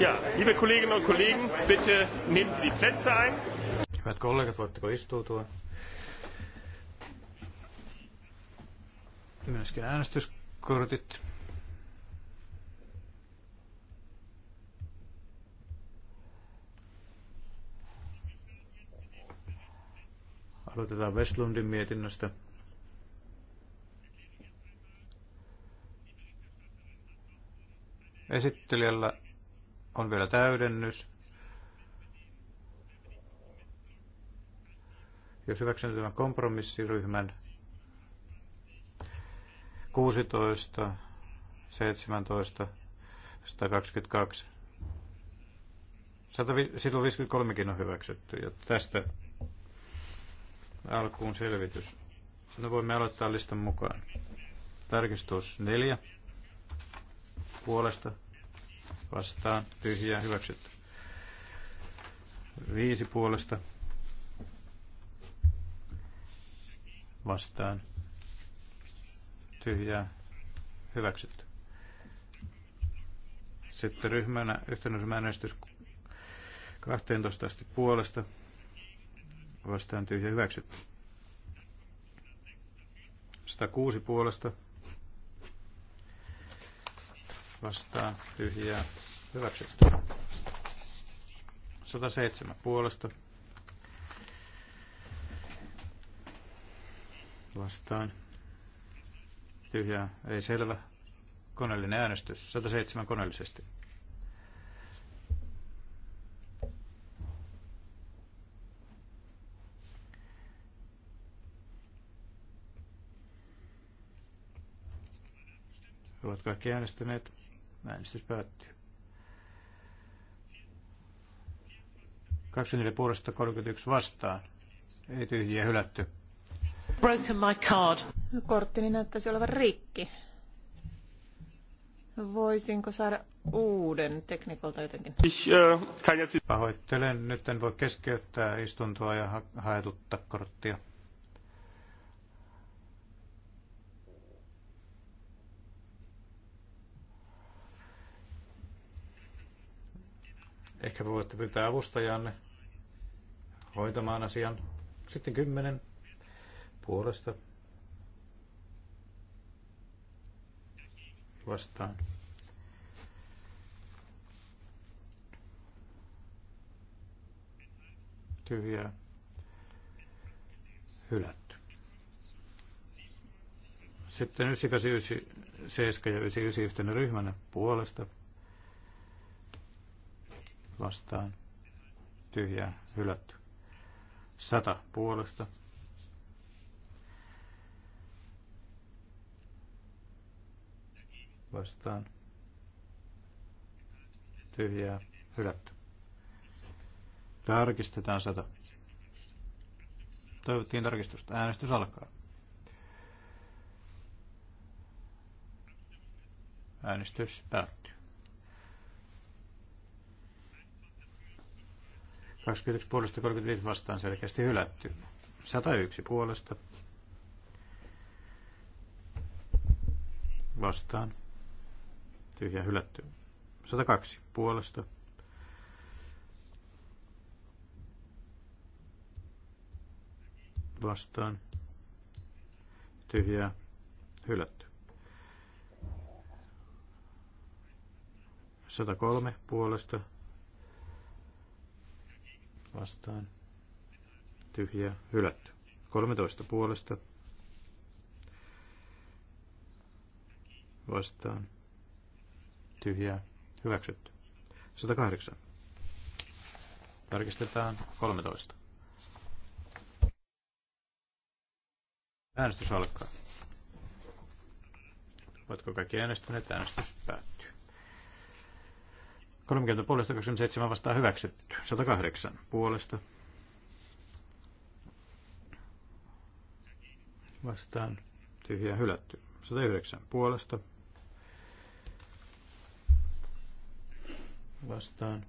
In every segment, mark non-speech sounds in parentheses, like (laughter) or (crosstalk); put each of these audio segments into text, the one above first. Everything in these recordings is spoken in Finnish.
Ja, liebe Kolleginnen und Kollegen, bitte nehmen Sie die Plätze ein. Hyvät kollegat, voitteko istuutua? Myöskin äänestyskortit. Aloitetaan Westlundin mietinnöstä. Esittelijällä on vielä täydennys. Jos hyväksyn tämän kompromissiryhmän 16, 17, 122, 153kin on hyväksytty. Ja tästä alkuun selvitys. No voimme aloittaa listan mukaan. Tarkistus 4 puolesta vastaan tyhjää hyväksytty. Viisi puolesta vastaan tyhjää hyväksytty. Sitten ryhmänä yhtenäisryhmän äänestys 12 asti puolesta vastaan tyhjä hyväksytty. 106 puolesta vastaan tyhjää hyväksytty. 107 puolesta vastaan tyhjää ei selvä koneellinen äänestys 107 koneellisesti. Ovat kaikki äänestäneet. Äänestys päättyy. 24 puolesta 31 vastaan. Ei tyhjiä hylätty. Broken my card. Korttini näyttäisi olevan rikki. Voisinko saada uuden teknikolta jotenkin? Ich, äh, Pahoittelen, nyt en voi keskeyttää istuntoa ja ha- haetutta korttia. Ehkä voitte pyytää avustajanne hoitamaan asian. Sitten kymmenen puolesta vastaan. Tyhjää. Hylätty. Sitten 989, 7 ja 99 yhtenä ryhmänä puolesta vastaan tyhjää hylätty. Sata puolesta vastaan tyhjää hylätty. Tarkistetaan sata. Toivottiin tarkistusta. Äänestys alkaa. Äänestys päättyy. 21 puolesta 35 vastaan selkeästi hylätty. 101 puolesta vastaan tyhjä hylätty. 102 puolesta vastaan Tyhjä hylätty. 103 puolesta vastaan Tyhjä, hylätty. 13 puolesta vastaan Tyhjä, hyväksytty. 108. Tarkistetaan 13. Äänestys alkaa. Ovatko kaikki äänestäneet? Äänestys päättyy. 30 puolesta 27 vastaan hyväksytty. 108 puolesta. Vastaan tyhjä hylätty. 109 puolesta. Vastaan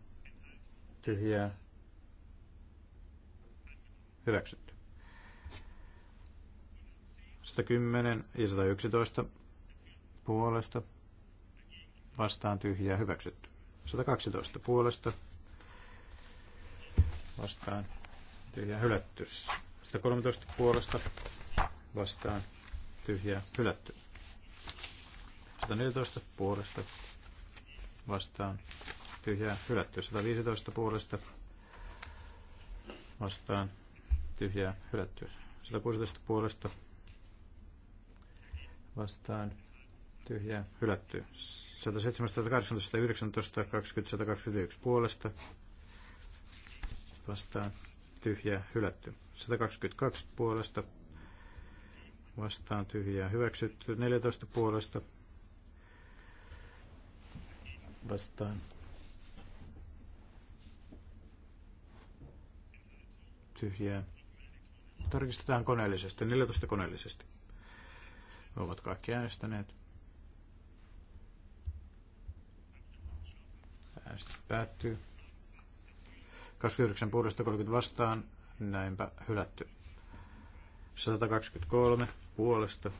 tyhjää hyväksytty. 110 ja 111 puolesta vastaan tyhjää hyväksytty. 112 puolesta vastaan Tyhjä hylätty. 113 puolesta vastaan Tyhjä hylätty. 114 puolesta vastaan Tyhjä hylätty. 115 puolesta vastaan Tyhjä hylätty. 116 puolesta vastaan tyhjää hylätty. 117, 18, 19, 20, 121 puolesta vastaan tyhjää hylätty. 122 puolesta vastaan tyhjää hyväksytty. 14 puolesta vastaan 14. Tarkistetaan koneellisesti, 14 koneellisesti. Ovat kaikki äänestäneet. Äänestys päättyy. 29 puolesta 30 vastaan. Näinpä hylätty. 123 puolesta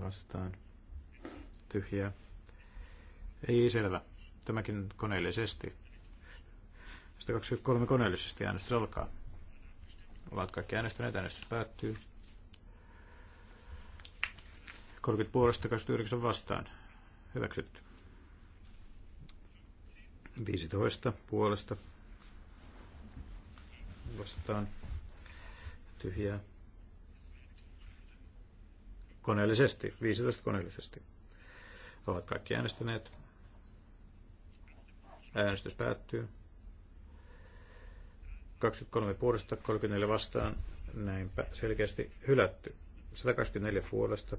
vastaan. Tyhjää. Ei selvä. Tämäkin koneellisesti. 123 koneellisesti äänestys alkaa. Ovat kaikki äänestäneet. Äänestys päättyy. 30 puolesta 29 vastaan. Hyväksytty. 15 puolesta vastaan. Tyhjää. Koneellisesti. 15 koneellisesti. Ovat kaikki äänestäneet. Äänestys päättyy. 23 puolesta, 34 vastaan. Näinpä selkeästi hylätty. 124 puolesta,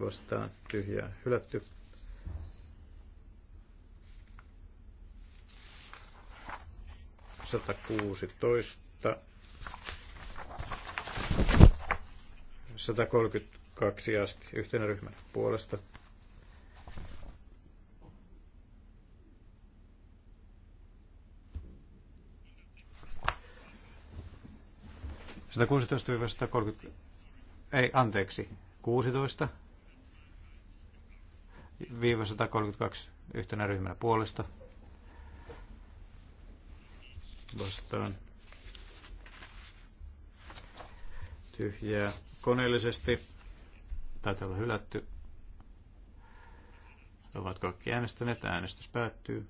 vastaan tyhjää hylätty. Sata kuusitoista. Sata 132 asti yhtenä ryhmän puolesta. Satakuusitoista 130 ei anteeksi, 16 132 yhtenä ryhmänä puolesta vastaan tyhjää koneellisesti. Taitaa olla hylätty. Ovat kaikki äänestäneet. Äänestys päättyy.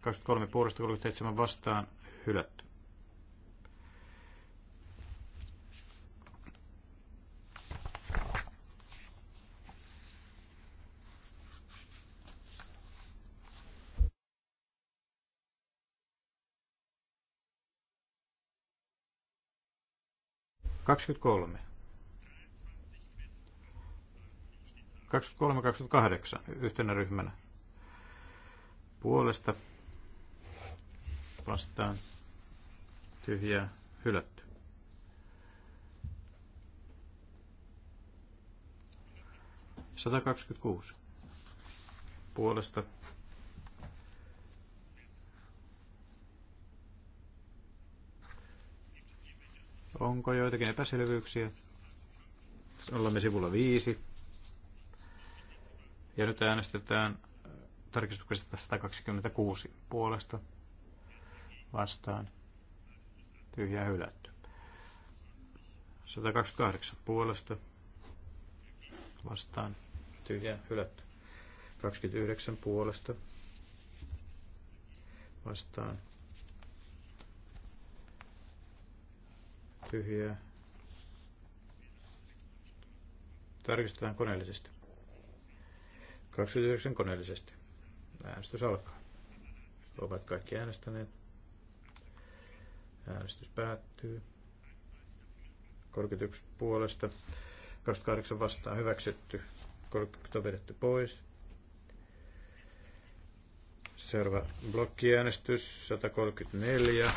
23 puolesta 37 vastaan hylätty. 23. 23-28 yhtenä ryhmänä puolesta vastaan tyhjää hylätty. Satakaksikymmentäkuusi puolesta Onko joitakin epäselvyyksiä? me sivulla viisi. Ja nyt äänestetään tarkistuksesta 126 puolesta vastaan. Tyhjää hylätty. 128 puolesta vastaan. Tyhjää hylätty. 29 puolesta vastaan tyhjää. Tarkistetaan koneellisesti. 29 koneellisesti. Äänestys alkaa. Ovat kaikki äänestäneet. Äänestys päättyy. 31 puolesta. 28 vastaan hyväksytty. 30 on vedetty pois. Seuraava blokkiäänestys 134.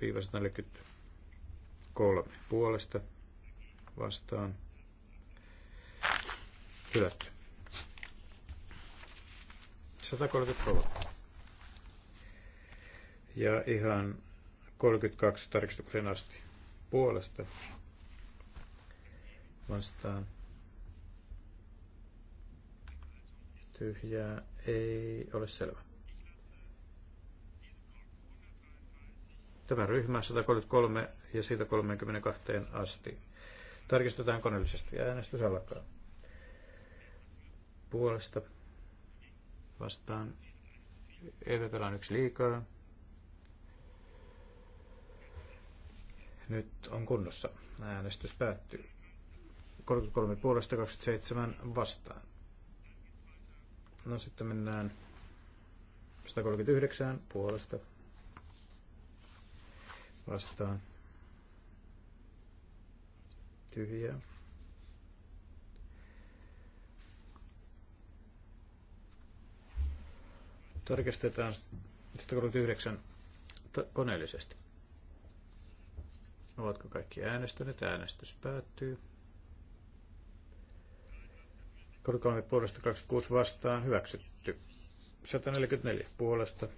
143 puolesta vastaan hylätty. 133. Ja ihan 32 tarkistuksen asti puolesta vastaan tyhjää ei ole selvä. Tämä ryhmä 133 ja siitä 32 asti. Tarkistetaan koneellisesti ja äänestys alkaa. Puolesta vastaan EVP on yksi liikaa. Nyt on kunnossa. Äänestys päättyy. 33 puolesta 27 vastaan. No sitten mennään 139 puolesta vastaan tyhjää. Tarkistetaan 139 koneellisesti. Ovatko kaikki äänestäneet? Äänestys päättyy. 33 puolesta 26 vastaan hyväksytty. 144 puolesta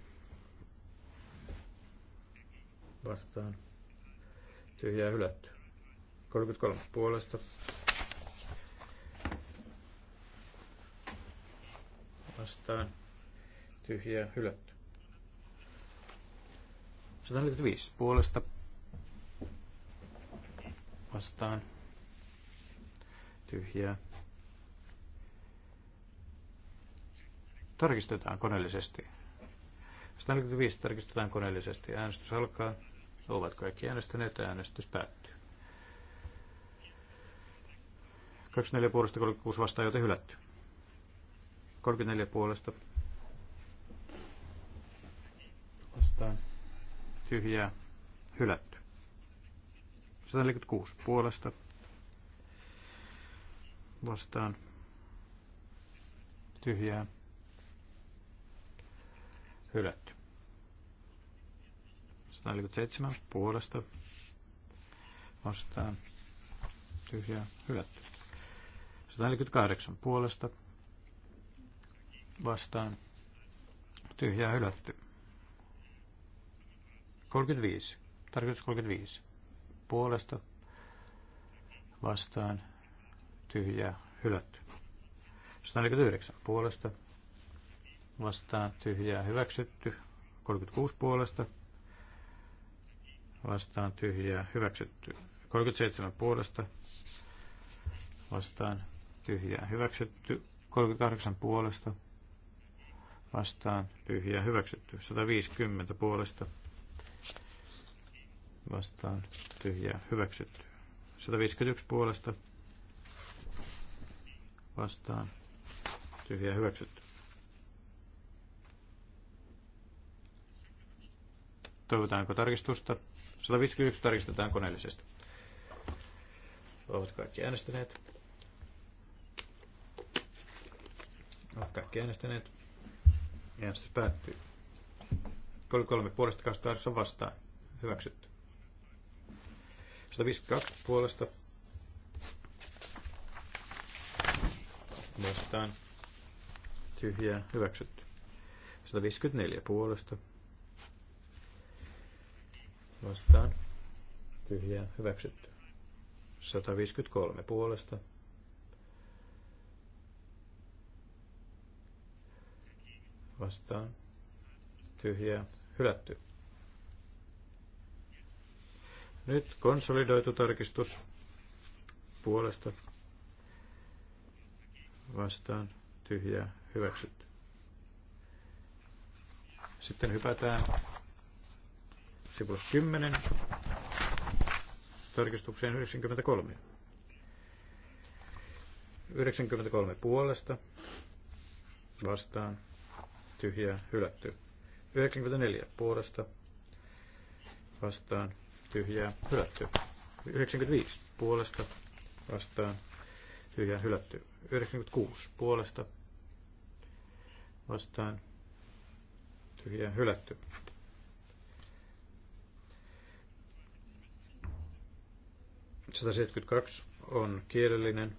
vastaan tyhjää hylätty. 33 puolesta vastaan tyhjää hylätty. 145 puolesta vastaan tyhjää. Tarkistetaan koneellisesti. 145 tarkistetaan koneellisesti. Äänestys alkaa. Ovat kaikki äänestäneet, äänestys päättyy. 24 puolesta 36 vastaan, joten hylätty. 34 puolesta vastaan tyhjää hylätty. 146 puolesta vastaan tyhjää hylätty. 147 puolesta vastaan tyhjä hylätty. 148 puolesta vastaan tyhjä hylätty. 35. Tarkoitus 35. Puolesta vastaan tyhjä hylätty. 149 puolesta vastaan tyhjää hyväksytty. 36 puolesta vastaan tyhjää hyväksytty. 37 puolesta vastaan tyhjää hyväksytty. 38 puolesta vastaan tyhjää hyväksytty. 150 puolesta vastaan tyhjää hyväksytty. 151 puolesta vastaan tyhjää hyväksytty. Toivotaanko tarkistusta? 151 tarkistetaan koneellisesti. Ovat kaikki äänestäneet. Ovat kaikki äänestäneet. Äänestys päättyy. 33 puolesta 28 vastaan. Hyväksytty. 152 puolesta vastaan. Tyhjää. Hyväksytty. 154 puolesta vastaan tyhjää hyväksytty. 153 puolesta vastaan tyhjää hylätty. Nyt konsolidoitu tarkistus puolesta vastaan tyhjää hyväksytty. Sitten hypätään sivulla 10. Tarkistukseen 93. 93 puolesta vastaan tyhjää hylätty. 94 puolesta vastaan tyhjää hylätty. 95 puolesta vastaan tyhjää hylätty. 96 puolesta vastaan tyhjää hylätty. 172 on kielellinen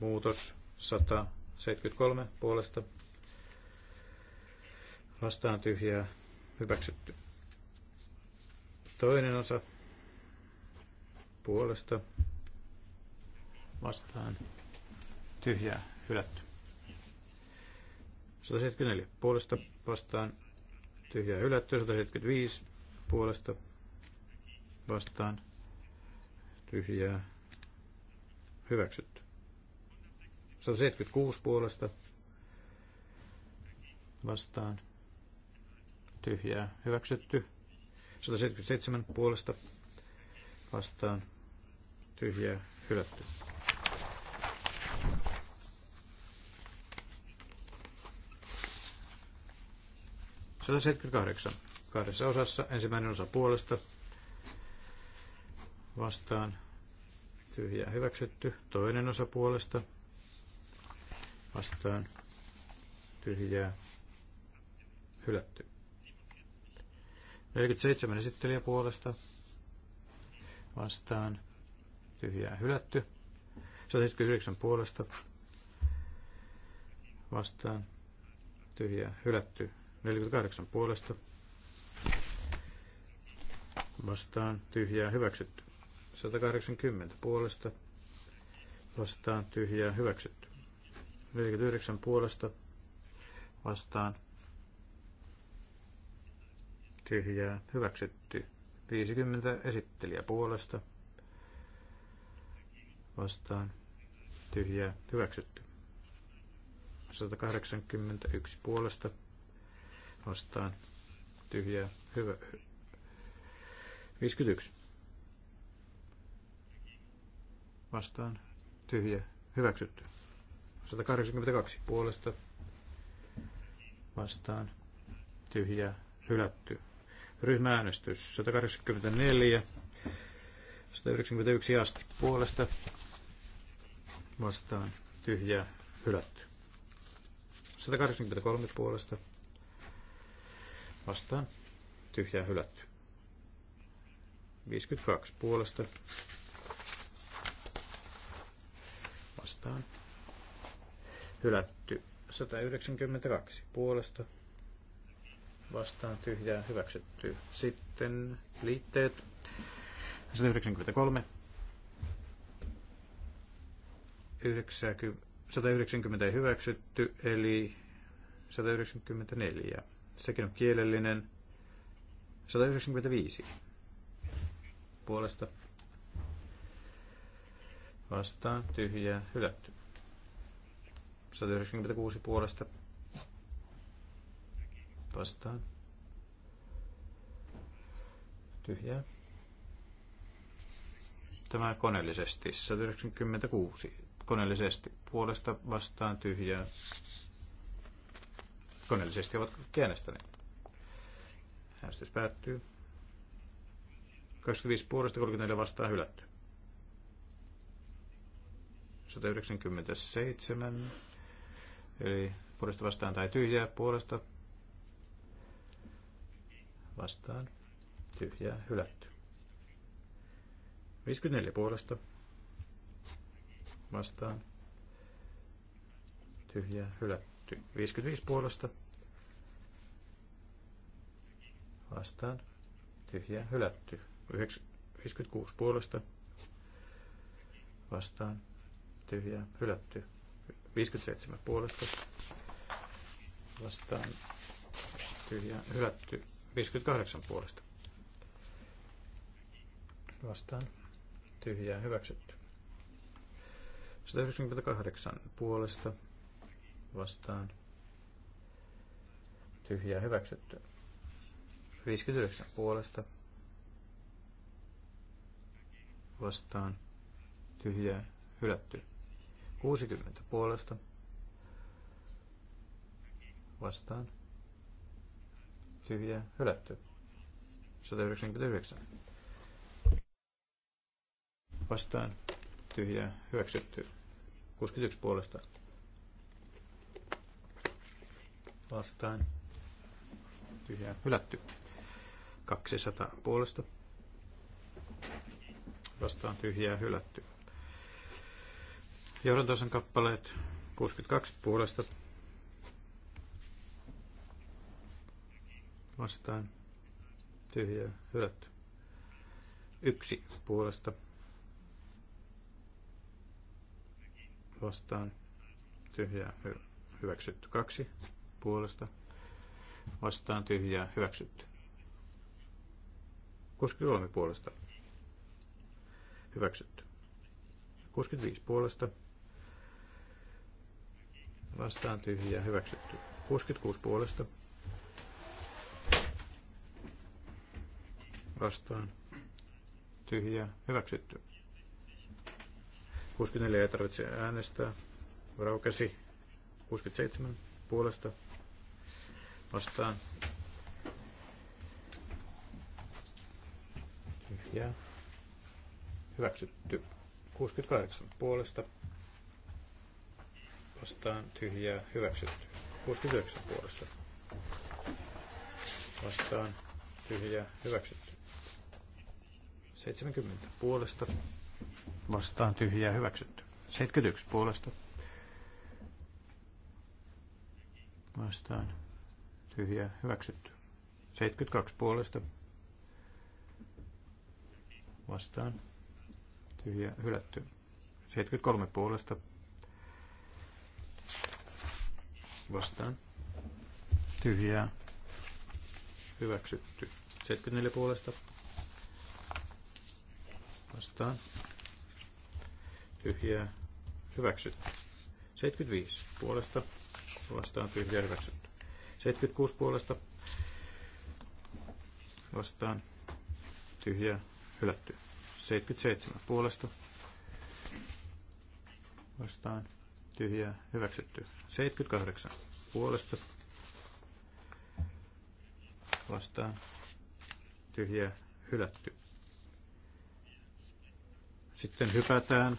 muutos 173 puolesta. Vastaan tyhjää hyväksytty. Toinen osa puolesta vastaan tyhjää hylätty. 174 puolesta vastaan tyhjää hylätty. 175 puolesta vastaan tyhjää hyväksytty. 176 puolesta vastaan tyhjää hyväksytty. 177 puolesta vastaan tyhjää hylätty. kahdeksan kahdessa osassa. Ensimmäinen osa puolesta vastaan tyhjää hyväksytty. Toinen osa puolesta vastaan tyhjää hylätty. 47 esittelijä puolesta vastaan tyhjää hylätty. 179 puolesta vastaan tyhjää hylätty. 48 puolesta vastaan tyhjää hyväksytty. 180 puolesta vastaan tyhjää hyväksytty. 49 puolesta vastaan tyhjää hyväksytty. 50 esittelijä puolesta vastaan tyhjää hyväksytty. 181 puolesta vastaan tyhjää hyvä. 51 vastaan tyhjä hyväksytty. 182 puolesta vastaan tyhjä hylätty. Ryhmääänestys 184 191 asti puolesta vastaan tyhjä hylätty. 183 puolesta vastaan tyhjää hylätty. 52 puolesta vastaan. Hylätty 192 puolesta vastaan tyhjää hyväksytty. Sitten liitteet 193 90, 190 ei hyväksytty, eli 194. Sekin on kielellinen. 195 puolesta vastaan tyhjää hylätty. 196 puolesta vastaan tyhjää. Tämä koneellisesti 196 koneellisesti puolesta vastaan tyhjää. Koneellisesti ovat kaikki äänestäneet. Äänestys päättyy. 25 puolesta 34 vastaan hylätty. 197, eli puolesta vastaan tai tyhjää puolesta vastaan tyhjää hylätty. 54 puolesta vastaan tyhjää hylätty. 55 puolesta vastaan tyhjää hylätty. 56 puolesta vastaan tyhjää hylätty. 57 puolesta vastaan tyhjää hylätty. 58 puolesta vastaan tyhjää hyväksytty. 198 puolesta vastaan tyhjää hyväksytty. 59 puolesta vastaan tyhjää hylätty. 60 puolesta vastaan tyhjää hylätty. 199 vastaan tyhjää hyväksytty. 61 puolesta vastaan tyhjää hylätty. 200 puolesta vastaan tyhjää hylätty. Johdantosan kappaleet 62 puolesta vastaan tyhjä hylätty. Yksi puolesta vastaan tyhjä hy- hyväksytty. Kaksi puolesta vastaan tyhjää hyväksytty. 63 puolesta hyväksytty. 65 puolesta vastaan tyhjää hyväksytty. 66 puolesta vastaan tyhjää hyväksytty. 64 ei tarvitse äänestää. Raukesi 67 puolesta vastaan tyhjää hyväksytty. 68 puolesta vastaan tyhjää hyväksytty. 69 puolesta vastaan tyhjää hyväksytty. 70 puolesta vastaan tyhjää hyväksytty. 71 puolesta vastaan tyhjää hyväksytty. 72 puolesta vastaan tyhjä hylätty. 73 puolesta vastaan. Tyhjää. Hyväksytty. 74 puolesta vastaan. Tyhjää. Hyväksytty. 75 puolesta vastaan. Tyhjää. Hyväksytty. 76 puolesta vastaan. Tyhjää. Hylätty. 77 puolesta vastaan tyhjää hyväksytty. 78 puolesta vastaan tyhjää hylätty. Sitten hypätään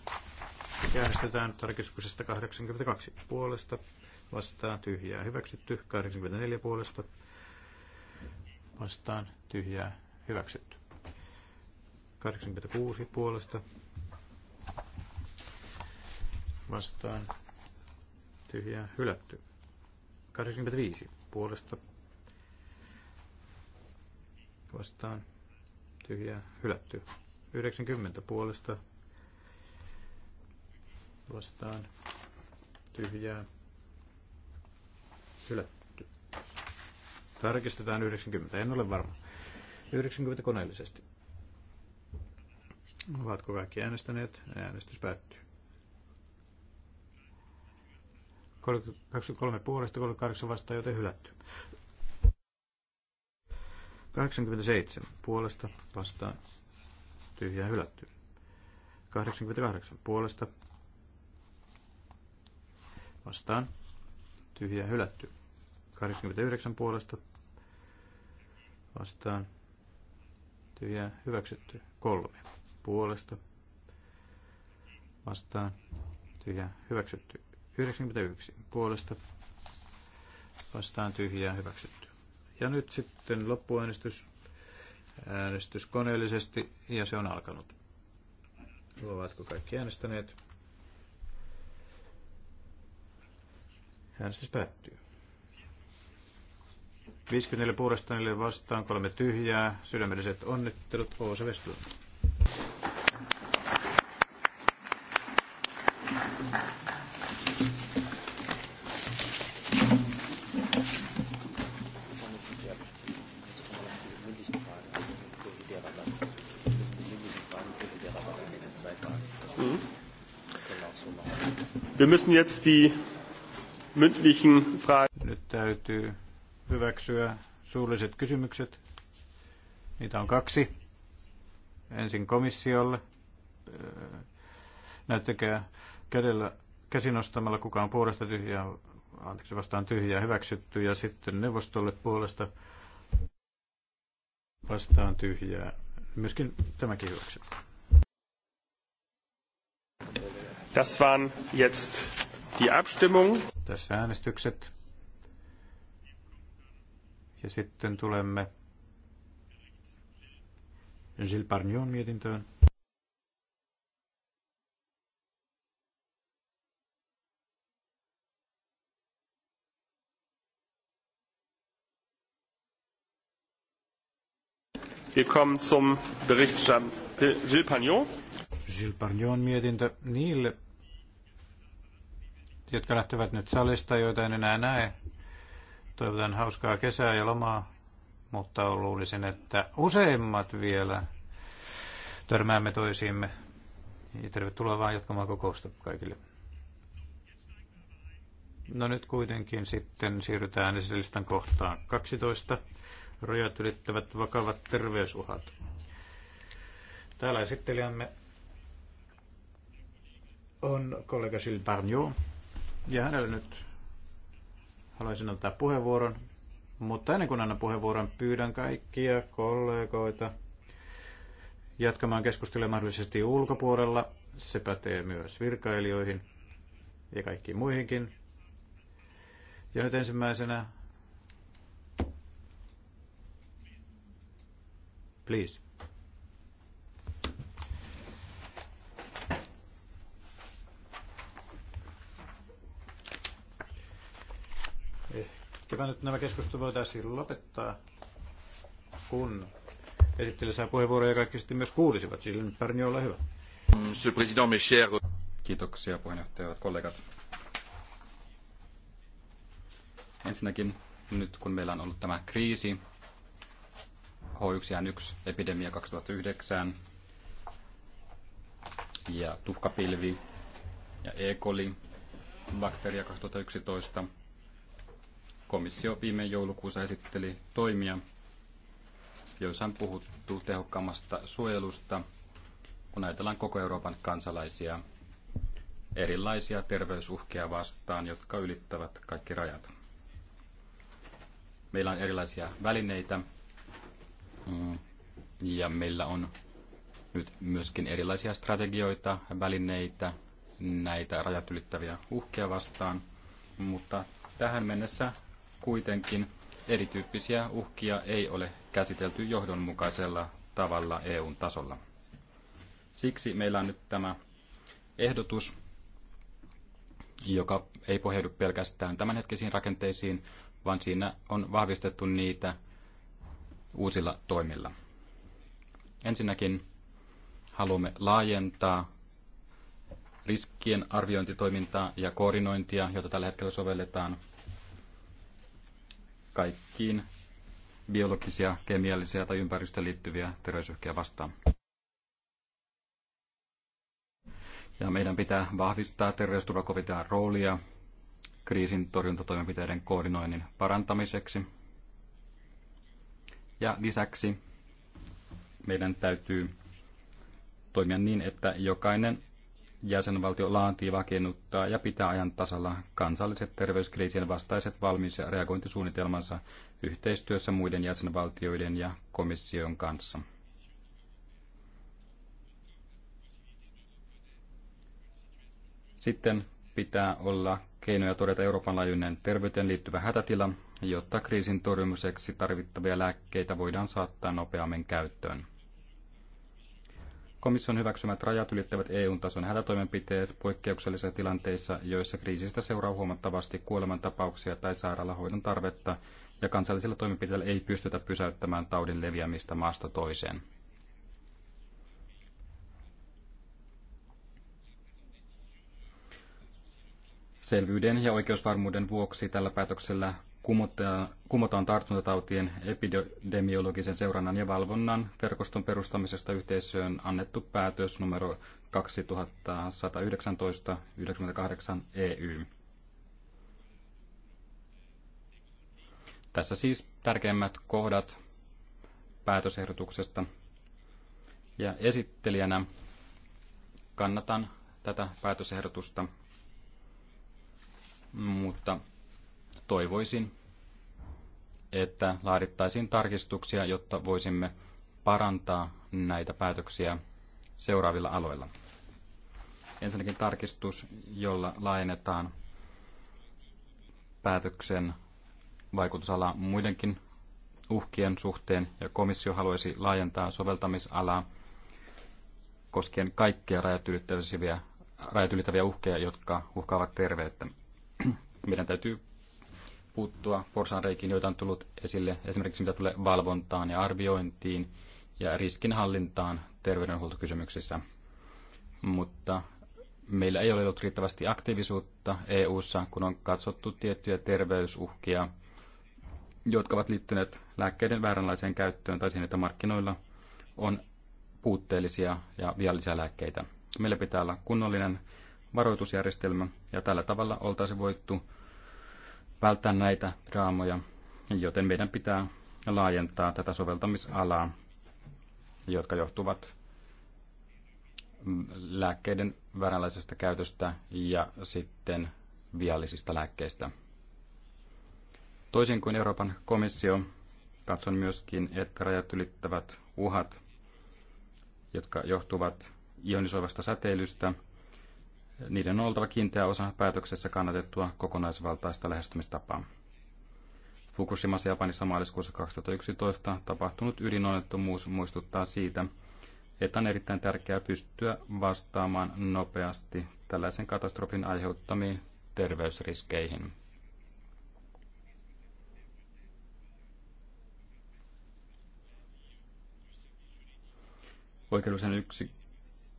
ja tarkistuksesta 82 puolesta vastaan tyhjää hyväksytty, 84 puolesta vastaan tyhjää hyväksytty. 86 puolesta vastaan tyhjää hylätty. 85 puolesta vastaan tyhjää hylätty. 90 puolesta vastaan tyhjää hylätty. Tarkistetaan 90, en ole varma. 90 koneellisesti. Ovatko kaikki äänestäneet? Äänestys päättyy. 23 puolesta, 38 vastaan, joten hylätty. 87 puolesta vastaan, tyhjää hylätty. 88 puolesta vastaan, tyhjää hylätty. 89 puolesta vastaan, tyhjää hyväksytty. 3 puolesta vastaan, tyhjää hyväksytty. 91 puolesta vastaan tyhjää hyväksytty. Ja nyt sitten loppuäänestys äänestys koneellisesti ja se on alkanut. Ovatko kaikki äänestäneet? Äänestys päättyy. 54 puolesta, vastaan, kolme tyhjää. Sydämelliset onnittelut Oosa Westlund. Wir müssen jetzt die mündlichen Fragen. Nyt täytyy hyväksyä suulliset kysymykset. Niitä on kaksi. Ensin komissiolle. Äh, näyttäkää kädellä käsin nostamalla, kuka on puolesta tyhjää, anteeksi vastaan tyhjää hyväksytty, ja sitten neuvostolle puolesta vastaan tyhjää. Myöskin tämäkin hyväksytty. Das waren jetzt die Tässä äänestykset. Ja sitten tulemme Gilles Parnion mietintöön. Wir kommen zum Bericht Gilles Pagnon. Gilles Parnion mietintö niille, jotka lähtevät nyt salista, joita en enää näe. Toivotan hauskaa kesää ja lomaa, mutta luulisin, että useimmat vielä törmäämme toisiimme. Ja tervetuloa vaan jatkamaan kokousta kaikille. No nyt kuitenkin sitten siirrytään esilistan kohtaan 12. Rajat ylittävät vakavat terveysuhat. Täällä esittelijämme on kollega Gilles Barnio. Ja hänelle nyt haluaisin antaa puheenvuoron. Mutta ennen kuin annan puheenvuoron, pyydän kaikkia kollegoita jatkamaan keskustelua mahdollisesti ulkopuolella. Se pätee myös virkailijoihin ja kaikkiin muihinkin. Ja nyt ensimmäisenä, please. Ehkäpä nyt nämä keskustelut voitaisiin lopettaa, kun esittelijä saa puheenvuoroja ja kaikki sitten myös kuulisivat. Silloin Pärni, ole hyvä. Monsieur le Président, mes chers... Kiitoksia puheenjohtaja, hyvät kollegat. Ensinnäkin nyt kun meillä on ollut tämä kriisi, H1N1-epidemia 2009 ja tuhkapilvi ja E. coli bakteria 2011, komissio viime joulukuussa esitteli toimia, joissa on puhuttu tehokkaammasta suojelusta, kun ajatellaan koko Euroopan kansalaisia erilaisia terveysuhkia vastaan, jotka ylittävät kaikki rajat. Meillä on erilaisia välineitä mm, ja meillä on nyt myöskin erilaisia strategioita, välineitä näitä rajat ylittäviä uhkia vastaan, mutta tähän mennessä Kuitenkin erityyppisiä uhkia ei ole käsitelty johdonmukaisella tavalla EUn tasolla. Siksi meillä on nyt tämä ehdotus, joka ei pohjaudu pelkästään tämänhetkisiin rakenteisiin, vaan siinä on vahvistettu niitä uusilla toimilla. Ensinnäkin haluamme laajentaa riskien arviointitoimintaa ja koordinointia, jota tällä hetkellä sovelletaan kaikkiin biologisia, kemiallisia tai ympäristöön liittyviä terveysyhkiä vastaan. Ja meidän pitää vahvistaa terveysturvakovitean roolia kriisin torjuntatoimenpiteiden koordinoinnin parantamiseksi. Ja lisäksi meidän täytyy toimia niin, että jokainen jäsenvaltio laatii, vakiinnuttaa ja pitää ajan tasalla kansalliset terveyskriisien vastaiset valmius- ja reagointisuunnitelmansa yhteistyössä muiden jäsenvaltioiden ja komission kanssa. Sitten pitää olla keinoja todeta Euroopan laajuinen terveyteen liittyvä hätätila, jotta kriisin torjumiseksi tarvittavia lääkkeitä voidaan saattaa nopeammin käyttöön. Komission hyväksymät rajat ylittävät EU-tason hätätoimenpiteet poikkeuksellisissa tilanteissa, joissa kriisistä seuraa huomattavasti kuolemantapauksia tai sairaalahoidon tarvetta, ja kansallisilla toimenpiteillä ei pystytä pysäyttämään taudin leviämistä maasta toiseen. Selvyyden ja oikeusvarmuuden vuoksi tällä päätöksellä kumotaan tartuntatautien epidemiologisen seurannan ja valvonnan verkoston perustamisesta yhteisöön annettu päätös numero 2119-98 EY. Tässä siis tärkeimmät kohdat päätösehdotuksesta. Ja esittelijänä kannatan tätä päätösehdotusta, mutta toivoisin, että laadittaisiin tarkistuksia, jotta voisimme parantaa näitä päätöksiä seuraavilla aloilla. Ensinnäkin tarkistus, jolla laajennetaan päätöksen vaikutusala muidenkin uhkien suhteen, ja komissio haluaisi laajentaa soveltamisalaa koskien kaikkia rajat ylittäviä, uhkeja, uhkia, jotka uhkaavat terveyttä. Meidän täytyy puuttua porsanreikiin, joita on tullut esille esimerkiksi mitä tulee valvontaan ja arviointiin ja riskinhallintaan terveydenhuoltokysymyksissä. Mutta meillä ei ole ollut riittävästi aktiivisuutta EU:ssa, kun on katsottu tiettyjä terveysuhkia, jotka ovat liittyneet lääkkeiden vääränlaiseen käyttöön tai siihen, että markkinoilla on puutteellisia ja viallisia lääkkeitä. Meillä pitää olla kunnollinen varoitusjärjestelmä ja tällä tavalla oltaisiin voittu välttää näitä raamoja, joten meidän pitää laajentaa tätä soveltamisalaa, jotka johtuvat lääkkeiden vääränlaisesta käytöstä ja sitten viallisista lääkkeistä. Toisin kuin Euroopan komissio, katson myöskin, että rajat ylittävät uhat, jotka johtuvat ionisoivasta säteilystä – niiden on oltava kiinteä osa päätöksessä kannatettua kokonaisvaltaista lähestymistapaa. Fukushimassa Japanissa maaliskuussa 2011 tapahtunut ydinonnettomuus muistuttaa siitä, että on erittäin tärkeää pystyä vastaamaan nopeasti tällaisen katastrofin aiheuttamiin terveysriskeihin. Oikeudellisen yksi,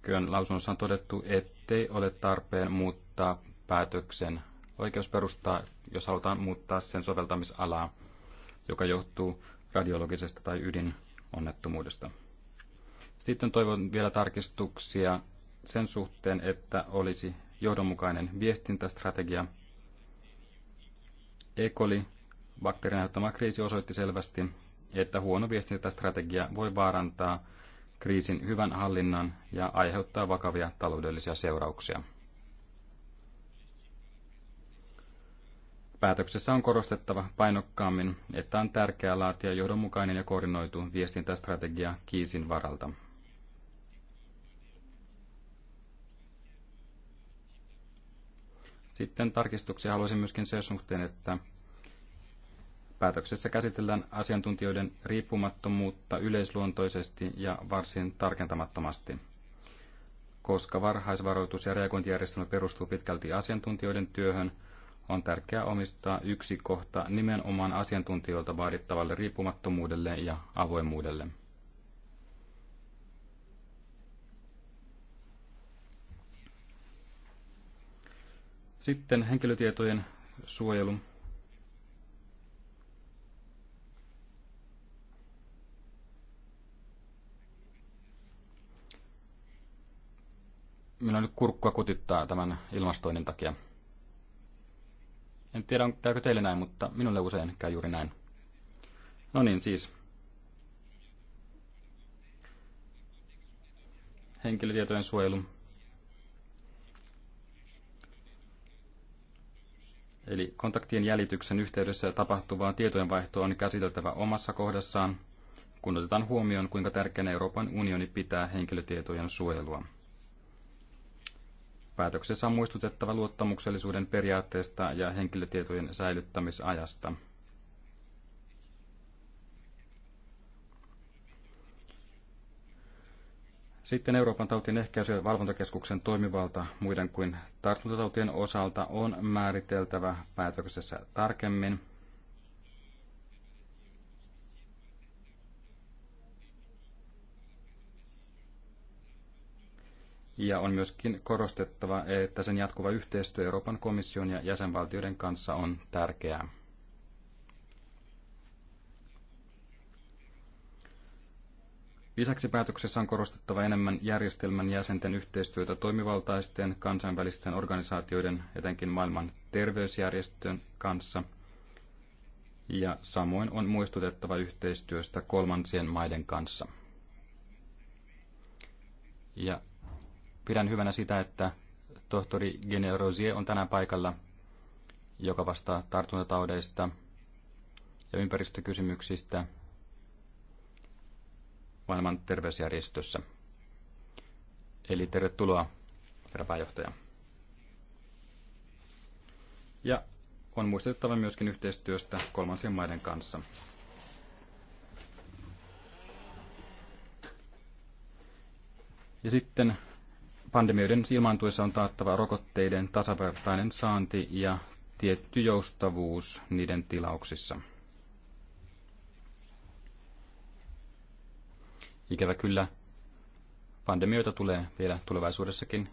Kön lausunnossa on todettu, ettei ole tarpeen muuttaa päätöksen oikeusperustaa, jos halutaan muuttaa sen soveltamisalaa, joka johtuu radiologisesta tai ydinonnettomuudesta. Sitten toivon vielä tarkistuksia sen suhteen, että olisi johdonmukainen viestintästrategia. Ekoli bakteerin aiheuttama kriisi osoitti selvästi, että huono viestintästrategia voi vaarantaa kriisin hyvän hallinnan ja aiheuttaa vakavia taloudellisia seurauksia. Päätöksessä on korostettava painokkaammin, että on tärkeää laatia johdonmukainen ja koordinoitu viestintästrategia kiisin varalta. Sitten tarkistuksia haluaisin myöskin sen suhteen, että Päätöksessä käsitellään asiantuntijoiden riippumattomuutta yleisluontoisesti ja varsin tarkentamattomasti. Koska varhaisvaroitus- ja reagointijärjestelmä perustuu pitkälti asiantuntijoiden työhön, on tärkeää omistaa yksi kohta nimenomaan asiantuntijoilta vaadittavalle riippumattomuudelle ja avoimuudelle. Sitten henkilötietojen suojelu. minä nyt kurkkua kutittaa tämän ilmastoinnin takia. En tiedä, käykö teille näin, mutta minulle usein käy juuri näin. No niin, siis. Henkilötietojen suojelu. Eli kontaktien jäljityksen yhteydessä tapahtuvaa tietojenvaihtoa on käsiteltävä omassa kohdassaan, kun otetaan huomioon, kuinka tärkeänä Euroopan unioni pitää henkilötietojen suojelua. Päätöksessä on muistutettava luottamuksellisuuden periaatteesta ja henkilötietojen säilyttämisajasta. Sitten Euroopan tautien ehkäisy- ja valvontakeskuksen toimivalta muiden kuin tartuntatautien osalta on määriteltävä päätöksessä tarkemmin – ja on myöskin korostettava, että sen jatkuva yhteistyö Euroopan komission ja jäsenvaltioiden kanssa on tärkeää. Lisäksi päätöksessä on korostettava enemmän järjestelmän jäsenten yhteistyötä toimivaltaisten kansainvälisten organisaatioiden, etenkin maailman terveysjärjestön kanssa, ja samoin on muistutettava yhteistyöstä kolmansien maiden kanssa. Ja pidän hyvänä sitä, että tohtori Gene Rosier on tänään paikalla, joka vastaa tartuntataudeista ja ympäristökysymyksistä maailman terveysjärjestössä. Eli tervetuloa, herra pääjohtaja. Ja on muistettava myöskin yhteistyöstä kolmansien maiden kanssa. Ja sitten pandemioiden ilmaantuessa on taattava rokotteiden tasavertainen saanti ja tietty joustavuus niiden tilauksissa. Ikävä kyllä, pandemioita tulee vielä tulevaisuudessakin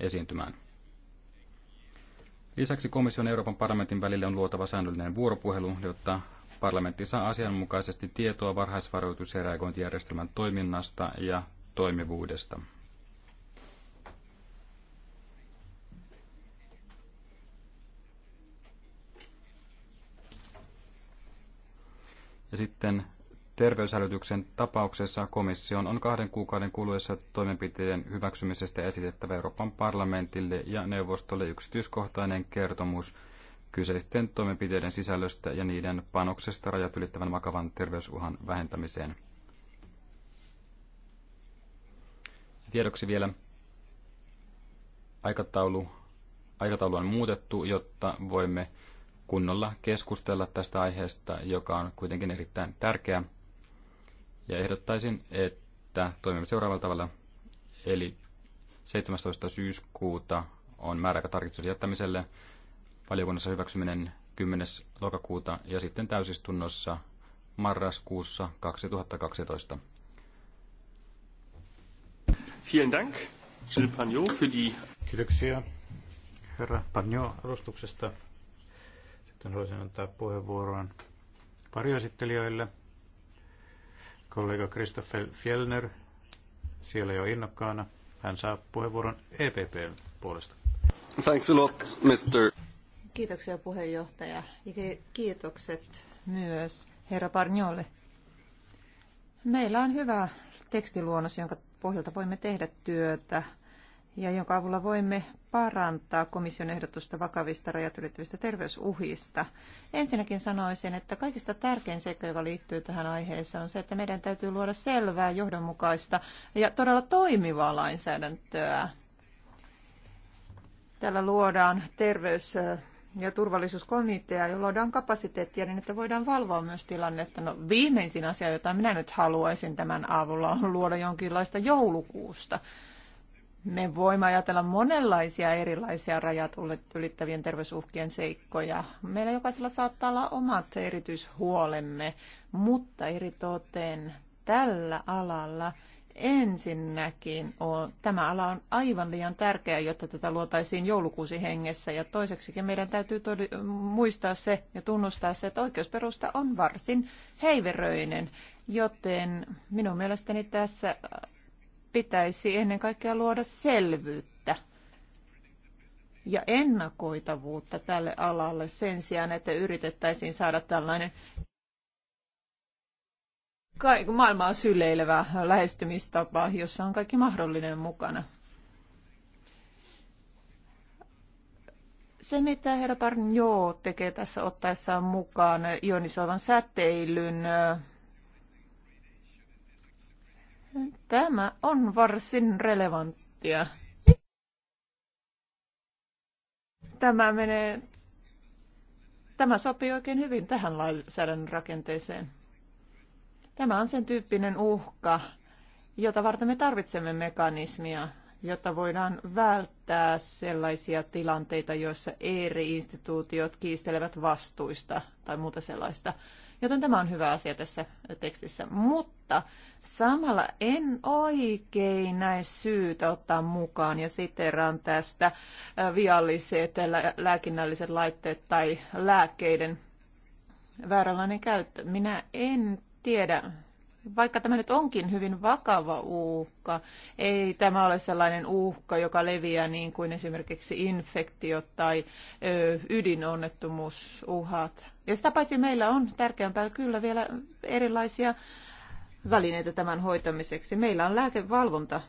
esiintymään. Lisäksi komission ja Euroopan parlamentin välille on luotava säännöllinen vuoropuhelu, jotta parlamentti saa asianmukaisesti tietoa varhaisvaroitus- ja reagointijärjestelmän toiminnasta ja toimivuudesta. Ja sitten terveyshälytyksen tapauksessa komission on kahden kuukauden kuluessa toimenpiteiden hyväksymisestä esitettävä Euroopan parlamentille ja neuvostolle yksityiskohtainen kertomus kyseisten toimenpiteiden sisällöstä ja niiden panoksesta rajat ylittävän vakavan terveysuhan vähentämiseen. Tiedoksi vielä aikataulu, aikataulu on muutettu, jotta voimme kunnolla keskustella tästä aiheesta, joka on kuitenkin erittäin tärkeä. Ja ehdottaisin, että toimimme seuraavalla tavalla. Eli 17. syyskuuta on määräaika tarkistus jättämiselle, valiokunnassa hyväksyminen 10. lokakuuta ja sitten täysistunnossa marraskuussa 2012. Vielen Dank, Gilles Pagnot, für die... Kiitoksia herra Pagnot arvostuksesta. Sitten haluaisin antaa puheenvuoron varjoesittelijöille. Kollega Christopher Fjellner siellä jo innokkaana. Hän saa puheenvuoron EPPn puolesta. Thanks a lot, Mr. Kiitoksia puheenjohtaja ja kiitokset myös herra Parniolle. Meillä on hyvä tekstiluonnos, jonka pohjalta voimme tehdä työtä ja jonka avulla voimme parantaa komission ehdotusta vakavista rajat ylittävistä terveysuhista. Ensinnäkin sanoisin, että kaikista tärkein seikka, joka liittyy tähän aiheeseen, on se, että meidän täytyy luoda selvää, johdonmukaista ja todella toimivaa lainsäädäntöä. Tällä luodaan terveys- ja turvallisuuskomitea, jolla on kapasiteettia niin, että voidaan valvoa myös tilannetta. No viimeisin asia, jota minä nyt haluaisin tämän avulla, on luoda jonkinlaista joulukuusta. Me voimme ajatella monenlaisia erilaisia rajat ylittävien terveysuhkien seikkoja. Meillä jokaisella saattaa olla omat erityishuolemme, mutta toteen tällä alalla ensinnäkin on, tämä ala on aivan liian tärkeä, jotta tätä luotaisiin joulukuusi hengessä. Ja toiseksikin meidän täytyy todi- muistaa se ja tunnustaa se, että oikeusperusta on varsin heiveröinen. Joten minun mielestäni tässä pitäisi ennen kaikkea luoda selvyyttä ja ennakoitavuutta tälle alalle sen sijaan, että yritettäisiin saada tällainen niin maailmaa syleilevä lähestymistapa, jossa on kaikki mahdollinen mukana. se, mitä herra Parnjo tekee tässä ottaessaan mukaan ionisoivan säteilyn Tämä on varsin relevanttia. Tämä menee Tämä sopii oikein hyvin tähän lainsäädännön rakenteeseen. Tämä on sen tyyppinen uhka, jota varten me tarvitsemme mekanismia, jotta voidaan välttää sellaisia tilanteita, joissa eri instituutiot kiistelevät vastuista tai muuta sellaista. Joten tämä on hyvä asia tässä tekstissä. Mutta samalla en oikein näe syytä ottaa mukaan ja siteraan tästä vialliset lääkinnälliset laitteet tai lääkkeiden vääränlainen käyttö. Minä en tiedä, vaikka tämä nyt onkin hyvin vakava uhka, ei tämä ole sellainen uhka, joka leviää niin kuin esimerkiksi infektio tai ydinonnettomuusuhat. Ja sitä paitsi meillä on tärkeämpää kyllä vielä erilaisia välineitä tämän hoitamiseksi. Meillä on lääkevalvonta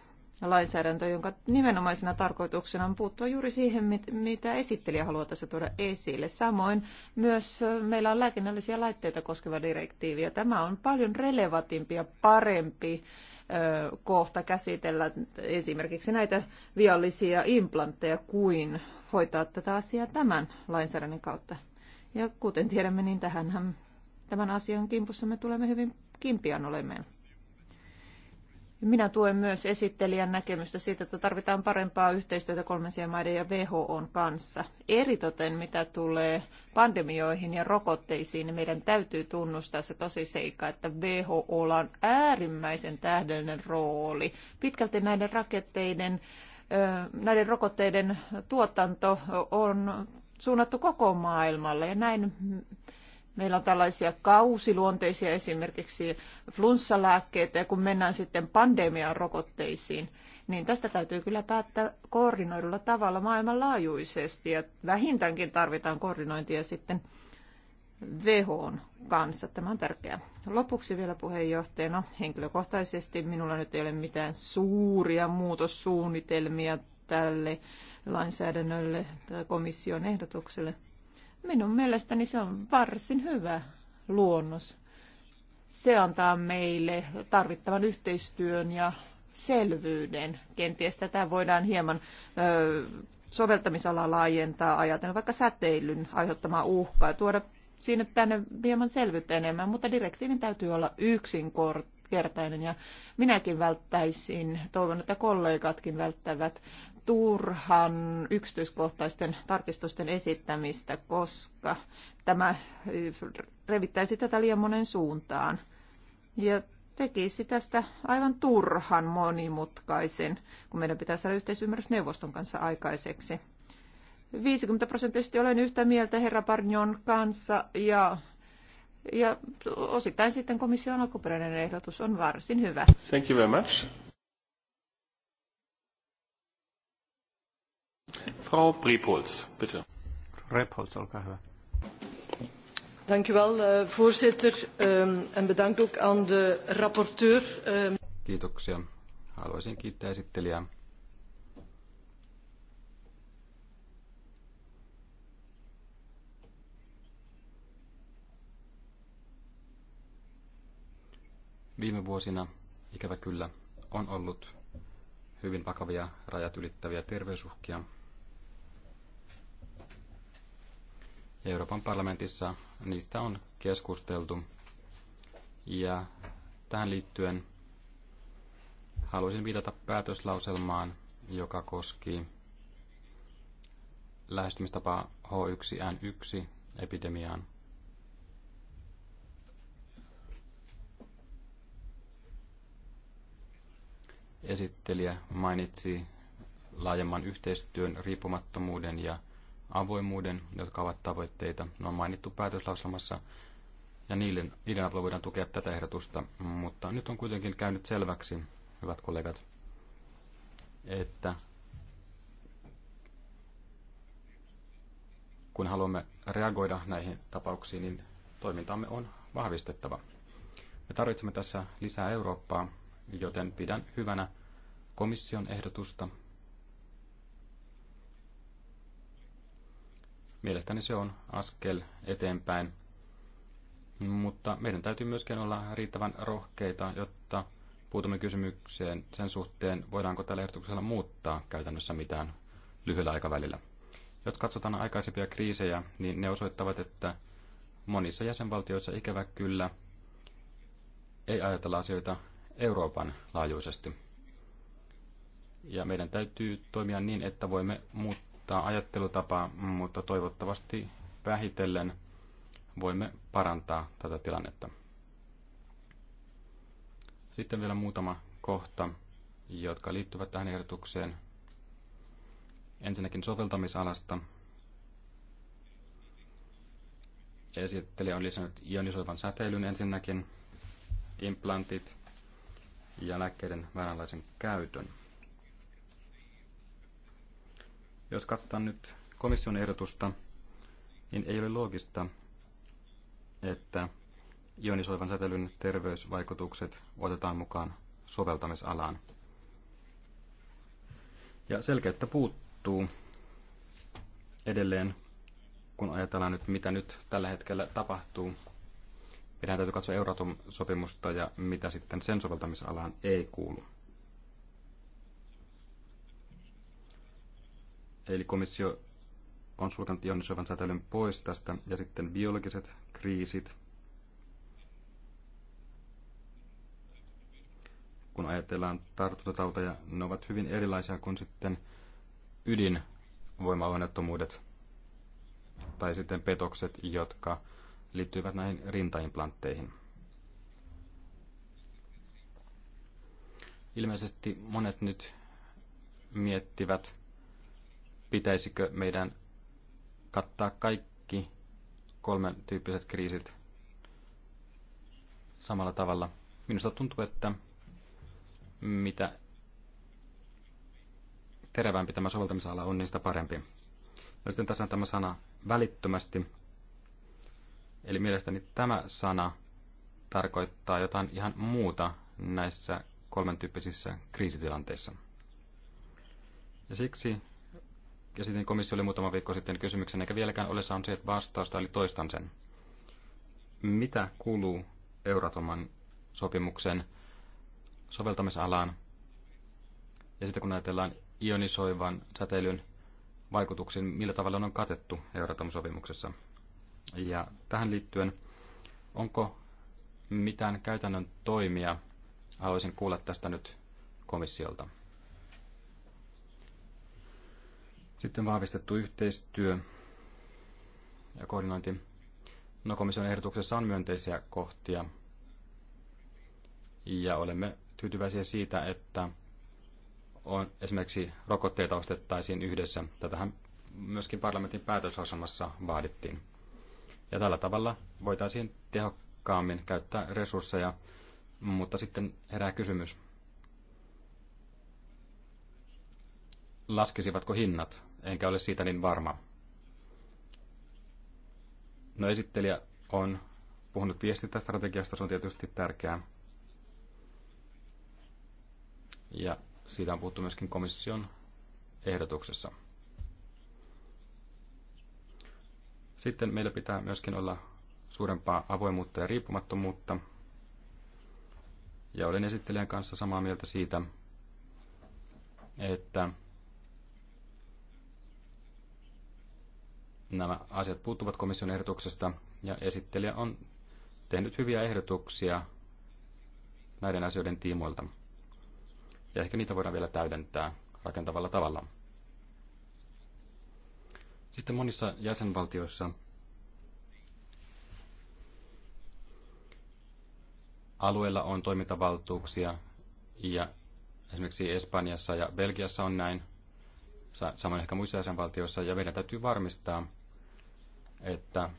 lainsäädäntö, jonka nimenomaisena tarkoituksena on puuttua juuri siihen, mitä esittelijä haluaa tässä tuoda esille. Samoin myös meillä on lääkinnällisiä laitteita koskeva direktiivi, ja tämä on paljon relevantimpi ja parempi kohta käsitellä esimerkiksi näitä viallisia implantteja kuin hoitaa tätä asiaa tämän lainsäädännön kautta. Ja kuten tiedämme, niin tähänhän tämän asian kimpussa me tulemme hyvin kimpian olemaan. Minä tuen myös esittelijän näkemystä siitä, että tarvitaan parempaa yhteistyötä kolmansien maiden ja WHOn kanssa. Eritoten mitä tulee pandemioihin ja rokotteisiin, niin meidän täytyy tunnustaa se tosi seikka, että WHO on äärimmäisen tähdellinen rooli. Pitkälti näiden raketteiden näiden rokotteiden tuotanto on suunnattu koko maailmalle. Ja näin meillä on tällaisia kausiluonteisia esimerkiksi flunssalääkkeitä ja kun mennään sitten pandemian rokotteisiin, niin tästä täytyy kyllä päättää koordinoidulla tavalla maailmanlaajuisesti ja vähintäänkin tarvitaan koordinointia sitten WHOn kanssa. Tämä on tärkeää. Lopuksi vielä puheenjohtajana henkilökohtaisesti minulla nyt ei ole mitään suuria muutossuunnitelmia tälle lainsäädännölle tai komission ehdotukselle. Minun mielestäni se on varsin hyvä luonnos. Se antaa meille tarvittavan yhteistyön ja selvyyden. Kenties tätä voidaan hieman ö, soveltamisalaa laajentaa ajatellen vaikka säteilyn aiheuttamaa uhkaa ja tuoda siinä tänne hieman selvyyttä enemmän, mutta direktiivin täytyy olla yksinkertainen ja minäkin välttäisin, toivon, että kollegatkin välttävät turhan yksityiskohtaisten tarkistusten esittämistä, koska tämä revittäisi tätä liian monen suuntaan ja tekisi tästä aivan turhan monimutkaisen, kun meidän pitää saada yhteisymmärrys neuvoston kanssa aikaiseksi. 50 prosenttisesti olen yhtä mieltä herra Parnion kanssa ja, ja osittain sitten komission alkuperäinen ehdotus on varsin hyvä. Thank you very much. Frau Prepols, bitte. Repols, Dank u wel, eh, voorzitter. Ehm, en bedankt ook aan de rapporteur. Ehm, Kiitoksia. Haluaisin kiittää esittelijää. Viime vuosina, ikävä kyllä, on ollut hyvin vakavia rajat ylittäviä terveysuhkia Ja Euroopan parlamentissa niistä on keskusteltu. Ja tähän liittyen haluaisin viitata päätöslauselmaan, joka koski lähestymistapaa H1N1 epidemiaan. Esittelijä mainitsi laajemman yhteistyön riippumattomuuden ja avoimuuden, jotka ovat tavoitteita. Ne on mainittu päätöslauselmassa ja niiden, niiden avulla voidaan tukea tätä ehdotusta, mutta nyt on kuitenkin käynyt selväksi, hyvät kollegat, että kun haluamme reagoida näihin tapauksiin, niin toimintamme on vahvistettava. Me tarvitsemme tässä lisää Eurooppaa, joten pidän hyvänä komission ehdotusta Mielestäni se on askel eteenpäin, mutta meidän täytyy myöskin olla riittävän rohkeita, jotta puutumme kysymykseen sen suhteen, voidaanko tällä ehdotuksella muuttaa käytännössä mitään lyhyellä aikavälillä. Jos katsotaan aikaisempia kriisejä, niin ne osoittavat, että monissa jäsenvaltioissa ikävä kyllä ei ajatella asioita Euroopan laajuisesti. Ja meidän täytyy toimia niin, että voimme muuttaa muuttaa ajattelutapaa, mutta toivottavasti vähitellen voimme parantaa tätä tilannetta. Sitten vielä muutama kohta, jotka liittyvät tähän ehdotukseen. Ensinnäkin soveltamisalasta. Esittelijä on lisännyt ionisoivan säteilyn ensinnäkin, implantit ja lääkkeiden vääränlaisen käytön. Jos katsotaan nyt komission ehdotusta, niin ei ole loogista, että ionisoivan säteilyn terveysvaikutukset otetaan mukaan soveltamisalaan. Ja selkeyttä puuttuu edelleen, kun ajatellaan nyt, mitä nyt tällä hetkellä tapahtuu. Meidän täytyy katsoa Euratom-sopimusta ja mitä sitten sen soveltamisalaan ei kuulu. Eli komissio on sulkenut ionisoivan säteilyn pois tästä. Ja sitten biologiset kriisit. Kun ajatellaan tartuntatauteja, ne ovat hyvin erilaisia kuin sitten ydinvoimaonnettomuudet tai sitten petokset, jotka liittyvät näihin rintaimplantteihin. Ilmeisesti monet nyt miettivät, pitäisikö meidän kattaa kaikki kolmen tyyppiset kriisit samalla tavalla. Minusta tuntuu, että mitä terävämpi tämä soveltamisala on, niin sitä parempi. Ja sitten tässä on tämä sana välittömästi. Eli mielestäni tämä sana tarkoittaa jotain ihan muuta näissä kolmen tyyppisissä kriisitilanteissa. Ja siksi ja sitten muutama viikko sitten kysymyksen, eikä vieläkään ole saanut siihen vastausta, eli toistan sen. Mitä kuuluu Euratoman sopimuksen soveltamisalaan? Ja sitten kun ajatellaan ionisoivan säteilyn vaikutuksiin, millä tavalla ne on katettu Euratoman sopimuksessa Ja tähän liittyen, onko mitään käytännön toimia? Haluaisin kuulla tästä nyt komissiolta. Sitten vahvistettu yhteistyö ja koordinointi. No komission ehdotuksessa on myönteisiä kohtia. Ja olemme tyytyväisiä siitä, että on, esimerkiksi rokotteita ostettaisiin yhdessä. Tätähän myöskin parlamentin päätösasemassa vaadittiin. Ja tällä tavalla voitaisiin tehokkaammin käyttää resursseja, mutta sitten herää kysymys, laskisivatko hinnat enkä ole siitä niin varma. No esittelijä on puhunut viestintästrategiasta, se on tietysti tärkeää. Ja siitä on puhuttu myöskin komission ehdotuksessa. Sitten meillä pitää myöskin olla suurempaa avoimuutta ja riippumattomuutta. Ja olen esittelijän kanssa samaa mieltä siitä, että Nämä asiat puuttuvat komission ehdotuksesta ja esittelijä on tehnyt hyviä ehdotuksia näiden asioiden tiimoilta. Ja ehkä niitä voidaan vielä täydentää rakentavalla tavalla. Sitten monissa jäsenvaltioissa alueella on toimintavaltuuksia ja esimerkiksi Espanjassa ja Belgiassa on näin, samoin ehkä muissa jäsenvaltioissa, ja meidän täytyy varmistaa, että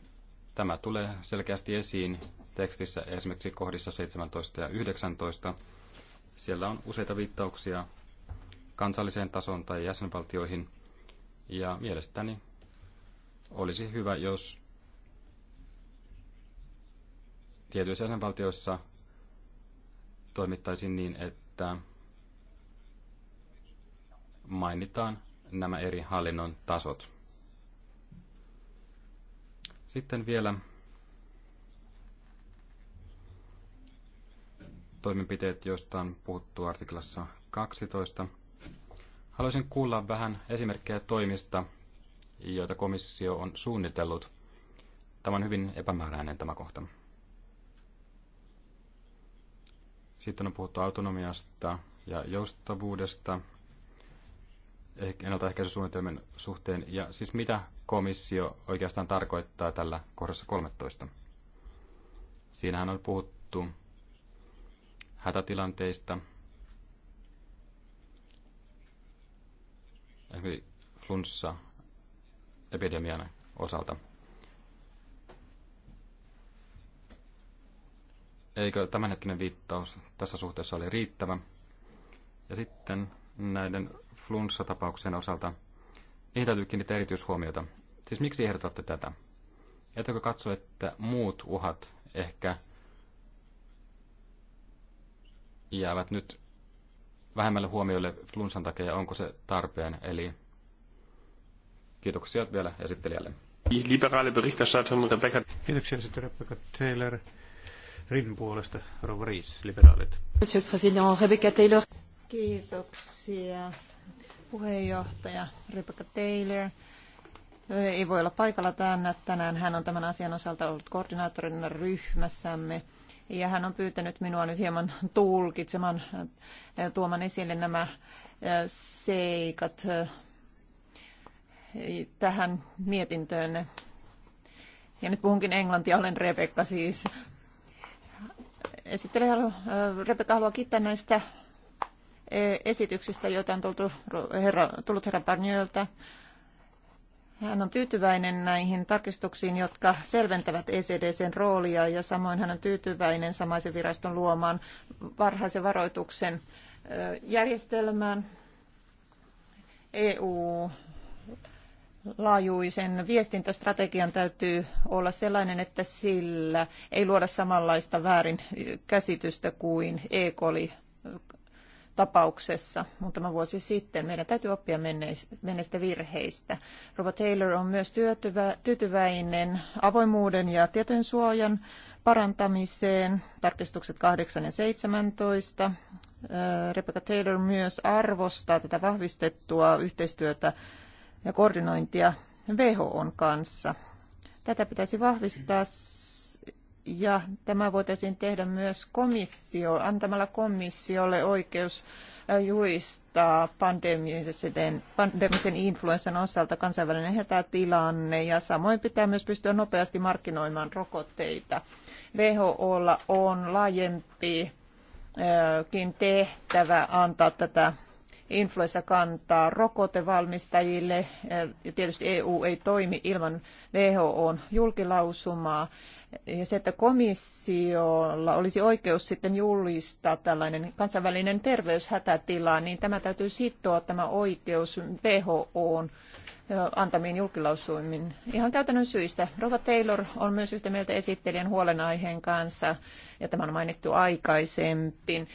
tämä tulee selkeästi esiin tekstissä esimerkiksi kohdissa 17 ja 19. Siellä on useita viittauksia kansalliseen tasoon tai jäsenvaltioihin, ja mielestäni olisi hyvä, jos tietyissä jäsenvaltioissa toimittaisiin niin, että mainitaan nämä eri hallinnon tasot. Sitten vielä toimenpiteet, joista on puhuttu artiklassa 12. Haluaisin kuulla vähän esimerkkejä toimista, joita komissio on suunnitellut. Tämä on hyvin epämääräinen tämä kohta. Sitten on puhuttu autonomiasta ja joustavuudesta Eh, suunnitelmien suhteen, ja siis mitä komissio oikeastaan tarkoittaa tällä kohdassa 13. Siinähän on puhuttu hätätilanteista, esimerkiksi flunssa-epidemian osalta. Eikö tämänhetkinen viittaus tässä suhteessa ole riittävä? Ja sitten näiden flunssatapauksen osalta, niihin täytyy kiinnittää erityishuomiota. Siis miksi ehdotatte tätä? Ettekö katso, että muut uhat ehkä jäävät nyt vähemmälle huomiolle flunssan takia, onko se tarpeen? Eli kiitoksia vielä esittelijälle. Liberaali berichterstattung Rebecca. Kiitoksia sitten Rebecca Taylor. Rin puolesta Rova liberaalit. Monsieur le Président, Rebecca Taylor. Kiitoksia puheenjohtaja Rebecca Taylor ei voi olla paikalla tänään. Tänään hän on tämän asian osalta ollut koordinaattorina ryhmässämme. Ja hän on pyytänyt minua nyt hieman tulkitsemaan, tuomaan esille nämä seikat tähän mietintöön. Ja nyt puhunkin englantia, olen Rebecca siis. Esittelijä Rebecca haluaa kiittää näistä Eh, esityksistä, joita on tullut herra, tullut herra Barniolta. Hän on tyytyväinen näihin tarkistuksiin, jotka selventävät ECDCn roolia ja samoin hän on tyytyväinen samaisen viraston luomaan varhaisen varoituksen eh, järjestelmään EU laajuisen viestintästrategian täytyy olla sellainen, että sillä ei luoda samanlaista väärin eh, käsitystä kuin e tapauksessa muutama vuosi sitten. Meidän täytyy oppia menneistä virheistä. Robert Taylor on myös työtyvä, tyytyväinen avoimuuden ja tietojen suojan parantamiseen, tarkistukset 8 ja 17. Rebecca Taylor myös arvostaa tätä vahvistettua yhteistyötä ja koordinointia WHOn kanssa. Tätä pitäisi vahvistaa ja tämä voitaisiin tehdä myös komissio, antamalla komissiolle oikeus äh, julistaa pandemisen, pandemisen influenssan osalta kansainvälinen hätätilanne ja samoin pitää myös pystyä nopeasti markkinoimaan rokotteita. WHOlla on laajempikin äh, tehtävä antaa tätä influenssakantaa rokotevalmistajille. Äh, ja tietysti EU ei toimi ilman WHOn julkilausumaa ja se, että komissiolla olisi oikeus sitten julistaa tällainen kansainvälinen terveyshätätila, niin tämä täytyy sitoa tämä oikeus WHOn antamiin julkilausuimin ihan käytännön syistä. Rova Taylor on myös yhtä mieltä esittelijän huolenaiheen kanssa, ja tämä on mainittu aikaisemmin,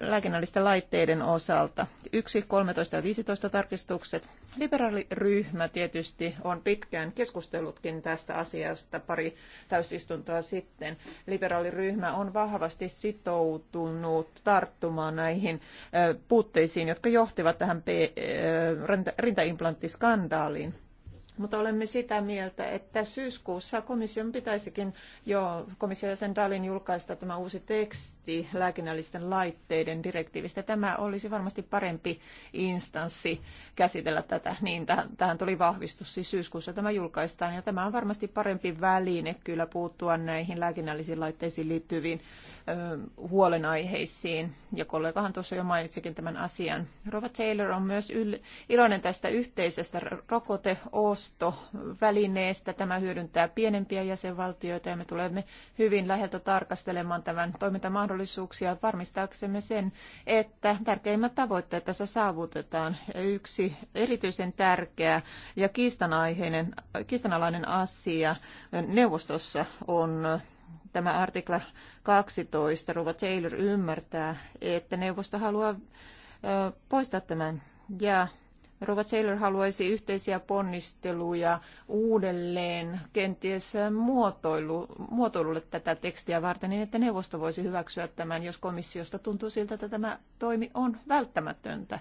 lääkinnällisten laitteiden osalta. Yksi, 13 ja 15 tarkistukset Liberaaliryhmä tietysti on pitkään keskustellutkin tästä asiasta pari täysistuntoa sitten. Liberaaliryhmä on vahvasti sitoutunut tarttumaan näihin puutteisiin, jotka johtivat tähän rintaimplanttiskandaaliin. Mutta olemme sitä mieltä, että syyskuussa komission pitäisikin jo komission jäsen Dalin julkaista tämä uusi teksti lääkinnällisten laitteiden direktiivistä. Tämä olisi varmasti parempi instanssi käsitellä tätä. Niin, tähän, tähän tuli vahvistus. Siis syyskuussa tämä julkaistaan ja tämä on varmasti parempi väline kyllä puuttua näihin lääkinnällisiin laitteisiin liittyviin huolenaiheisiin, ja kollegahan tuossa jo mainitsikin tämän asian. Robert Taylor on myös iloinen tästä yhteisestä rokoteostovälineestä. Tämä hyödyntää pienempiä jäsenvaltioita, ja me tulemme hyvin läheltä tarkastelemaan tämän toimintamahdollisuuksia varmistaaksemme sen, että tärkeimmät tavoitteet tässä saavutetaan. Yksi erityisen tärkeä ja kiistanaiheinen, kiistanalainen asia neuvostossa on tämä artikla 12, Ruva Taylor ymmärtää, että neuvosto haluaa poistaa tämän ja Rova Taylor haluaisi yhteisiä ponnisteluja uudelleen kenties muotoilu, muotoilulle tätä tekstiä varten niin, että neuvosto voisi hyväksyä tämän, jos komissiosta tuntuu siltä, että tämä toimi on välttämätöntä.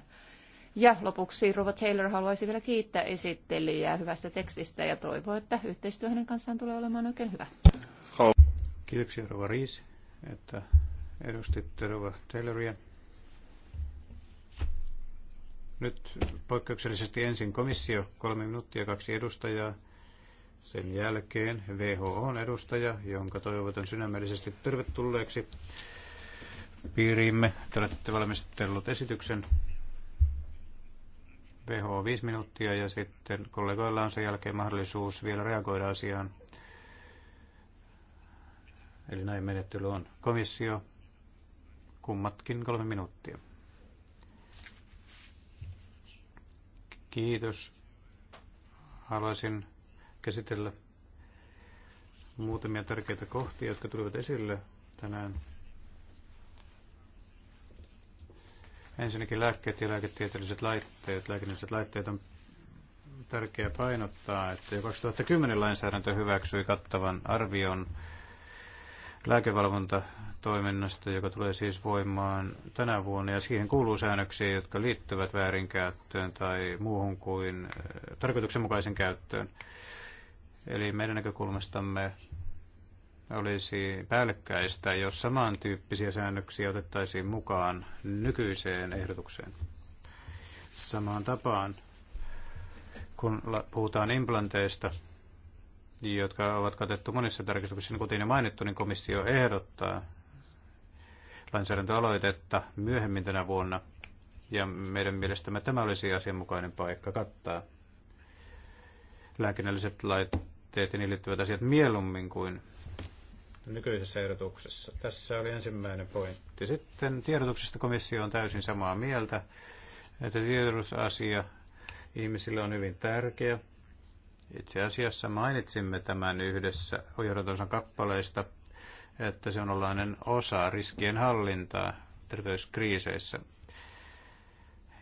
Ja lopuksi Rova Taylor haluaisi vielä kiittää esittelijää hyvästä tekstistä ja toivoo, että yhteistyö hänen kanssaan tulee olemaan oikein hyvä. Kiitoksia Rova Riis, että edustitte Rova Tayloria. Nyt poikkeuksellisesti ensin komissio, kolme minuuttia, kaksi edustajaa. Sen jälkeen WHO edustaja, jonka toivotan sydämellisesti tervetulleeksi piiriimme. Te olette valmistellut esityksen. WHO viisi minuuttia ja sitten kollegoilla on sen jälkeen mahdollisuus vielä reagoida asiaan Eli näin menettely on. Komissio, kummatkin kolme minuuttia. Kiitos. Haluaisin käsitellä muutamia tärkeitä kohtia, jotka tulivat esille tänään. Ensinnäkin lääkkeet ja lääketieteelliset laitteet. Lääketieteelliset laitteet on tärkeää painottaa, että jo 2010 lainsäädäntö hyväksyi kattavan arvion lääkevalvontatoiminnasta, joka tulee siis voimaan tänä vuonna, ja siihen kuuluu säännöksiä, jotka liittyvät väärinkäyttöön tai muuhun kuin eh, tarkoituksenmukaisen käyttöön. Eli meidän näkökulmastamme olisi päällekkäistä, jos samantyyppisiä säännöksiä otettaisiin mukaan nykyiseen ehdotukseen. Samaan tapaan, kun puhutaan implanteista, jotka ovat katettu monissa tarkistuksissa, niin kuten jo mainittu, niin komissio ehdottaa lainsäädäntöaloitetta myöhemmin tänä vuonna. Ja meidän mielestämme tämä olisi asianmukainen paikka kattaa lääkinnälliset laitteet ja niihin liittyvät asiat mieluummin kuin nykyisessä ehdotuksessa. Tässä oli ensimmäinen pointti. Sitten tiedotuksesta komissio on täysin samaa mieltä, että tiedotusasia ihmisille on hyvin tärkeä. Itse asiassa mainitsimme tämän yhdessä johdatonsa kappaleista, että se on ollainen osa riskien hallintaa terveyskriiseissä.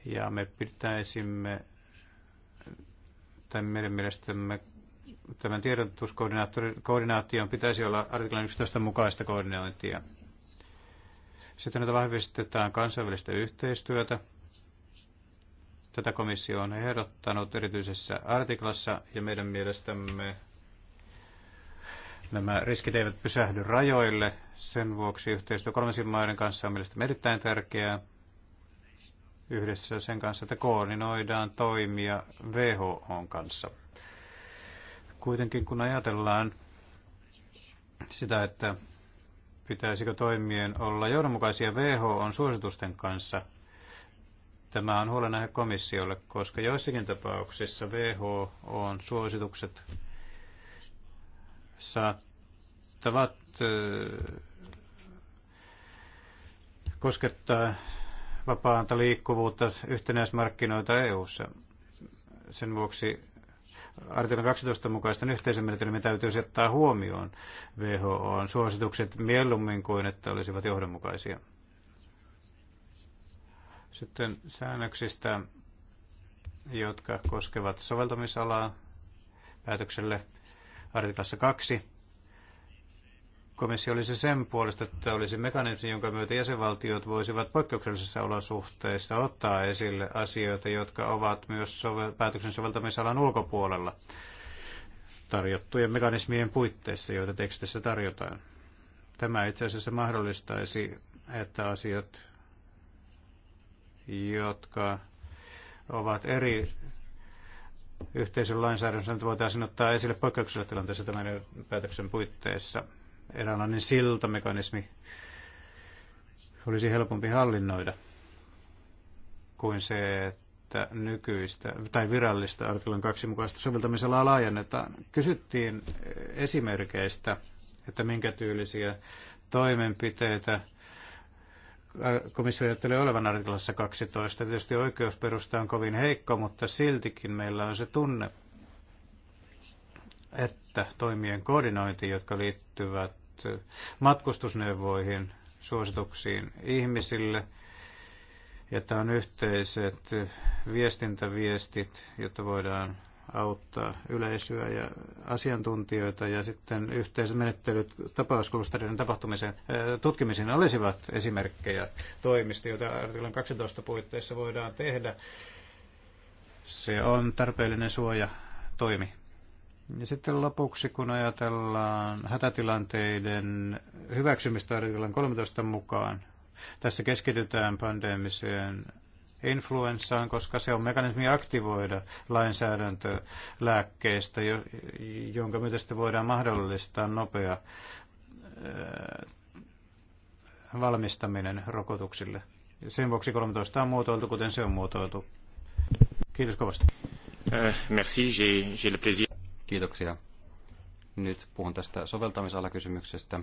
Ja me pitäisimme, tai meidän mielestämme tämän tiedotuskoordinaation pitäisi olla artiklan 11 mukaista koordinointia. Sitten näitä vahvistetaan kansainvälistä yhteistyötä Tätä komissio on ehdottanut erityisessä artiklassa ja meidän mielestämme nämä riskit eivät pysähdy rajoille. Sen vuoksi yhteistyö kolmansien maiden kanssa on mielestäni erittäin tärkeää yhdessä sen kanssa, että koordinoidaan toimia WHOn kanssa. Kuitenkin kun ajatellaan sitä, että pitäisikö toimien olla johdonmukaisia WHOn suositusten kanssa – Tämä on huolenaihe komissiolle, koska joissakin tapauksissa WHO on suositukset saattavat koskettaa vapaanta liikkuvuutta yhtenäismarkkinoita EU:ssa. Sen vuoksi artiklan 12 mukaisten yhteisömenetelmien täytyy ottaa huomioon WHOn suositukset mieluummin kuin että olisivat johdonmukaisia. Sitten säännöksistä, jotka koskevat soveltamisalaa päätökselle artiklassa 2. Komissio olisi sen puolesta, että olisi mekanismi, jonka myötä jäsenvaltiot voisivat poikkeuksellisissa olosuhteissa ottaa esille asioita, jotka ovat myös sovel- päätöksen soveltamisalan ulkopuolella tarjottujen mekanismien puitteissa, joita tekstissä tarjotaan. Tämä itse asiassa mahdollistaisi, että asiat jotka ovat eri yhteisön lainsäädännössä, nyt voitaisiin ottaa esille poikkeuksellisessa tilanteessa tämän päätöksen puitteissa. Eräänlainen siltamekanismi olisi helpompi hallinnoida kuin se, että nykyistä tai virallista artiklan 2 mukaista soveltamisalaa laajennetaan. Kysyttiin esimerkkeistä, että minkä tyylisiä toimenpiteitä komissio ajattelee olevan artiklassa 12. Tietysti oikeusperusta on kovin heikko, mutta siltikin meillä on se tunne, että toimien koordinointi, jotka liittyvät matkustusneuvoihin, suosituksiin ihmisille, että on yhteiset viestintäviestit, jotta voidaan auttaa yleisöä ja asiantuntijoita ja sitten yhteiset menettelyt tapausklustereiden tapahtumisen tutkimiseen olisivat esimerkkejä toimista, joita artiklan 12 puitteissa voidaan tehdä. Se on tarpeellinen suoja toimi. Ja sitten lopuksi, kun ajatellaan hätätilanteiden hyväksymistä artiklan 13 mukaan, tässä keskitytään pandeemiseen influenssaan, koska se on mekanismi aktivoida lainsäädäntö lääkkeestä, jonka myötä sitten voidaan mahdollistaa nopea valmistaminen rokotuksille. Sen vuoksi 13 on muotoiltu, kuten se on muotoiltu. Kiitos kovasti. Äh, merci, j'ai le plaisir. Kiitoksia. Nyt puhun tästä soveltamisalakysymyksestä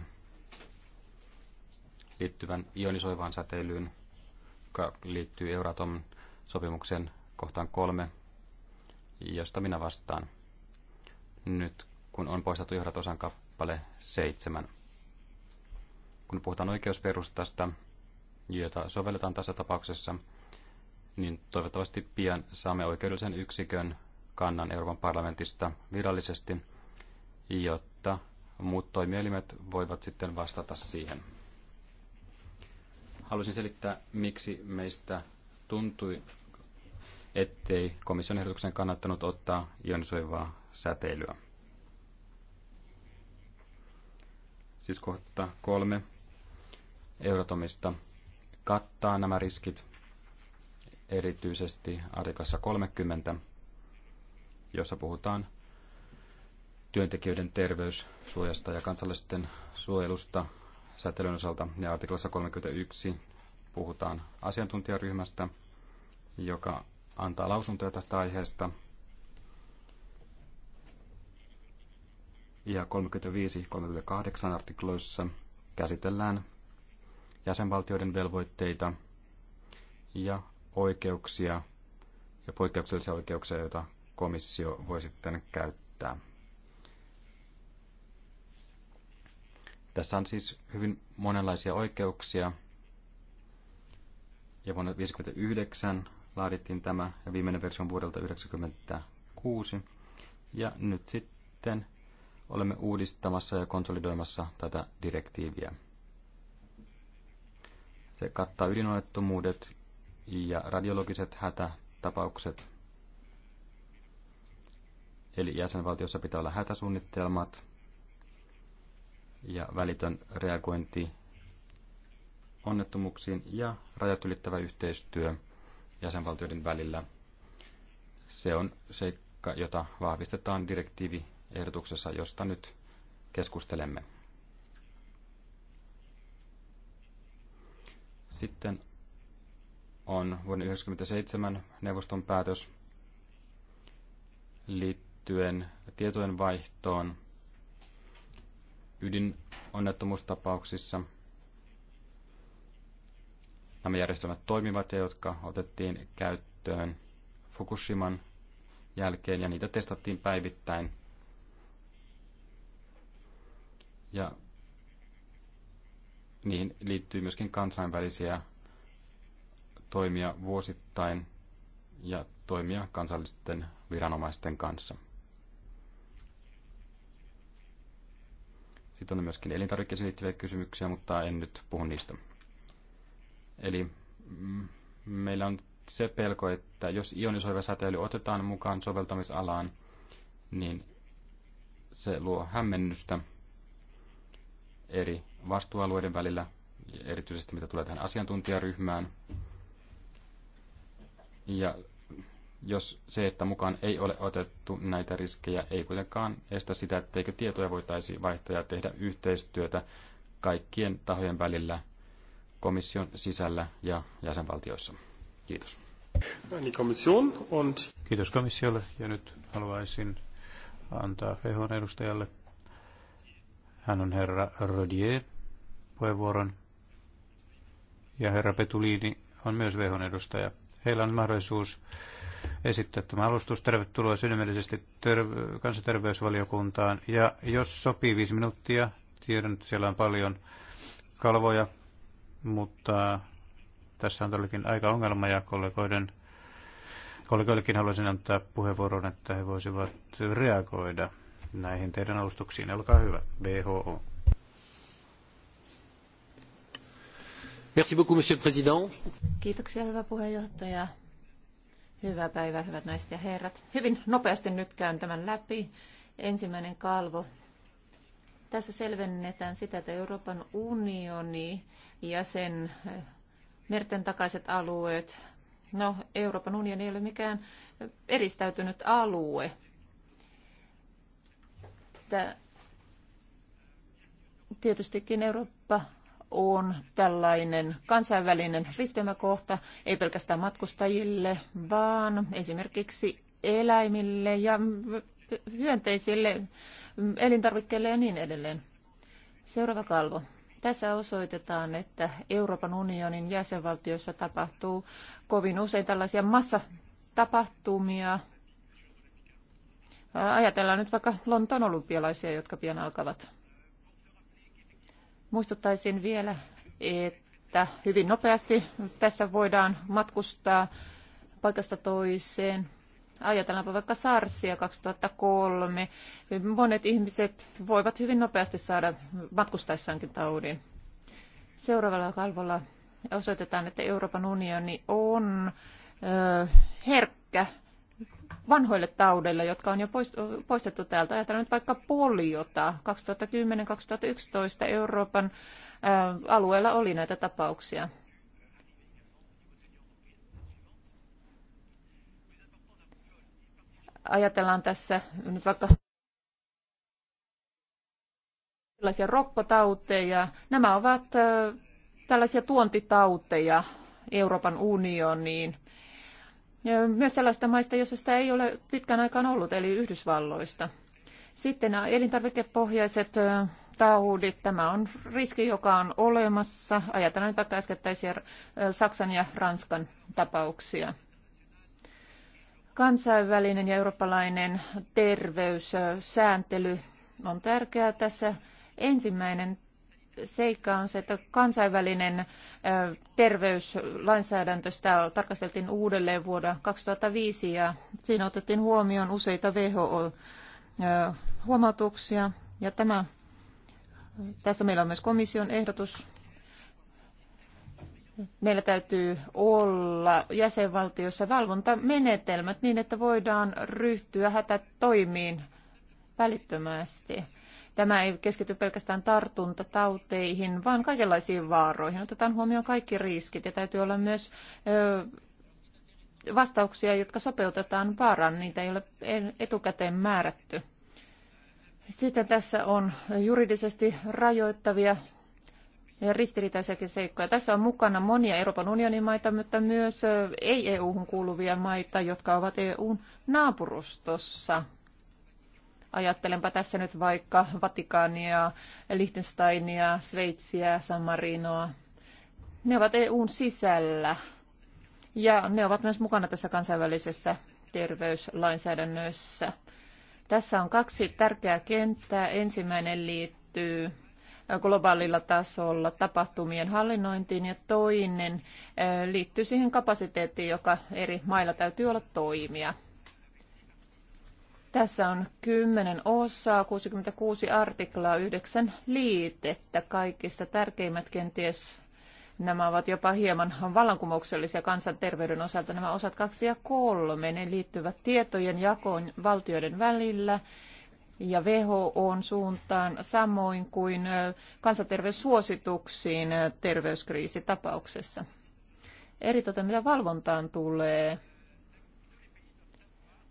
liittyvän ionisoivaan säteilyyn joka liittyy Euratom sopimuksen kohtaan kolme, josta minä vastaan nyt, kun on poistettu johdatosan kappale seitsemän. Kun puhutaan oikeusperustasta, jota sovelletaan tässä tapauksessa, niin toivottavasti pian saamme oikeudellisen yksikön kannan Euroopan parlamentista virallisesti, jotta muut toimielimet voivat sitten vastata siihen. Haluaisin selittää, miksi meistä tuntui, ettei komission ehdotuksen kannattanut ottaa ionisoivaa säteilyä. Siis kohta kolme Euratomista kattaa nämä riskit erityisesti artiklassa 30, jossa puhutaan työntekijöiden terveyssuojasta ja kansallisten suojelusta säätelyn osalta. Ja artiklassa 31 puhutaan asiantuntijaryhmästä, joka antaa lausuntoja tästä aiheesta. Ja 35-38 artikloissa käsitellään jäsenvaltioiden velvoitteita ja oikeuksia ja poikkeuksellisia oikeuksia, joita komissio voi sitten käyttää. Tässä on siis hyvin monenlaisia oikeuksia. Ja vuonna 1959 laadittiin tämä ja viimeinen versio on vuodelta 1996. Ja nyt sitten olemme uudistamassa ja konsolidoimassa tätä direktiiviä. Se kattaa ydinonnettomuudet ja radiologiset hätätapaukset. Eli jäsenvaltiossa pitää olla hätäsuunnitelmat – ja välitön reagointi onnettomuuksiin ja rajat ylittävä yhteistyö jäsenvaltioiden välillä. Se on seikka, jota vahvistetaan direktiiviehdotuksessa, josta nyt keskustelemme. Sitten on vuoden 1997 neuvoston päätös liittyen tietojen vaihtoon ydinonnettomuustapauksissa nämä järjestelmät toimivat ja jotka otettiin käyttöön Fukushiman jälkeen ja niitä testattiin päivittäin. Ja niihin liittyy myöskin kansainvälisiä toimia vuosittain ja toimia kansallisten viranomaisten kanssa. Sitten on myöskin elintarvikkeisiin liittyviä kysymyksiä, mutta en nyt puhu niistä. Eli mm, meillä on se pelko, että jos ionisoiva säteily otetaan mukaan soveltamisalaan, niin se luo hämmennystä eri vastuualueiden välillä, erityisesti mitä tulee tähän asiantuntijaryhmään. Ja jos se, että mukaan ei ole otettu näitä riskejä, ei kuitenkaan estä sitä, etteikö tietoja voitaisiin vaihtaa ja tehdä yhteistyötä kaikkien tahojen välillä komission sisällä ja jäsenvaltioissa. Kiitos. Kiitos komissiolle ja nyt haluaisin antaa Fehon edustajalle. Hän on herra Rodier puheenvuoron ja herra Petulini on myös Vehon edustaja. Heillä on mahdollisuus esittää tämä alustus. Tervetuloa sydämellisesti ter- kansanterveysvaliokuntaan. Ja jos sopii viisi minuuttia, tiedän, että siellä on paljon kalvoja, mutta tässä on todellakin aika ongelma ja kollegoiden, kollegoillekin haluaisin antaa puheenvuoron, että he voisivat reagoida näihin teidän alustuksiin. Olkaa hyvä, WHO. Merci beaucoup, monsieur le président. Kiitoksia, hyvä puheenjohtaja. Hyvää päivää, hyvät naiset ja herrat. Hyvin nopeasti nyt käyn tämän läpi. Ensimmäinen kalvo. Tässä selvennetään sitä, että Euroopan unioni ja sen eh, merten takaiset alueet, no Euroopan unioni ei ole mikään eristäytynyt alue. Tietystikin Eurooppa on tällainen kansainvälinen risteymäkohta, ei pelkästään matkustajille, vaan esimerkiksi eläimille ja hyönteisille, elintarvikkeille ja niin edelleen. Seuraava kalvo. Tässä osoitetaan, että Euroopan unionin jäsenvaltioissa tapahtuu kovin usein tällaisia massatapahtumia. Ajatellaan nyt vaikka Lontoon olympialaisia, jotka pian alkavat. Muistuttaisin vielä, että hyvin nopeasti tässä voidaan matkustaa paikasta toiseen. Ajatellaanpa vaikka SARSia 2003. Monet ihmiset voivat hyvin nopeasti saada matkustaessaankin taudin. Seuraavalla kalvolla osoitetaan, että Euroopan unioni on herkkä vanhoille taudeille, jotka on jo poistettu täältä. Ajatellaan nyt vaikka poliota. 2010-2011 Euroopan äh, alueella oli näitä tapauksia. Ajatellaan tässä nyt vaikka tällaisia rokkotauteja. Nämä ovat äh, tällaisia tuontitauteja Euroopan unioniin myös sellaista maista, jossa sitä ei ole pitkän aikaan ollut, eli Yhdysvalloista. Sitten elintarvikepohjaiset taudit. Tämä on riski, joka on olemassa. Ajatellaan nyt vaikka äskettäisiä Saksan ja Ranskan tapauksia. Kansainvälinen ja eurooppalainen terveyssääntely on tärkeää tässä. Ensimmäinen seikka on se, että kansainvälinen terveyslainsäädäntö sitä tarkasteltiin uudelleen vuonna 2005 ja siinä otettiin huomioon useita WHO-huomautuksia ja tämä, tässä meillä on myös komission ehdotus meillä täytyy olla jäsenvaltiossa valvontamenetelmät niin, että voidaan ryhtyä hätätoimiin välittömästi. Tämä ei keskity pelkästään tartuntatauteihin, vaan kaikenlaisiin vaaroihin. Otetaan huomioon kaikki riskit ja täytyy olla myös vastauksia, jotka sopeutetaan vaaraan. Niitä ei ole etukäteen määrätty. Sitten tässä on juridisesti rajoittavia ja ristiriitaisiakin seikkoja. Tässä on mukana monia Euroopan unionin maita, mutta myös ei-EU-hun kuuluvia maita, jotka ovat EUn naapurustossa. Ajattelenpa tässä nyt vaikka Vatikaania, Liechtensteinia, Sveitsiä, San Marinoa. Ne ovat EUn sisällä ja ne ovat myös mukana tässä kansainvälisessä terveyslainsäädännössä. Tässä on kaksi tärkeää kenttää. Ensimmäinen liittyy globaalilla tasolla tapahtumien hallinnointiin ja toinen eh, liittyy siihen kapasiteettiin, joka eri mailla täytyy olla toimia. Tässä on kymmenen osaa, 66 artiklaa, yhdeksän liitettä, kaikista tärkeimmät kenties Nämä ovat jopa hieman vallankumouksellisia kansanterveyden osalta. Nämä osat kaksi ja kolme, ne liittyvät tietojen jakoon valtioiden välillä ja WHOn suuntaan samoin kuin kansanterveyssuosituksiin terveyskriisitapauksessa. Eritoten mitä valvontaan tulee,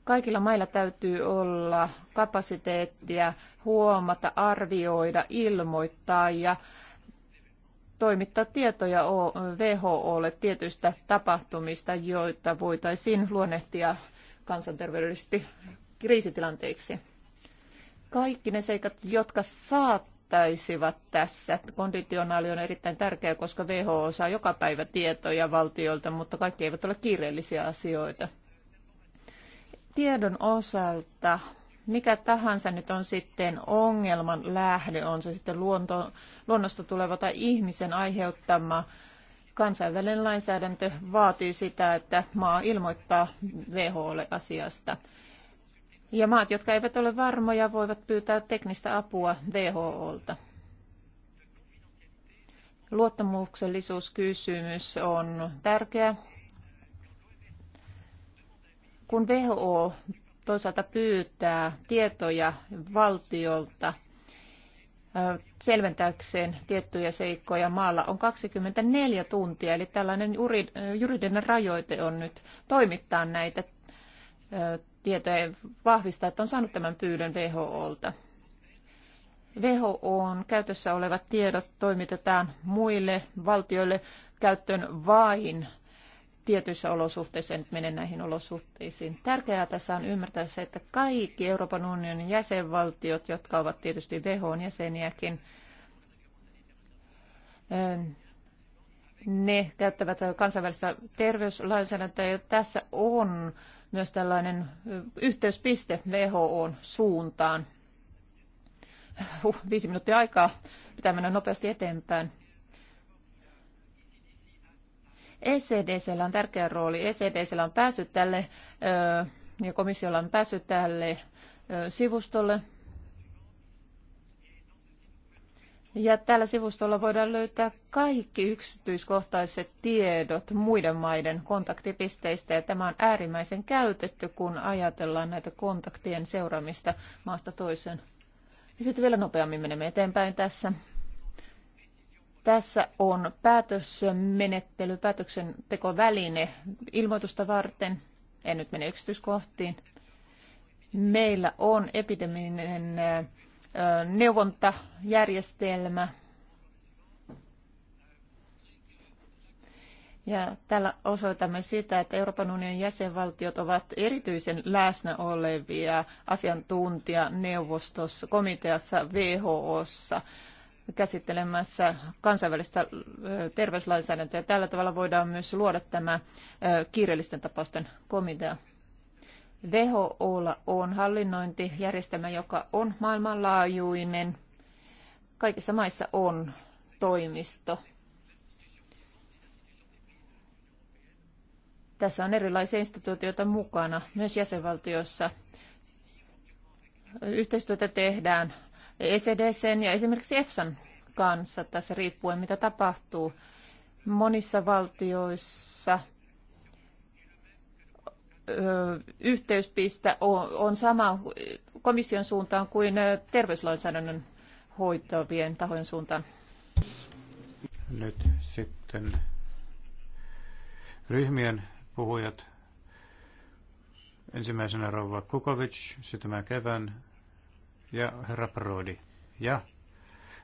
Kaikilla mailla täytyy olla kapasiteettia huomata, arvioida, ilmoittaa ja toimittaa tietoja WHOlle tietyistä tapahtumista, joita voitaisiin luonnehtia kansanterveydellisesti kriisitilanteiksi. Kaikki ne seikat, jotka saattaisivat tässä. Konditionaali on erittäin tärkeä, koska WHO saa joka päivä tietoja valtioilta, mutta kaikki eivät ole kiireellisiä asioita tiedon osalta mikä tahansa nyt on sitten ongelman lähde, on se sitten luonto, luonnosta tuleva tai ihmisen aiheuttama, kansainvälinen lainsäädäntö vaatii sitä, että maa ilmoittaa WHOlle asiasta. Ja maat, jotka eivät ole varmoja, voivat pyytää teknistä apua WHOlta. Luottamuksellisuuskysymys on tärkeä kun WHO toisaalta pyytää tietoja valtiolta selventääkseen tiettyjä seikkoja maalla on 24 tuntia, eli tällainen juridinen rajoite on nyt toimittaa näitä tietoja ja vahvistaa, että on saanut tämän pyydön WHOlta. on käytössä olevat tiedot toimitetaan muille valtioille käyttöön vain tietyissä olosuhteissa, en nyt mene näihin olosuhteisiin. Tärkeää tässä on ymmärtää se, että kaikki Euroopan unionin jäsenvaltiot, jotka ovat tietysti WHOn jäseniäkin, ähm, ne käyttävät kansainvälistä terveyslainsäädäntöä ja tässä on myös tällainen äh, yhteyspiste WHOn suuntaan. Huh, (laughs) viisi minuuttia aikaa, pitää mennä nopeasti eteenpäin. ECDCllä on tärkeä rooli. ECDCllä on päässyt tälle ja komissiolla on päässyt tälle sivustolle. Ja tällä sivustolla voidaan löytää kaikki yksityiskohtaiset tiedot muiden maiden kontaktipisteistä, ja tämä on äärimmäisen käytetty, kun ajatellaan näitä kontaktien seuraamista maasta toiseen. Ja sitten vielä nopeammin menemme eteenpäin tässä. Tässä on päätösmenettely, päätöksentekoväline ilmoitusta varten. En nyt mene yksityiskohtiin. Meillä on epideminen neuvontajärjestelmä. Ja tällä osoitamme sitä, että Euroopan unionin jäsenvaltiot ovat erityisen läsnä olevia asiantuntijaneuvostossa, komiteassa, WHOssa, käsittelemässä kansainvälistä terveyslainsäädäntöä. Tällä tavalla voidaan myös luoda tämä kiireellisten tapausten komitea. WHO on hallinnointijärjestelmä, joka on maailmanlaajuinen. Kaikissa maissa on toimisto. Tässä on erilaisia instituutioita mukana, myös jäsenvaltiossa. Yhteistyötä tehdään ECDCn ja esimerkiksi EFSAn kanssa tässä riippuen, mitä tapahtuu. Monissa valtioissa yhteyspiste on sama komission suuntaan kuin terveyslainsäädännön hoitavien tahojen suuntaan. Nyt sitten ryhmien puhujat. Ensimmäisenä rouva Kukovic, mä kevään ja herra Prodi. Ja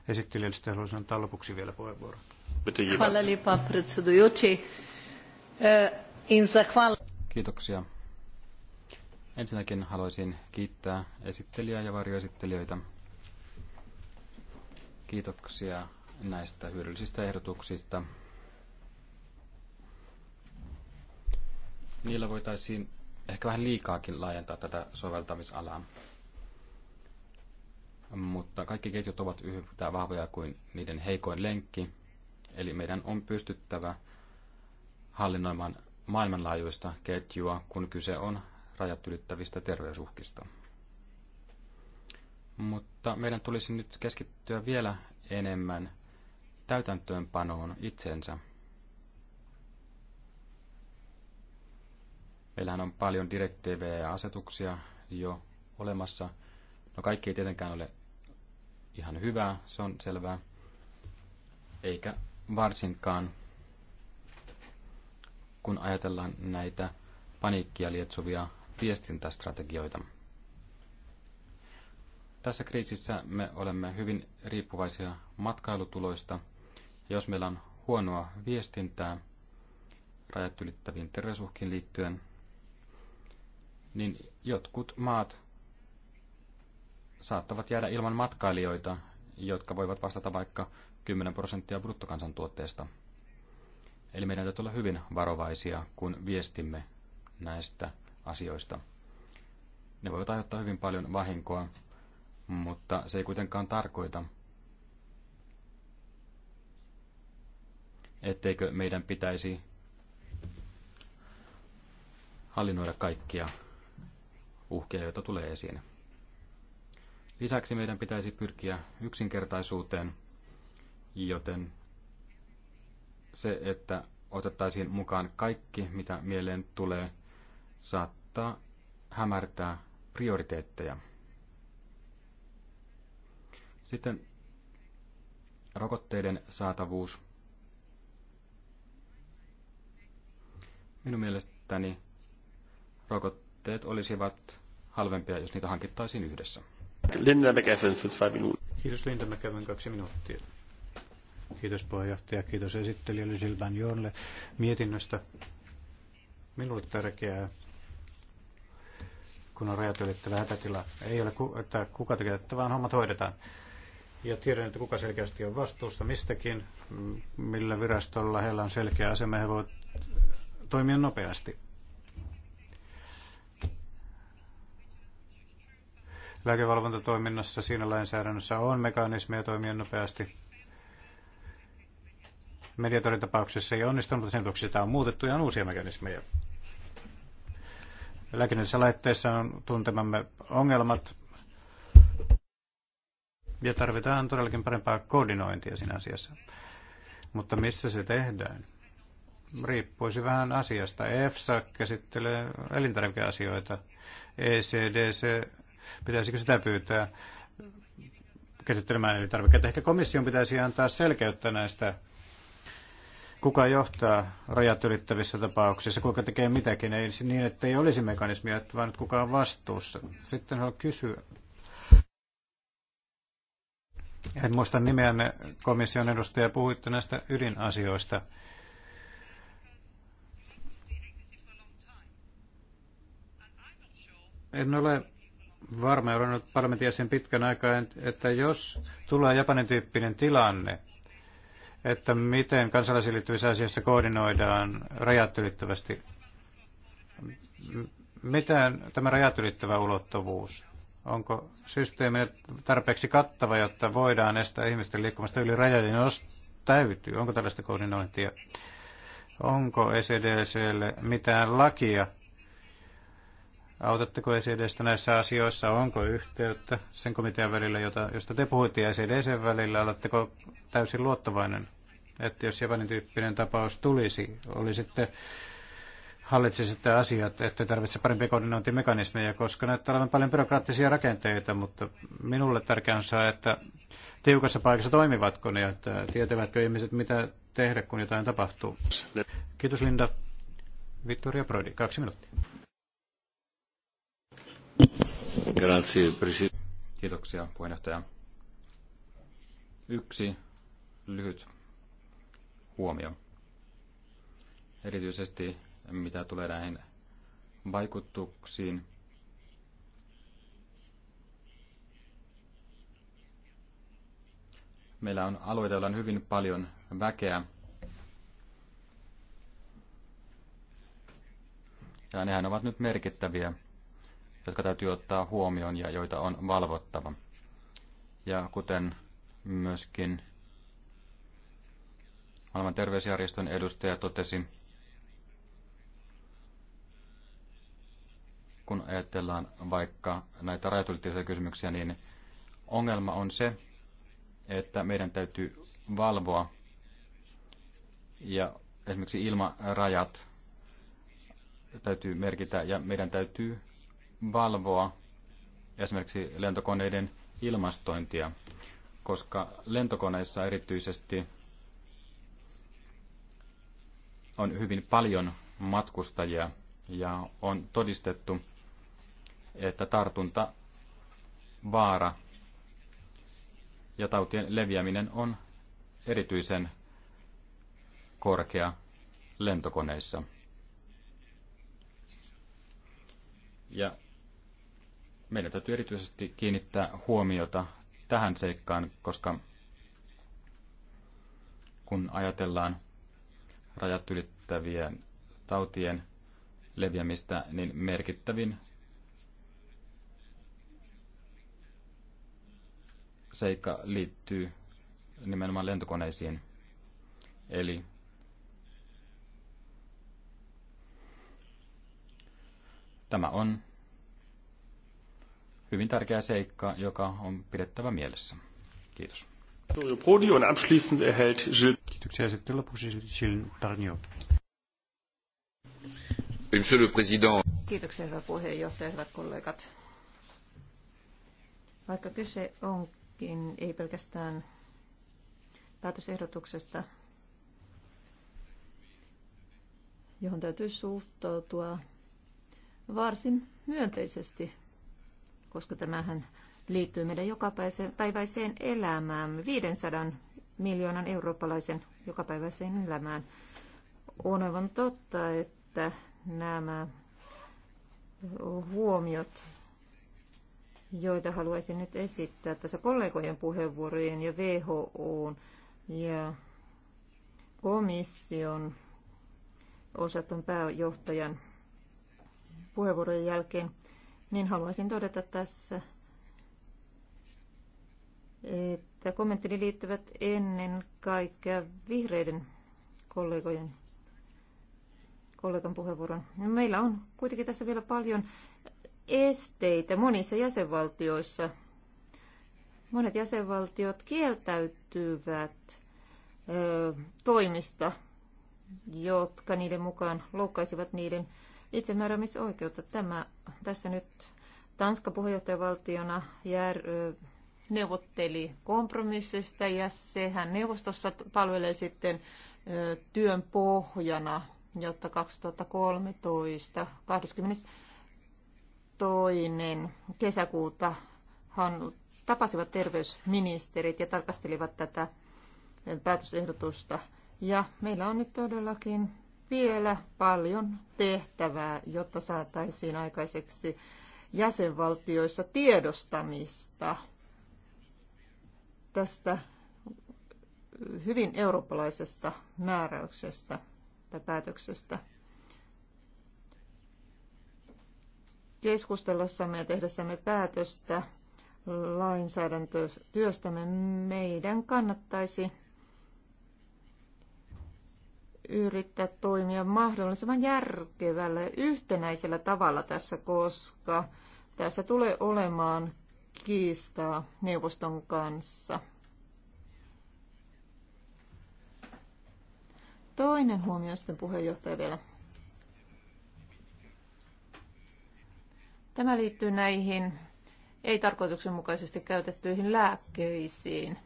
esittelijästä haluaisin antaa lopuksi vielä puheenvuoron. E, Kiitoksia. Ensinnäkin haluaisin kiittää esittelijää ja varjoesittelijöitä. Kiitoksia näistä hyödyllisistä ehdotuksista. Niillä voitaisiin ehkä vähän liikaakin laajentaa tätä soveltamisalaa mutta kaikki ketjut ovat yhtä vahvoja kuin niiden heikoin lenkki, eli meidän on pystyttävä hallinnoimaan maailmanlaajuista ketjua, kun kyse on rajat ylittävistä terveysuhkista. Mutta meidän tulisi nyt keskittyä vielä enemmän täytäntöönpanoon itsensä. Meillähän on paljon direktiivejä ja asetuksia jo olemassa. No kaikki ei tietenkään ole ihan hyvää, se on selvää. Eikä varsinkaan, kun ajatellaan näitä paniikkia lietsovia viestintästrategioita. Tässä kriisissä me olemme hyvin riippuvaisia matkailutuloista. Jos meillä on huonoa viestintää rajat ylittäviin terveysuhkiin liittyen, niin jotkut maat saattavat jäädä ilman matkailijoita, jotka voivat vastata vaikka 10 prosenttia bruttokansantuotteesta. Eli meidän täytyy olla hyvin varovaisia, kun viestimme näistä asioista. Ne voivat aiheuttaa hyvin paljon vahinkoa, mutta se ei kuitenkaan tarkoita, etteikö meidän pitäisi hallinnoida kaikkia uhkia, joita tulee esiin. Lisäksi meidän pitäisi pyrkiä yksinkertaisuuteen, joten se, että otettaisiin mukaan kaikki, mitä mieleen tulee, saattaa hämärtää prioriteetteja. Sitten rokotteiden saatavuus. Minun mielestäni rokotteet olisivat halvempia, jos niitä hankittaisiin yhdessä. Linda McEwen för två minuter. Kiitos Linda McEwen, kaksi minuuttia. Kiitos puheenjohtaja, kiitos esittelijälle Silvan Jorle mietinnöstä. Minulle tärkeää, kun on rajat ylittävä hätätila, ei ole, että kuka tekee, että vaan hommat hoidetaan. Ja tiedän, että kuka selkeästi on vastuusta mistäkin, millä virastolla heillä on selkeä asema, he voivat toimia nopeasti. lääkevalvontatoiminnassa. Siinä lainsäädännössä on mekanismeja toimia nopeasti. tapauksessa ei onnistunut, mutta sen vuoksi sitä on muutettu ja on uusia mekanismeja. Lääkinnällisessä laitteessa on tuntemamme ongelmat ja tarvitaan todellakin parempaa koordinointia siinä asiassa. Mutta missä se tehdään? riippuisi vähän asiasta. EFSA käsittelee elintarvikeasioita, ECDC Pitäisikö sitä pyytää käsittelemään elintarvikkeita? Ehkä komission pitäisi antaa selkeyttä näistä kuka johtaa rajat ylittävissä tapauksissa, kuka tekee mitäkin, ei niin, että ei olisi mekanismia, vaan että kuka on vastuussa. Sitten haluan kysyä. En muista nimeänne komission edustaja, puhuitte näistä ydinasioista. En ole varma, olen ollut parlamentin sen pitkän aikaa, että jos tulee Japanin tyyppinen tilanne, että miten kansalaisiin liittyvissä asiassa koordinoidaan rajat ylittävästi, miten tämä rajat ylittävä ulottuvuus, onko systeemi tarpeeksi kattava, jotta voidaan estää ihmisten liikkumasta yli rajojen, jos täytyy, onko tällaista koordinointia, onko ECDClle mitään lakia, Autatteko ECDstä näissä asioissa? Onko yhteyttä sen komitean välillä, jota, josta te puhuitte, ja ECDCn välillä? Oletteko täysin luottavainen, että jos Japanin tyyppinen tapaus tulisi, olisitte hallitsisitte asiat, että tarvitse parempia koordinointimekanismeja, koska näyttää olevan paljon byrokraattisia rakenteita, mutta minulle tärkeää on se, että tiukassa paikassa toimivatko ne, että tietävätkö ihmiset, mitä tehdä, kun jotain tapahtuu. Kiitos Linda. Vittoria Brody, kaksi minuuttia. Grazie, Kiitoksia, puheenjohtaja. Yksi lyhyt huomio. Erityisesti mitä tulee näihin vaikutuksiin, meillä on alueita, joilla on hyvin paljon väkeä. Ja nehän ovat nyt merkittäviä jotka täytyy ottaa huomioon ja joita on valvottava. Ja kuten myöskin maailman terveysjärjestön edustaja totesi, kun ajatellaan vaikka näitä rajatulittisia kysymyksiä, niin ongelma on se, että meidän täytyy valvoa ja esimerkiksi ilmarajat täytyy merkitä ja meidän täytyy valvoa esimerkiksi lentokoneiden ilmastointia, koska lentokoneissa erityisesti on hyvin paljon matkustajia ja on todistettu, että tartunta vaara ja tautien leviäminen on erityisen korkea lentokoneissa. Ja meidän täytyy erityisesti kiinnittää huomiota tähän seikkaan, koska kun ajatellaan rajat ylittävien tautien leviämistä, niin merkittävin seikka liittyy nimenomaan lentokoneisiin. Eli tämä on hyvin tärkeä seikka, joka on pidettävä mielessä. Kiitos. Prodi und Kiitoksia. Sitten lopuksi Gilles Parnio. Monsieur le Président. Kiitoksia, hyvä puheenjohtaja, hyvät kollegat. Vaikka kyse onkin ei pelkästään päätösehdotuksesta, johon täytyy suhtautua varsin myönteisesti koska tämähän liittyy meidän jokapäiväiseen elämään, 500 miljoonan eurooppalaisen jokapäiväiseen elämään. On aivan totta, että nämä huomiot, joita haluaisin nyt esittää tässä kollegojen puheenvuorojen ja WHOn ja komission osaton pääjohtajan puheenvuorojen jälkeen, niin haluaisin todeta tässä, että kommenttini liittyvät ennen kaikkea vihreiden kollegojen kollegan puheenvuoron. Meillä on kuitenkin tässä vielä paljon esteitä monissa jäsenvaltioissa. Monet jäsenvaltiot kieltäytyvät ö, toimista, jotka niiden mukaan loukkaisivat niiden itsemääräämisoikeutta. Tämä tässä nyt Tanska puheenjohtajavaltiona jär, neuvotteli kompromissista ja sehän neuvostossa palvelee sitten työn pohjana, jotta 2013 22. kesäkuuta hän tapasivat terveysministerit ja tarkastelivat tätä päätösehdotusta. Ja meillä on nyt todellakin vielä paljon tehtävää, jotta saataisiin aikaiseksi jäsenvaltioissa tiedostamista tästä hyvin eurooppalaisesta määräyksestä tai päätöksestä. Keskustellessamme ja tehdessämme päätöstä lainsäädäntötyöstämme meidän kannattaisi yrittää toimia mahdollisimman järkevällä ja yhtenäisellä tavalla tässä, koska tässä tulee olemaan kiistaa neuvoston kanssa. Toinen huomio sitten puheenjohtaja vielä. Tämä liittyy näihin ei-tarkoituksenmukaisesti käytettyihin lääkkeisiin.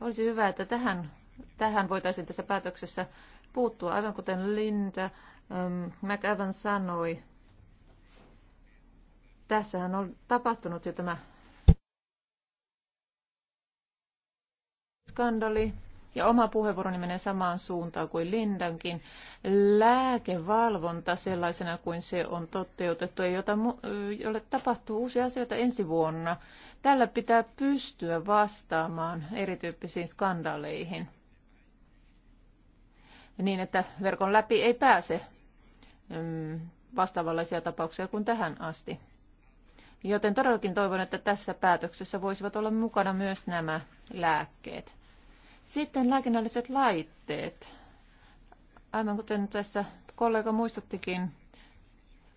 Olisi hyvä, että tähän, tähän voitaisiin tässä päätöksessä puuttua. Aivan kuten Linda ähm, McAvan sanoi, tässähän on tapahtunut jo tämä skandali. Ja oma puheenvuoroni menee samaan suuntaan kuin Lindankin. Lääkevalvonta sellaisena kuin se on toteutettu, jota, jolle tapahtuu uusia asioita ensi vuonna. Tällä pitää pystyä vastaamaan erityyppisiin skandaaleihin niin, että verkon läpi ei pääse mm, vastaavanlaisia tapauksia kuin tähän asti. Joten todellakin toivon, että tässä päätöksessä voisivat olla mukana myös nämä lääkkeet. Sitten lääkinnälliset laitteet. Aivan kuten tässä kollega muistuttikin,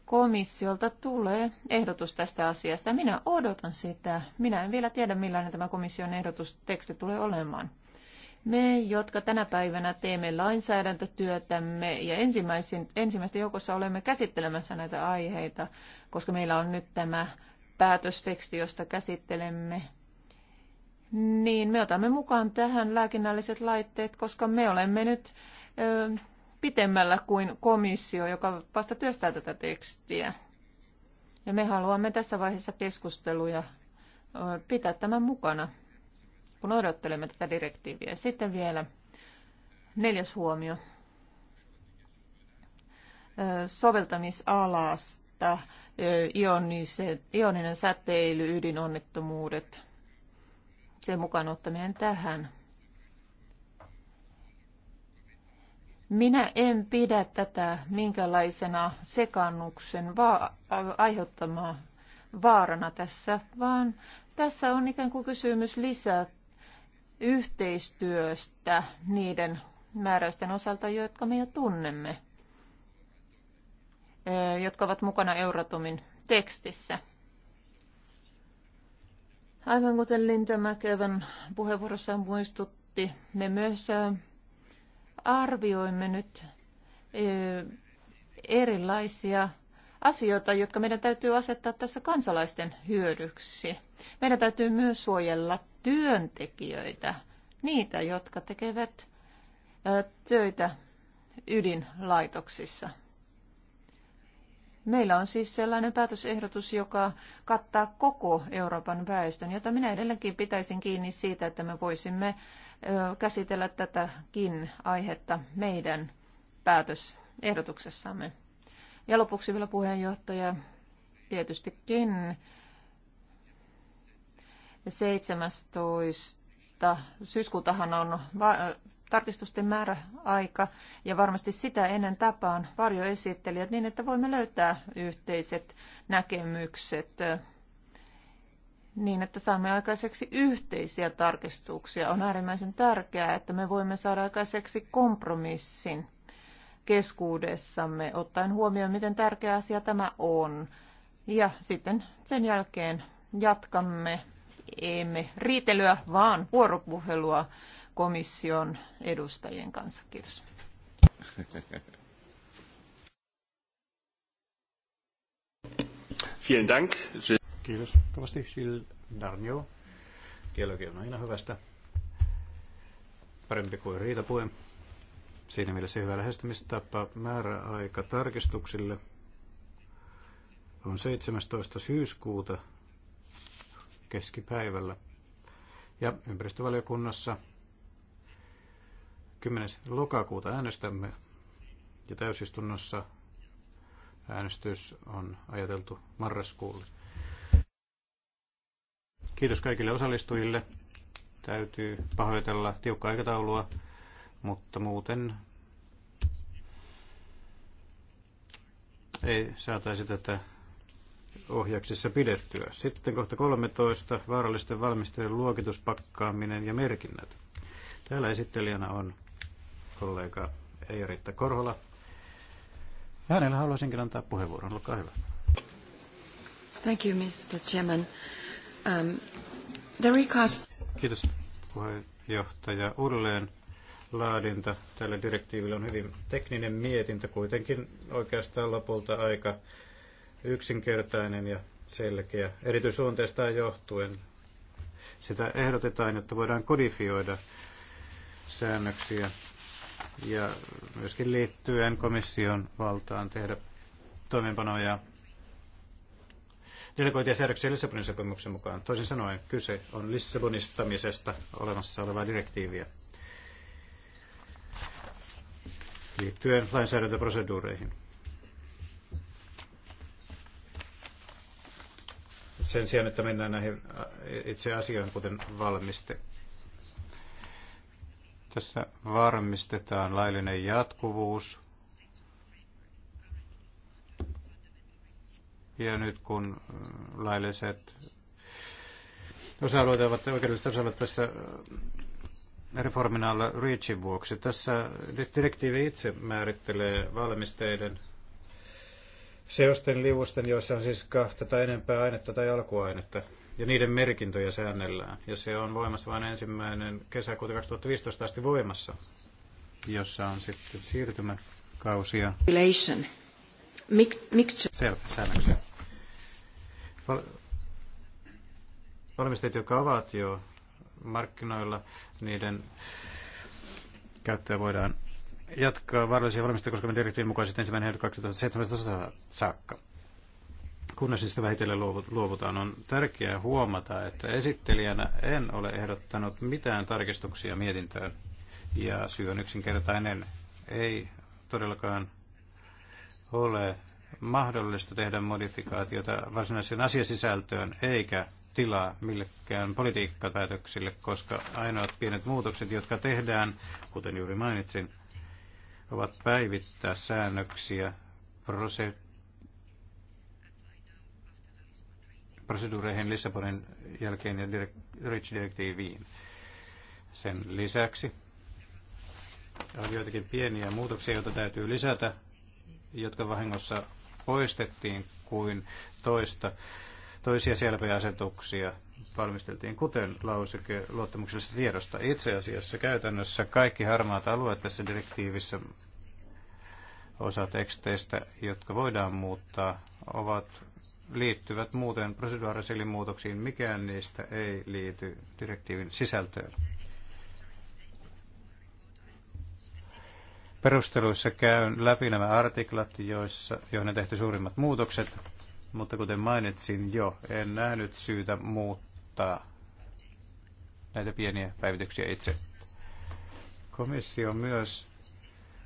komissiolta tulee ehdotus tästä asiasta. Minä odotan sitä. Minä en vielä tiedä, millainen tämä komission ehdotusteksti tulee olemaan. Me, jotka tänä päivänä teemme lainsäädäntötyötämme ja ensimmäisten joukossa olemme käsittelemässä näitä aiheita, koska meillä on nyt tämä päätösteksti, josta käsittelemme, niin me otamme mukaan tähän lääkinnälliset laitteet, koska me olemme nyt ö, pitemmällä kuin komissio, joka vasta työstää tätä tekstiä. Ja me haluamme tässä vaiheessa keskusteluja pitää tämän mukana kun odottelemme tätä direktiiviä. Sitten vielä neljäs huomio soveltamisalasta, ioninen säteily, ydinonnettomuudet, sen mukaan ottaminen tähän. Minä en pidä tätä minkälaisena sekannuksen va- aiheuttamaa vaarana tässä, vaan tässä on ikään kuin kysymys lisää yhteistyöstä niiden määräysten osalta, jotka me jo tunnemme, jotka ovat mukana Euratomin tekstissä. Aivan kuten Linda McEvan puheenvuorossaan muistutti, me myös arvioimme nyt erilaisia asioita, jotka meidän täytyy asettaa tässä kansalaisten hyödyksi. Meidän täytyy myös suojella työntekijöitä, niitä, jotka tekevät töitä ydinlaitoksissa. Meillä on siis sellainen päätösehdotus, joka kattaa koko Euroopan väestön, jota minä edelleenkin pitäisin kiinni siitä, että me voisimme käsitellä tätäkin aihetta meidän päätösehdotuksessamme. Ja lopuksi vielä puheenjohtaja, tietystikin 17. syyskuutahan on tarkistusten määräaika ja varmasti sitä ennen tapaan varjoesittelijät niin, että voimme löytää yhteiset näkemykset niin, että saamme aikaiseksi yhteisiä tarkistuksia. On äärimmäisen tärkeää, että me voimme saada aikaiseksi kompromissin keskuudessamme, ottaen huomioon, miten tärkeä asia tämä on. Ja sitten sen jälkeen jatkamme emme riitelyä, vaan vuoropuhelua komission edustajien kanssa. Kiitos. (laughs) Vielen Dank. Kiitos kovasti Gilles Darnio. Dialogi on aina hyvästä. Parempi kuin riitapuhe. Siinä mielessä hyvä lähestymistapa määräaika tarkistuksille on 17. syyskuuta keskipäivällä. Ja ympäristövaliokunnassa 10. lokakuuta äänestämme ja täysistunnossa äänestys on ajateltu marraskuulle. Kiitos kaikille osallistujille. Täytyy pahoitella tiukkaa aikataulua, mutta muuten ei saataisi tätä ohjaksissa pidettyä. Sitten kohta 13, vaarallisten valmisteiden luokituspakkaaminen ja merkinnät. Täällä esittelijänä on kollega Eija-Riitta Korhola. Hänellä haluaisinkin antaa puheenvuoron. Olkaa hyvä. Thank you, Mr. Chairman. Um, the recast... Kiitos puheenjohtaja. Uudelleen laadinta tälle direktiiville on hyvin tekninen mietintä, kuitenkin oikeastaan lopulta aika yksinkertainen ja selkeä. Erityisluonteestaan johtuen sitä ehdotetaan, että voidaan kodifioida säännöksiä ja myöskin liittyen komission valtaan tehdä toimeenpanoja delegoitia säädöksiä Lissabonin sopimuksen mukaan. Toisin sanoen kyse on Lissabonistamisesta olemassa olevaa direktiiviä liittyen lainsäädäntöproseduureihin. sen sijaan, että mennään näihin äh, itse asioihin, kuten valmiste. Tässä varmistetaan laillinen jatkuvuus. Ja nyt kun äh, lailliset osa-alueet ovat oikeudelliset osa tässä äh, reformin alla REACHin vuoksi. Tässä direktiivi itse määrittelee valmisteiden seosten liuusten, joissa on siis kahta tai enempää ainetta tai alkuainetta, ja niiden merkintöjä säännellään. Ja se on voimassa vain ensimmäinen kesäkuuta 2015 asti voimassa, jossa on sitten siirtymäkausia. Relation. Mik, Selvä, säännöksiä. Val- valmistajat, jotka ovat jo markkinoilla, niiden käyttöä voidaan jatkaa vaarallisia valmisteita koskevan direktiivin mukaisesti ensimmäinen heinä 2017 saakka. Kunnes niistä vähitellen luovutaan, on tärkeää huomata, että esittelijänä en ole ehdottanut mitään tarkistuksia mietintöön. Ja syy on yksinkertainen. Ei todellakaan ole mahdollista tehdä modifikaatiota varsinaiseen asiasisältöön eikä tilaa millekään politiikkapäätöksille, koska ainoat pienet muutokset, jotka tehdään, kuten juuri mainitsin, ovat päivittää säännöksiä prose- proseduureihin Lissabonin jälkeen ja REACH-direktiiviin. Sen lisäksi on joitakin pieniä muutoksia, joita täytyy lisätä, jotka vahingossa poistettiin kuin toista, toisia selviä asetuksia valmisteltiin, kuten lauseke luottamuksellisesta tiedosta. Itse asiassa käytännössä kaikki harmaat alueet tässä direktiivissä osa teksteistä, jotka voidaan muuttaa, ovat liittyvät muuten proseduaarisiin muutoksiin. Mikään niistä ei liity direktiivin sisältöön. Perusteluissa käyn läpi nämä artiklat, joissa, joihin on tehty suurimmat muutokset, mutta kuten mainitsin jo, en nähnyt syytä muuttaa ottaa näitä pieniä päivityksiä itse. Komissio on myös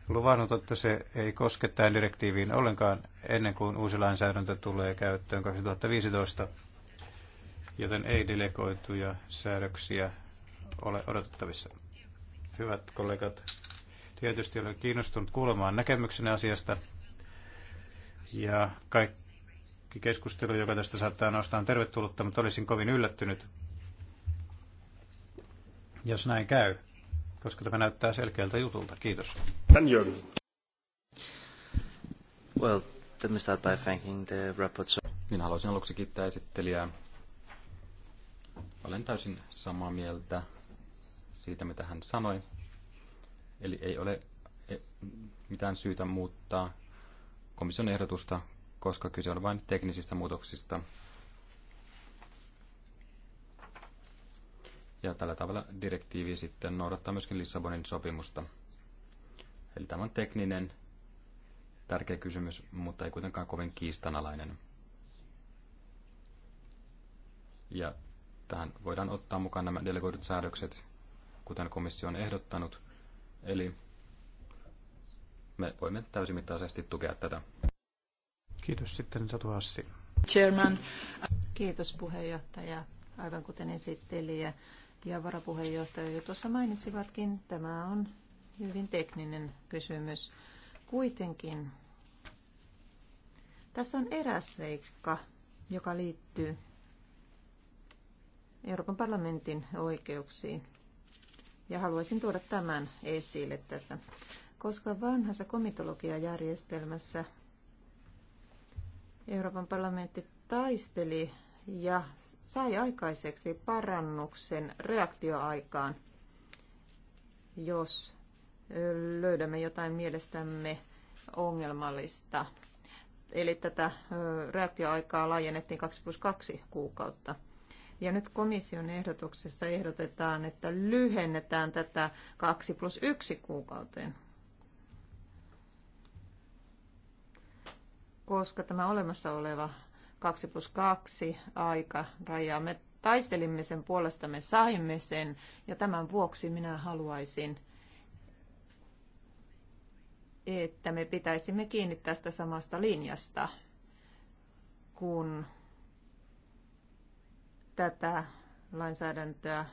luvannut, että se ei koske tähän direktiiviin ollenkaan ennen kuin uusi lainsäädäntö tulee käyttöön 2015, joten ei delegoituja säädöksiä ole odotettavissa. Hyvät kollegat, tietysti olen kiinnostunut kuulemaan näkemyksenä asiasta ja kaikki keskustelu, joka tästä saattaa nostaa, on tervetullutta, mutta olisin kovin yllättynyt, jos näin käy, koska tämä näyttää selkeältä jutulta. Kiitos. Well, let me start by thanking the rapporteur. Minä haluaisin aluksi kiittää esittelijää. Olen täysin samaa mieltä siitä, mitä hän sanoi. Eli ei ole mitään syytä muuttaa komission ehdotusta koska kyse on vain teknisistä muutoksista. Ja tällä tavalla direktiivi sitten noudattaa myöskin Lissabonin sopimusta. Eli tämä on tekninen, tärkeä kysymys, mutta ei kuitenkaan kovin kiistanalainen. Ja tähän voidaan ottaa mukaan nämä delegoidut säädökset, kuten komissio on ehdottanut. Eli me voimme täysimittaisesti tukea tätä. Kiitos sitten Satu Hassi. Chairman. Kiitos puheenjohtaja. Aivan kuten esittelijä ja varapuheenjohtaja jo tuossa mainitsivatkin, tämä on hyvin tekninen kysymys. Kuitenkin tässä on eräs seikka, joka liittyy Euroopan parlamentin oikeuksiin. Ja haluaisin tuoda tämän esille tässä, koska vanhassa komitologiajärjestelmässä Euroopan parlamentti taisteli ja sai aikaiseksi parannuksen reaktioaikaan, jos löydämme jotain mielestämme ongelmallista. Eli tätä reaktioaikaa laajennettiin 2 plus 2 kuukautta. Ja nyt komission ehdotuksessa ehdotetaan, että lyhennetään tätä 2 plus 1 kuukauteen. koska tämä olemassa oleva 2 plus 2 aika raja, me taistelimme sen puolesta, me saimme sen ja tämän vuoksi minä haluaisin, että me pitäisimme kiinni tästä samasta linjasta, kun tätä lainsäädäntöä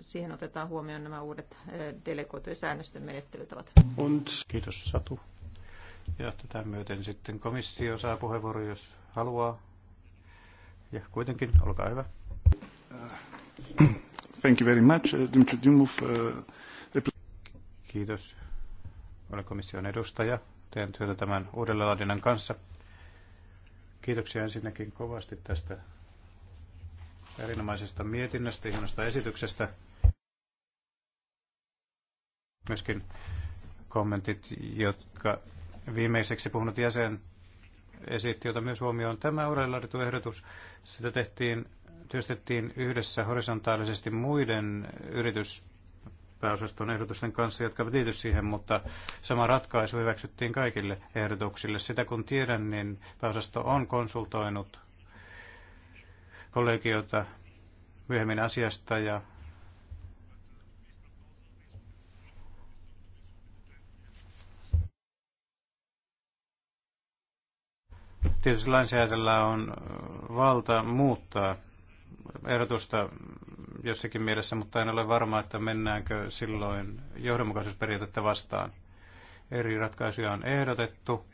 siihen otetaan huomioon nämä uudet delegoitujen säännösten menettelytavat. Und. Kiitos Satu. Ja tätä myöten sitten komissio saa puheenvuoron, jos haluaa. Ja kuitenkin, olkaa hyvä. Uh, thank you very much, uh, Dimitri Dymov. Uh, Kiitos. Olen komission edustaja. Teen työtä tämän uudelleenlaadinnan kanssa. Kiitoksia ensinnäkin kovasti tästä erinomaisesta mietinnöstä, hienosta esityksestä. Myöskin kommentit, jotka viimeiseksi puhunut jäsen esitti, jota myös huomioon tämä uudelle ehdotus. Sitä tehtiin, työstettiin yhdessä horisontaalisesti muiden yrityspääosaston ehdotusten kanssa, jotka liity siihen, mutta sama ratkaisu hyväksyttiin kaikille ehdotuksille. Sitä kun tiedän, niin pääosasto on konsultoinut kollegiota myöhemmin asiasta ja Tietysti lainsäädällä on valta muuttaa erotusta jossakin mielessä, mutta en ole varma, että mennäänkö silloin johdonmukaisuusperiaatetta vastaan. Eri ratkaisuja on ehdotettu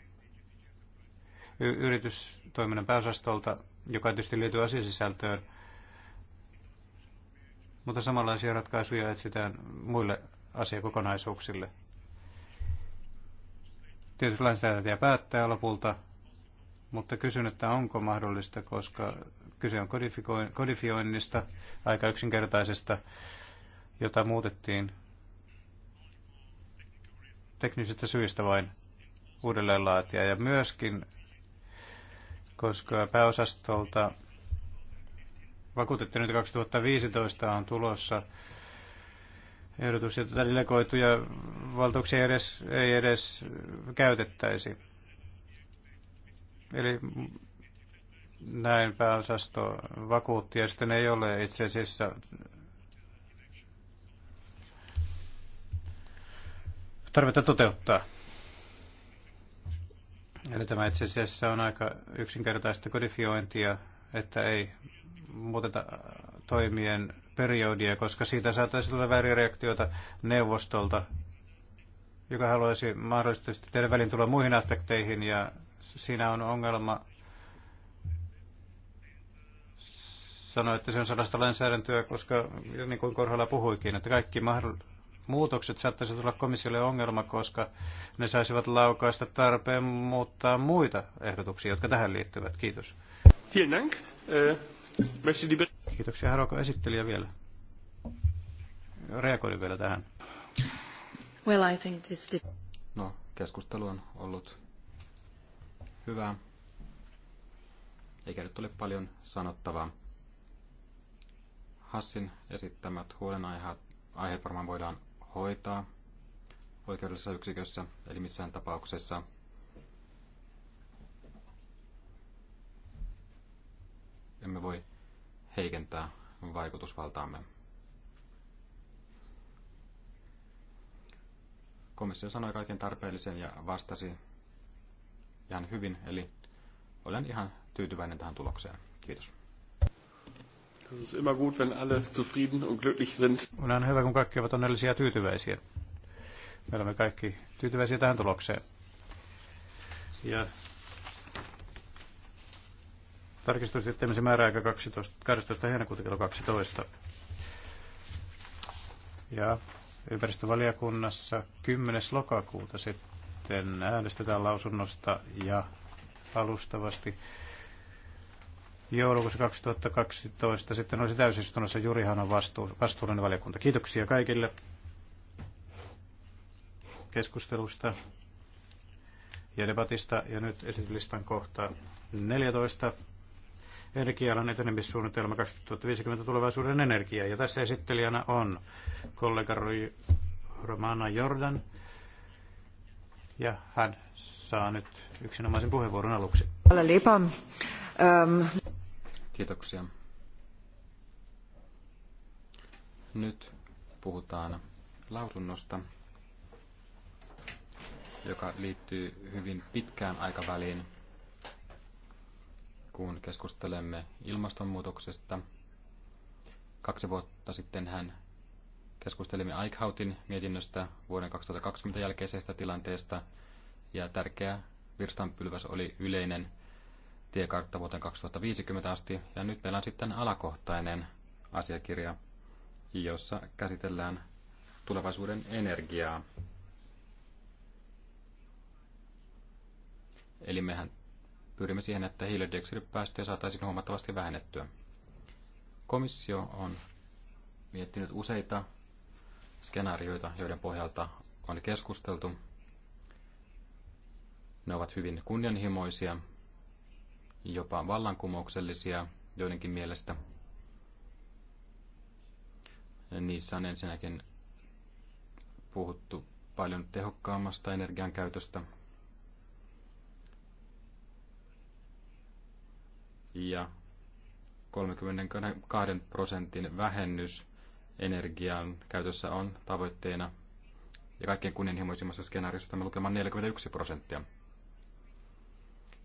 y- yritystoiminnan pääosastolta, joka tietysti liittyy asiasisältöön, mutta samanlaisia ratkaisuja etsitään muille asiakokonaisuuksille. Tietysti lainsäätäjä päättää lopulta, mutta kysyn, että onko mahdollista, koska kyse on kodifioinnista, aika yksinkertaisesta, jota muutettiin teknisistä syistä vain uudelleenlaatia. Ja myöskin, koska pääosastolta vakuutettiin, että 2015 on tulossa ehdotus, jota delegoituja valtuuksia ei edes, ei edes käytettäisi Eli näin pääosasto vakuutti ja sitten ei ole itse asiassa tarvetta toteuttaa. Eli tämä itse asiassa on aika yksinkertaista kodifiointia, että ei muuteta toimien periodia, koska siitä saataisiin olla väärireaktiota neuvostolta, joka haluaisi mahdollisesti tehdä välintuloa muihin aspekteihin ja Siinä on ongelma sanoa, että se on sellaista lainsäädäntöä, koska niin kuin Korhola puhuikin, että kaikki muutokset saattaisivat olla komissiolle ongelma, koska ne saisivat laukaista tarpeen muuttaa muita ehdotuksia, jotka tähän liittyvät. Kiitos. Äh, Kiitoksia. Haluaako esittelijä vielä? Reagoin vielä tähän. Well, I think this... No, keskustelu on ollut hyvä. Eikä nyt ole paljon sanottavaa. Hassin esittämät huolenaiheet aiheet varmaan voidaan hoitaa oikeudellisessa yksikössä, eli missään tapauksessa emme voi heikentää vaikutusvaltaamme. Komissio sanoi kaiken tarpeellisen ja vastasi ihan hyvin, eli olen ihan tyytyväinen tähän tulokseen. Kiitos. On aina hyvä, kun kaikki ovat onnellisia ja tyytyväisiä. Me olemme kaikki tyytyväisiä tähän tulokseen. Ja tarkistus jättämisen määräaika 12, 12. heinäkuuta kello 12. Ja ympäristövaliokunnassa 10. lokakuuta sitten sitten äänestetään lausunnosta ja alustavasti joulukuussa 2012 sitten olisi täysistunnossa Hanan vastuu, vastuullinen valiokunta. Kiitoksia kaikille keskustelusta ja debatista. Ja nyt esityslistan kohta 14. energialan etenemissuunnitelma 2050 tulevaisuuden energia. Ja tässä esittelijänä on kollega Romana Jordan. Ja hän saa nyt yksinomaisen puheenvuoron aluksi. Kiitoksia. Nyt puhutaan lausunnosta, joka liittyy hyvin pitkään aikaväliin, kun keskustelemme ilmastonmuutoksesta. Kaksi vuotta sitten hän Keskustelimme Aikhautin mietinnöstä vuoden 2020 jälkeisestä tilanteesta ja tärkeä virstanpylväs oli yleinen tiekartta vuoteen 2050 asti ja nyt meillä on sitten alakohtainen asiakirja, jossa käsitellään tulevaisuuden energiaa. Eli mehän pyrimme siihen, että hiilidioksidipäästöjä saataisiin huomattavasti vähennettyä. Komissio on miettinyt useita skenaarioita, joiden pohjalta on keskusteltu. Ne ovat hyvin kunnianhimoisia, jopa vallankumouksellisia joidenkin mielestä. Niissä on ensinnäkin puhuttu paljon tehokkaammasta energian käytöstä. Ja 32 prosentin vähennys energian käytössä on tavoitteena. Ja kaikkein kunnianhimoisimmassa skenaariossa tämä lukema on 41 prosenttia.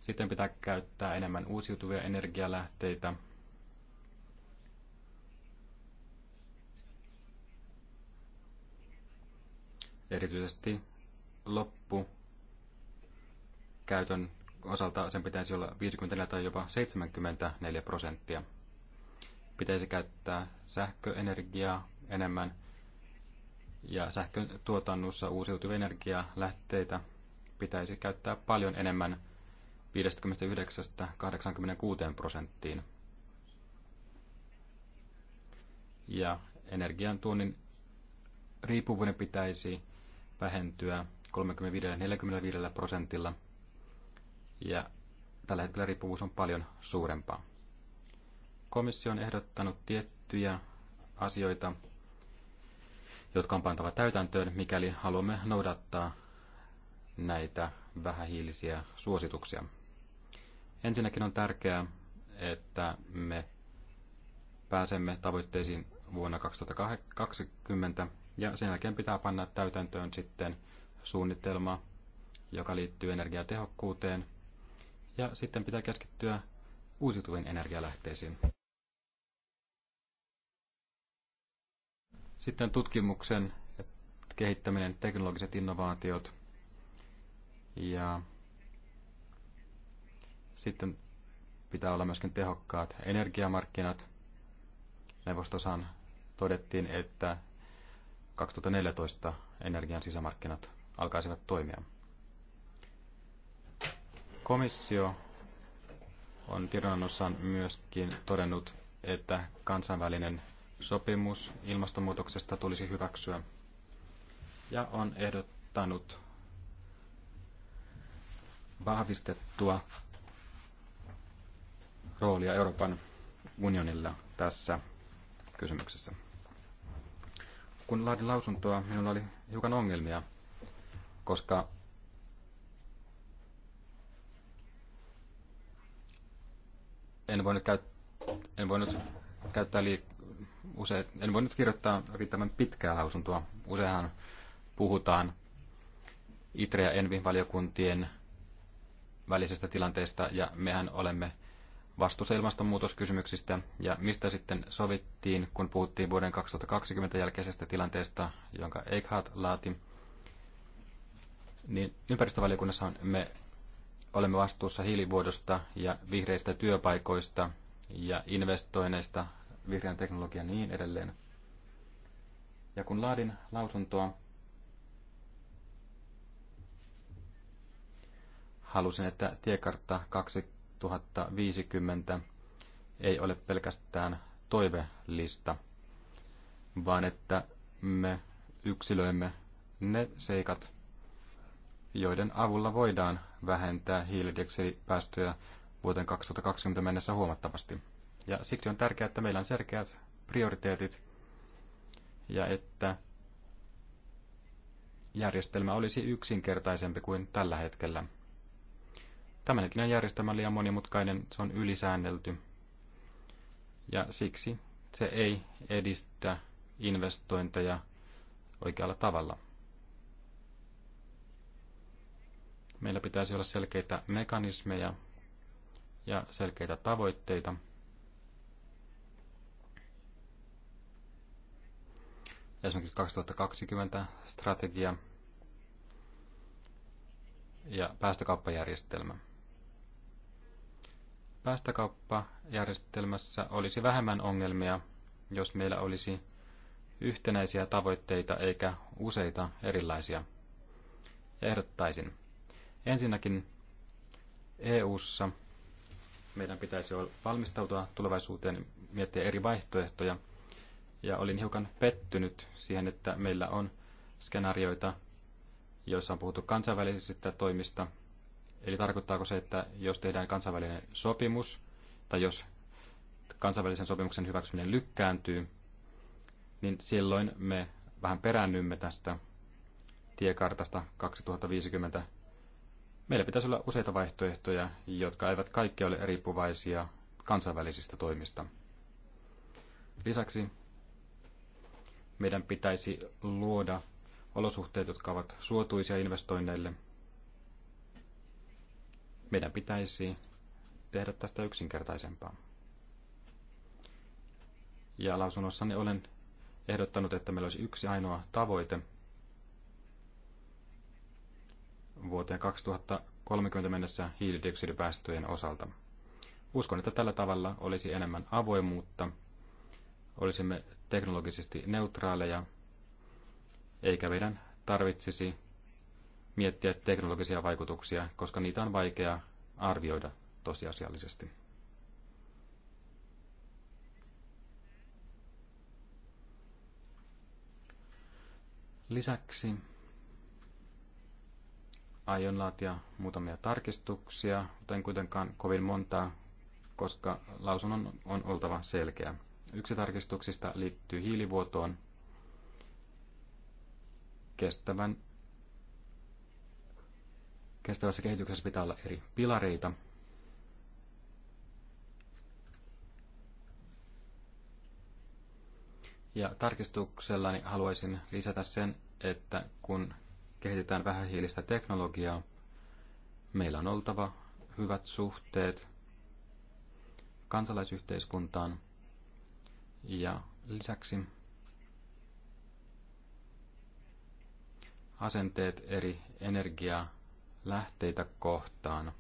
Sitten pitää käyttää enemmän uusiutuvia energialähteitä. Erityisesti loppu käytön osalta sen pitäisi olla 54 tai jopa 74 prosenttia pitäisi käyttää sähköenergiaa enemmän ja sähkön tuotannossa uusiutuvia energialähteitä pitäisi käyttää paljon enemmän 59-86 prosenttiin. Ja energiantuonnin riippuvuuden pitäisi vähentyä 35-45 prosentilla. Ja tällä hetkellä riippuvuus on paljon suurempaa. Komissio on ehdottanut tiettyjä asioita, jotka on pantava täytäntöön, mikäli haluamme noudattaa näitä vähähiilisiä suosituksia. Ensinnäkin on tärkeää, että me pääsemme tavoitteisiin vuonna 2020 ja sen jälkeen pitää panna täytäntöön sitten suunnitelma, joka liittyy energiatehokkuuteen ja sitten pitää keskittyä uusiutuviin energialähteisiin. Sitten tutkimuksen kehittäminen, teknologiset innovaatiot ja sitten pitää olla myöskin tehokkaat energiamarkkinat. Neuvostosan todettiin, että 2014 energian sisämarkkinat alkaisivat toimia. Komissio on tiedonannossaan myöskin todennut, että kansainvälinen sopimus ilmastonmuutoksesta tulisi hyväksyä ja on ehdottanut vahvistettua roolia Euroopan unionilla tässä kysymyksessä. Kun laadin lausuntoa, minulla oli hiukan ongelmia, koska en voinut, käyt- en voinut käyttää liik- usein, en voi nyt kirjoittaa riittävän pitkää lausuntoa. Useinhan puhutaan ITRE- ja ENVI-valiokuntien välisestä tilanteesta, ja mehän olemme vastuussa ilmastonmuutoskysymyksistä, ja mistä sitten sovittiin, kun puhuttiin vuoden 2020 jälkeisestä tilanteesta, jonka Eichhardt laati, niin ympäristövaliokunnassa me olemme vastuussa hiilivuodosta ja vihreistä työpaikoista ja investoinneista vihreän teknologian ja niin edelleen. Ja kun laadin lausuntoa, halusin, että tiekartta 2050 ei ole pelkästään toivelista, vaan että me yksilöimme ne seikat, joiden avulla voidaan vähentää hiilidioksidipäästöjä vuoteen 2020 mennessä huomattavasti. Ja siksi on tärkeää, että meillä on selkeät prioriteetit ja että järjestelmä olisi yksinkertaisempi kuin tällä hetkellä. Tämänhetkinen järjestelmä on liian monimutkainen, se on ylisäännelty ja siksi se ei edistä investointeja oikealla tavalla. Meillä pitäisi olla selkeitä mekanismeja ja selkeitä tavoitteita – esimerkiksi 2020 strategia ja päästökauppajärjestelmä. Päästökauppajärjestelmässä olisi vähemmän ongelmia, jos meillä olisi yhtenäisiä tavoitteita eikä useita erilaisia. Ehdottaisin. Ensinnäkin EU:ssa meidän pitäisi valmistautua tulevaisuuteen, miettiä eri vaihtoehtoja – ja olin hiukan pettynyt siihen, että meillä on skenaarioita, joissa on puhuttu kansainvälisistä toimista. Eli tarkoittaako se, että jos tehdään kansainvälinen sopimus tai jos kansainvälisen sopimuksen hyväksyminen lykkääntyy, niin silloin me vähän peräännymme tästä tiekartasta 2050. Meillä pitäisi olla useita vaihtoehtoja, jotka eivät kaikki ole riippuvaisia kansainvälisistä toimista. Lisäksi meidän pitäisi luoda olosuhteet, jotka ovat suotuisia investoinneille. Meidän pitäisi tehdä tästä yksinkertaisempaa. Ja lausunnossani olen ehdottanut, että meillä olisi yksi ainoa tavoite. Vuoteen 2030 mennessä hiilidioksidipäästöjen osalta. Uskon, että tällä tavalla olisi enemmän avoimuutta olisimme teknologisesti neutraaleja, eikä meidän tarvitsisi miettiä teknologisia vaikutuksia, koska niitä on vaikea arvioida tosiasiallisesti. Lisäksi aion laatia muutamia tarkistuksia, mutta en kuitenkaan kovin montaa, koska lausunnon on oltava selkeä. Yksi tarkistuksista liittyy hiilivuotoon, kestävän, kestävässä kehityksessä pitää olla eri pilareita. Ja tarkistuksellani haluaisin lisätä sen, että kun kehitetään vähähiilistä teknologiaa, meillä on oltava hyvät suhteet kansalaisyhteiskuntaan – ja lisäksi asenteet eri energialähteitä kohtaan.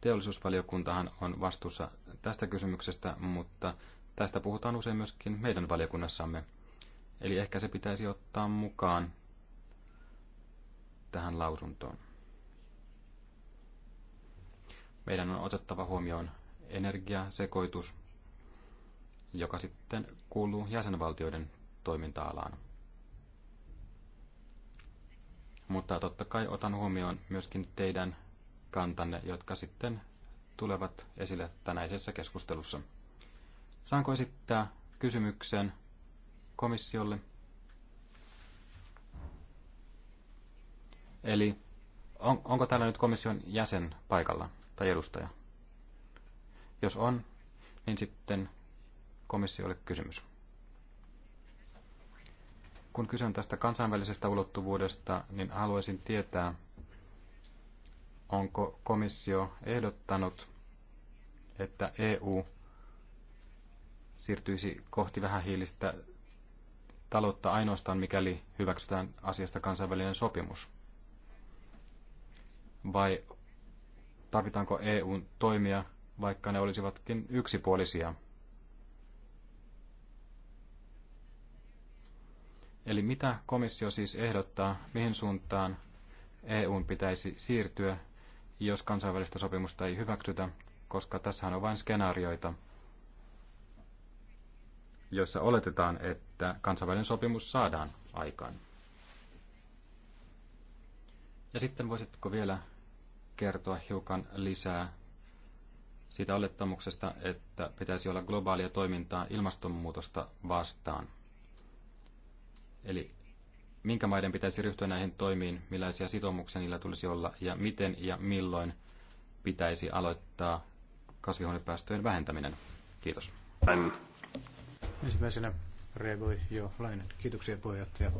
Teollisuusvaliokuntahan on vastuussa tästä kysymyksestä, mutta tästä puhutaan usein myöskin meidän valiokunnassamme. Eli ehkä se pitäisi ottaa mukaan tähän lausuntoon. Meidän on otettava huomioon energiasekoitus joka sitten kuuluu jäsenvaltioiden toiminta-alaan. Mutta totta kai otan huomioon myöskin teidän kantanne, jotka sitten tulevat esille tänäisessä keskustelussa. Saanko esittää kysymyksen komissiolle? Eli on, onko täällä nyt komission jäsen paikalla tai edustaja? Jos on, niin sitten komissiolle kysymys. Kun kyse on tästä kansainvälisestä ulottuvuudesta, niin haluaisin tietää, onko komissio ehdottanut, että EU siirtyisi kohti vähähiilistä taloutta ainoastaan, mikäli hyväksytään asiasta kansainvälinen sopimus? Vai tarvitaanko EUn toimia, vaikka ne olisivatkin yksipuolisia? Eli mitä komissio siis ehdottaa, mihin suuntaan EUn pitäisi siirtyä, jos kansainvälistä sopimusta ei hyväksytä, koska tässähän on vain skenaarioita, joissa oletetaan, että kansainvälinen sopimus saadaan aikaan. Ja sitten voisitko vielä kertoa hiukan lisää siitä olettamuksesta, että pitäisi olla globaalia toimintaa ilmastonmuutosta vastaan – Eli minkä maiden pitäisi ryhtyä näihin toimiin, millaisia sitoumuksia niillä tulisi olla ja miten ja milloin pitäisi aloittaa kasvihuonepäästöjen vähentäminen. Kiitos. Ensimmäisenä reagoi jo Lainen. Kiitoksia puheenjohtaja.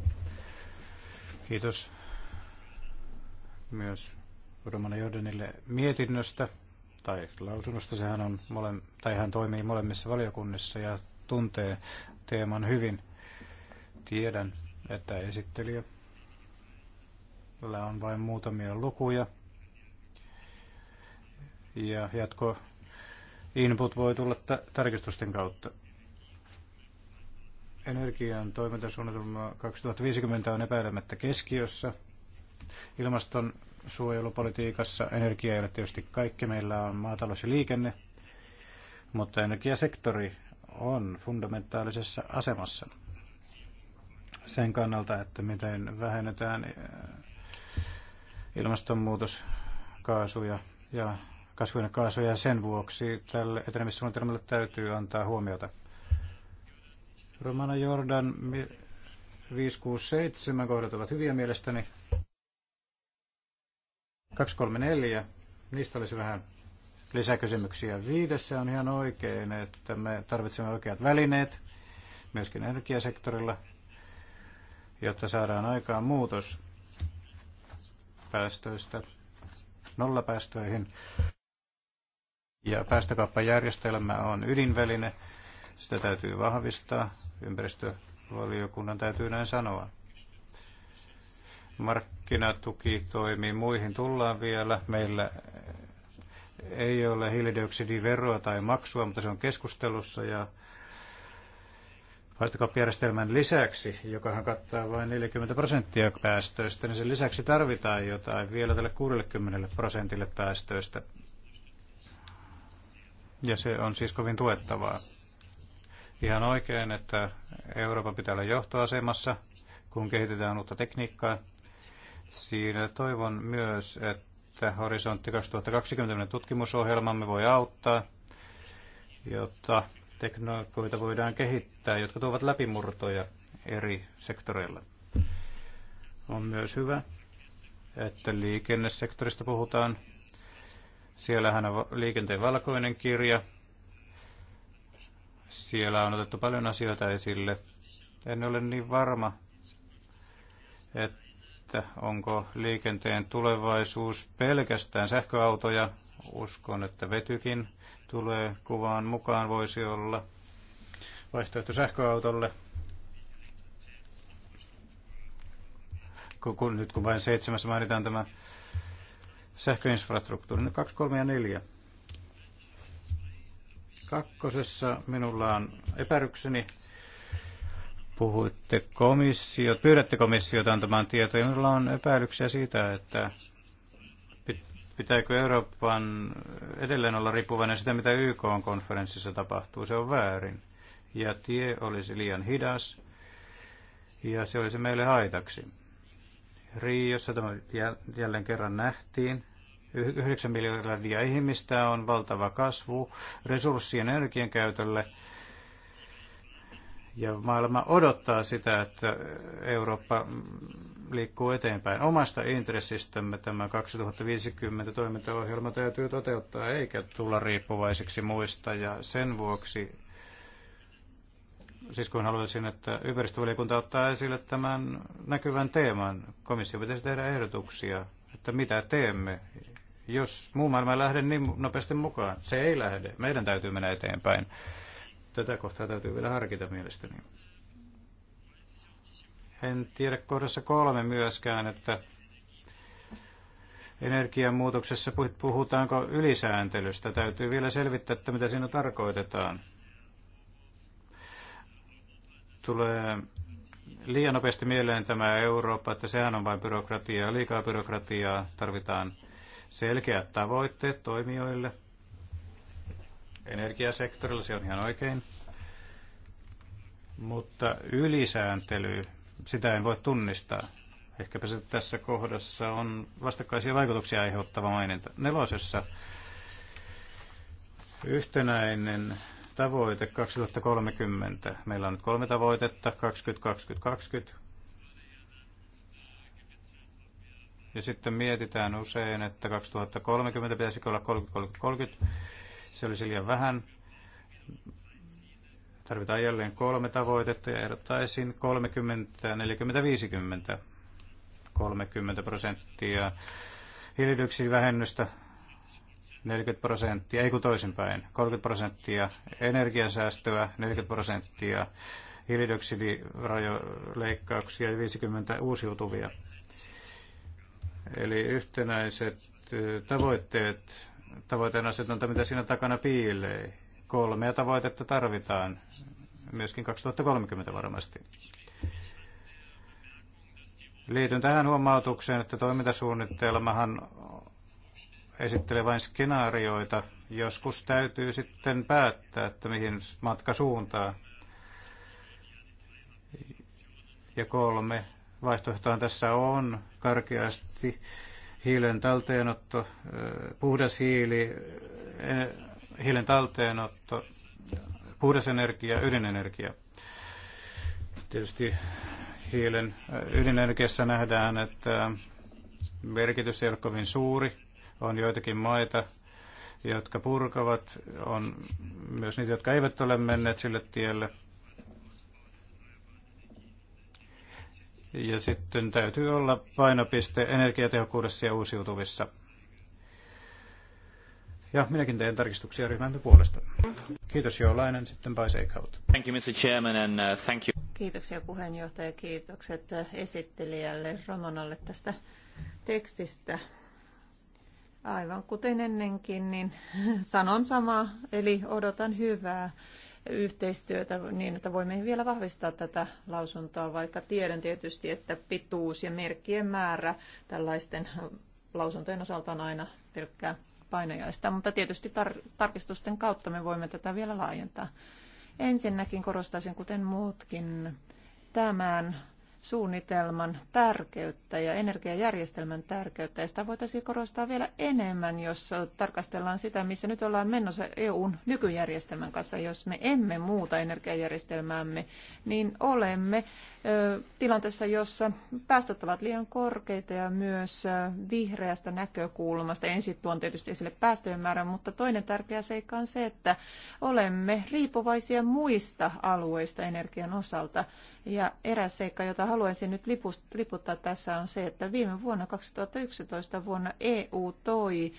Kiitos myös Romana Jordanille mietinnöstä tai lausunnosta. Sehän on mole, tai hän toimii molemmissa valiokunnissa ja tuntee teeman hyvin – Tiedän, että esittelijä on vain muutamia lukuja. Ja jatko input voi tulla tarkistusten kautta. Energian toimintasuunnitelma 2050 on epäilemättä keskiössä. Ilmaston suojelupolitiikassa energia ei ole tietysti kaikki. Meillä on maatalous ja liikenne, mutta energiasektori on fundamentaalisessa asemassa sen kannalta, että miten vähennetään äh, ilmastonmuutoskaasuja ja kasvihuonekaasuja ja sen vuoksi tälle etenemissuunnitelmalle täytyy antaa huomiota. Romana Jordan 567 kohdat ovat hyviä mielestäni. 234, niistä olisi vähän lisäkysymyksiä. Viidessä on ihan oikein, että me tarvitsemme oikeat välineet myöskin energiasektorilla jotta saadaan aikaan muutos päästöistä nollapäästöihin. Ja päästökauppajärjestelmä on ydinväline. Sitä täytyy vahvistaa. Ympäristövaliokunnan täytyy näin sanoa. Markkinatuki toimii. Muihin tullaan vielä. Meillä ei ole hiilidioksidiveroa tai maksua, mutta se on keskustelussa ja päästökauppajärjestelmän lisäksi, jokahan kattaa vain 40 prosenttia päästöistä, niin sen lisäksi tarvitaan jotain vielä tälle 60 prosentille päästöistä. Ja se on siis kovin tuettavaa. Ihan oikein, että Euroopan pitää olla johtoasemassa, kun kehitetään uutta tekniikkaa. Siinä toivon myös, että Horisontti 2020 tutkimusohjelmamme voi auttaa, jotta teknologioita voidaan kehittää, jotka tuovat läpimurtoja eri sektoreilla. On myös hyvä, että liikennesektorista puhutaan. Siellähän on liikenteen valkoinen kirja. Siellä on otettu paljon asioita esille. En ole niin varma, että että onko liikenteen tulevaisuus pelkästään sähköautoja. Uskon, että vetykin tulee kuvaan mukaan, voisi olla vaihtoehto sähköautolle. Kun, kun, nyt kun vain seitsemässä mainitaan tämä sähköinfrastruktuuri, niin kaksi, kolme ja neljä. Kakkosessa minulla on epäryksyni puhuitte komissio, pyydätte komissiota antamaan tietoja. Minulla on epäilyksiä siitä, että pitääkö Euroopan edelleen olla riippuvainen sitä, mitä YK-konferenssissa tapahtuu. Se on väärin. Ja tie olisi liian hidas ja se olisi meille haitaksi. Riossa tämä jälleen kerran nähtiin. 9 miljardia ihmistä on valtava kasvu resurssien energian käytölle ja maailma odottaa sitä, että Eurooppa liikkuu eteenpäin. Omasta intressistämme tämä 2050 toimintaohjelma täytyy toteuttaa eikä tulla riippuvaiseksi muista. Ja sen vuoksi, siis kun haluaisin, että ympäristövaliokunta ottaa esille tämän näkyvän teeman, komissio pitäisi tehdä ehdotuksia, että mitä teemme, jos muu maailma ei lähde niin nopeasti mukaan. Se ei lähde. Meidän täytyy mennä eteenpäin. Tätä kohtaa täytyy vielä harkita mielestäni. En tiedä kohdassa kolme myöskään, että energiamuutoksessa puhutaanko ylisääntelystä. Täytyy vielä selvittää, että mitä siinä tarkoitetaan. Tulee liian nopeasti mieleen tämä Eurooppa, että sehän on vain byrokratiaa, liikaa byrokratiaa, tarvitaan selkeät tavoitteet toimijoille – energiasektorilla, se on ihan oikein. Mutta ylisääntely, sitä en voi tunnistaa. Ehkäpä se tässä kohdassa on vastakkaisia vaikutuksia aiheuttava maininta. Nelosessa yhtenäinen tavoite 2030. Meillä on nyt kolme tavoitetta, 20, 20, 20. Ja sitten mietitään usein, että 2030 pitäisi olla 30, 30, 30. Se olisi liian vähän. Tarvitaan jälleen kolme tavoitetta ja ehdottaisin 30, 40, 50. 30 prosenttia hiilidioksidivähennystä 40 prosenttia, ei kun toisinpäin, 30 prosenttia energiansäästöä, 40 prosenttia hiilidioksidirajoleikkauksia ja 50 uusiutuvia. Eli yhtenäiset tavoitteet tavoitteen asetonta, mitä siinä takana piilee. Kolmea tavoitetta tarvitaan, myöskin 2030 varmasti. Liityn tähän huomautukseen, että toimintasuunnitelmahan esittelee vain skenaarioita. Joskus täytyy sitten päättää, että mihin matka suuntaa. Ja kolme vaihtoehtoa tässä on karkeasti hiilen talteenotto, puhdas hiili, e, hiilen talteenotto, puhdas energia, ydinenergia. Tietysti hiilen ydinenergiassa nähdään, että merkitys ei ole kovin suuri. On joitakin maita, jotka purkavat, on myös niitä, jotka eivät ole menneet sille tielle – Ja sitten täytyy olla painopiste energiatehokkuudessa ja uusiutuvissa. Ja minäkin teen tarkistuksia ryhmän puolesta. Kiitos Joolainen, sitten by Seikaut. Thank you, Mr. Chairman, and uh, thank you. Kiitoksia puheenjohtaja, kiitokset esittelijälle Romanalle tästä tekstistä. Aivan kuten ennenkin, niin sanon samaa, eli odotan hyvää yhteistyötä niin, että voimme vielä vahvistaa tätä lausuntoa, vaikka tiedän tietysti, että pituus ja merkkien määrä tällaisten lausuntojen osalta on aina pelkkää painajaista, mutta tietysti tar- tarkistusten kautta me voimme tätä vielä laajentaa. Ensinnäkin korostaisin, kuten muutkin, tämän suunnitelman tärkeyttä ja energiajärjestelmän tärkeyttä. Ja sitä voitaisiin korostaa vielä enemmän, jos tarkastellaan sitä, missä nyt ollaan menossa EUn nykyjärjestelmän kanssa. Jos me emme muuta energiajärjestelmäämme, niin olemme tilanteessa, jossa päästöt ovat liian korkeita ja myös vihreästä näkökulmasta. Ensin tuon tietysti esille päästöjen määrän, mutta toinen tärkeä seikka on se, että olemme riippuvaisia muista alueista energian osalta. Ja eräs seikka, jota haluaisin nyt liputtaa tässä on se, että viime vuonna 2011 vuonna EU toi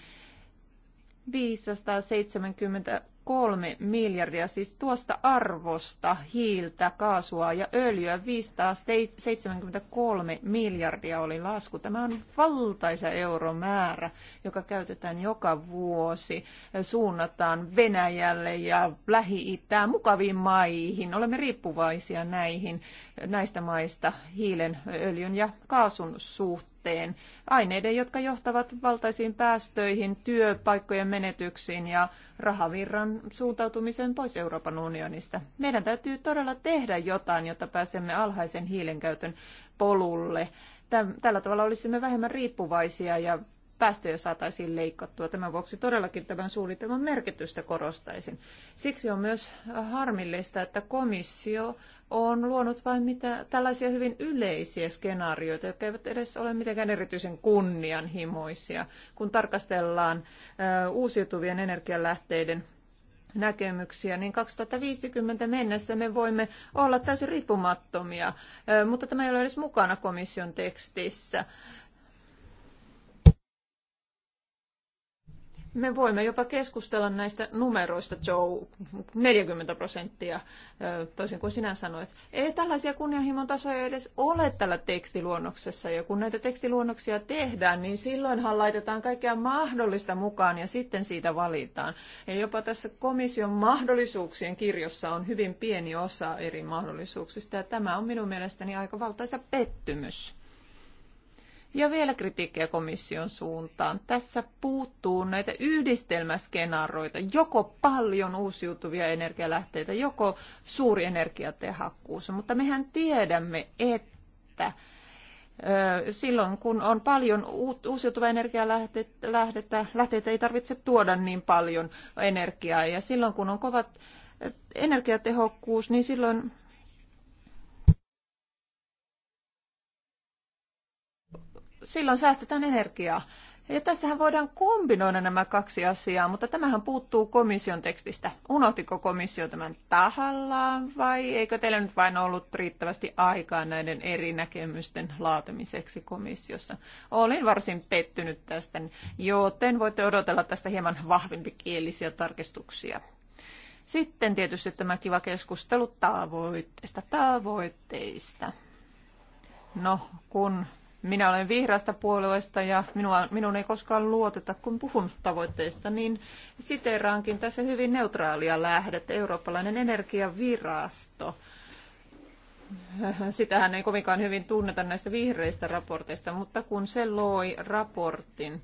570 kolme miljardia, siis tuosta arvosta hiiltä, kaasua ja öljyä 573 miljardia oli lasku. Tämä on valtaisa euromäärä, joka käytetään joka vuosi. Suunnataan Venäjälle ja Lähi-Itään mukaviin maihin. Olemme riippuvaisia näihin, näistä maista hiilen, öljyn ja kaasun suhteen jätteen Aineiden, jotka johtavat valtaisiin päästöihin, työpaikkojen menetyksiin ja rahavirran suuntautumiseen pois Euroopan unionista. Meidän täytyy todella tehdä jotain, jotta pääsemme alhaisen hiilenkäytön polulle. Tällä tavalla olisimme vähemmän riippuvaisia ja päästöjä saataisiin leikattua. Tämän vuoksi todellakin tämän suunnitelman merkitystä korostaisin. Siksi on myös harmillista, että komissio on luonut vain mitä, tällaisia hyvin yleisiä skenaarioita, jotka eivät edes ole mitenkään erityisen kunnianhimoisia, kun tarkastellaan ö, uusiutuvien energialähteiden näkemyksiä, niin 2050 mennessä me voimme olla täysin riippumattomia, mutta tämä ei ole edes mukana komission tekstissä. Me voimme jopa keskustella näistä numeroista, Joe, 40 prosenttia, toisin kuin sinä sanoit. Ei tällaisia kunnianhimon tasoja edes ole tällä tekstiluonnoksessa, ja kun näitä tekstiluonnoksia tehdään, niin silloinhan laitetaan kaikkea mahdollista mukaan, ja sitten siitä valitaan. Ja jopa tässä komission mahdollisuuksien kirjossa on hyvin pieni osa eri mahdollisuuksista, ja tämä on minun mielestäni aika valtaisa pettymys. Ja vielä kritiikkiä komission suuntaan. Tässä puuttuu näitä yhdistelmäskenaaroita, joko paljon uusiutuvia energialähteitä, joko suuri energiatehakkuus. Mutta mehän tiedämme, että silloin kun on paljon uusiutuvia energialähteitä, lähteitä ei tarvitse tuoda niin paljon energiaa. Ja silloin kun on kovat energiatehokkuus, niin silloin silloin säästetään energiaa. Ja tässähän voidaan kombinoida nämä kaksi asiaa, mutta tämähän puuttuu komission tekstistä. Unohtiko komissio tämän tahallaan vai eikö teillä nyt vain ollut riittävästi aikaa näiden eri näkemysten laatimiseksi komissiossa? Olin varsin pettynyt tästä, joten voitte odotella tästä hieman vahvimpikielisiä tarkistuksia. Sitten tietysti tämä kiva keskustelu tavoitteista, tavoitteista. No, kun minä olen vihreästä puolueesta ja minua, minun ei koskaan luoteta, kun puhun tavoitteista, niin siteraankin tässä hyvin neutraalia lähdettä, eurooppalainen energiavirasto. Sitähän ei kovinkaan hyvin tunneta näistä vihreistä raporteista, mutta kun se loi raportin,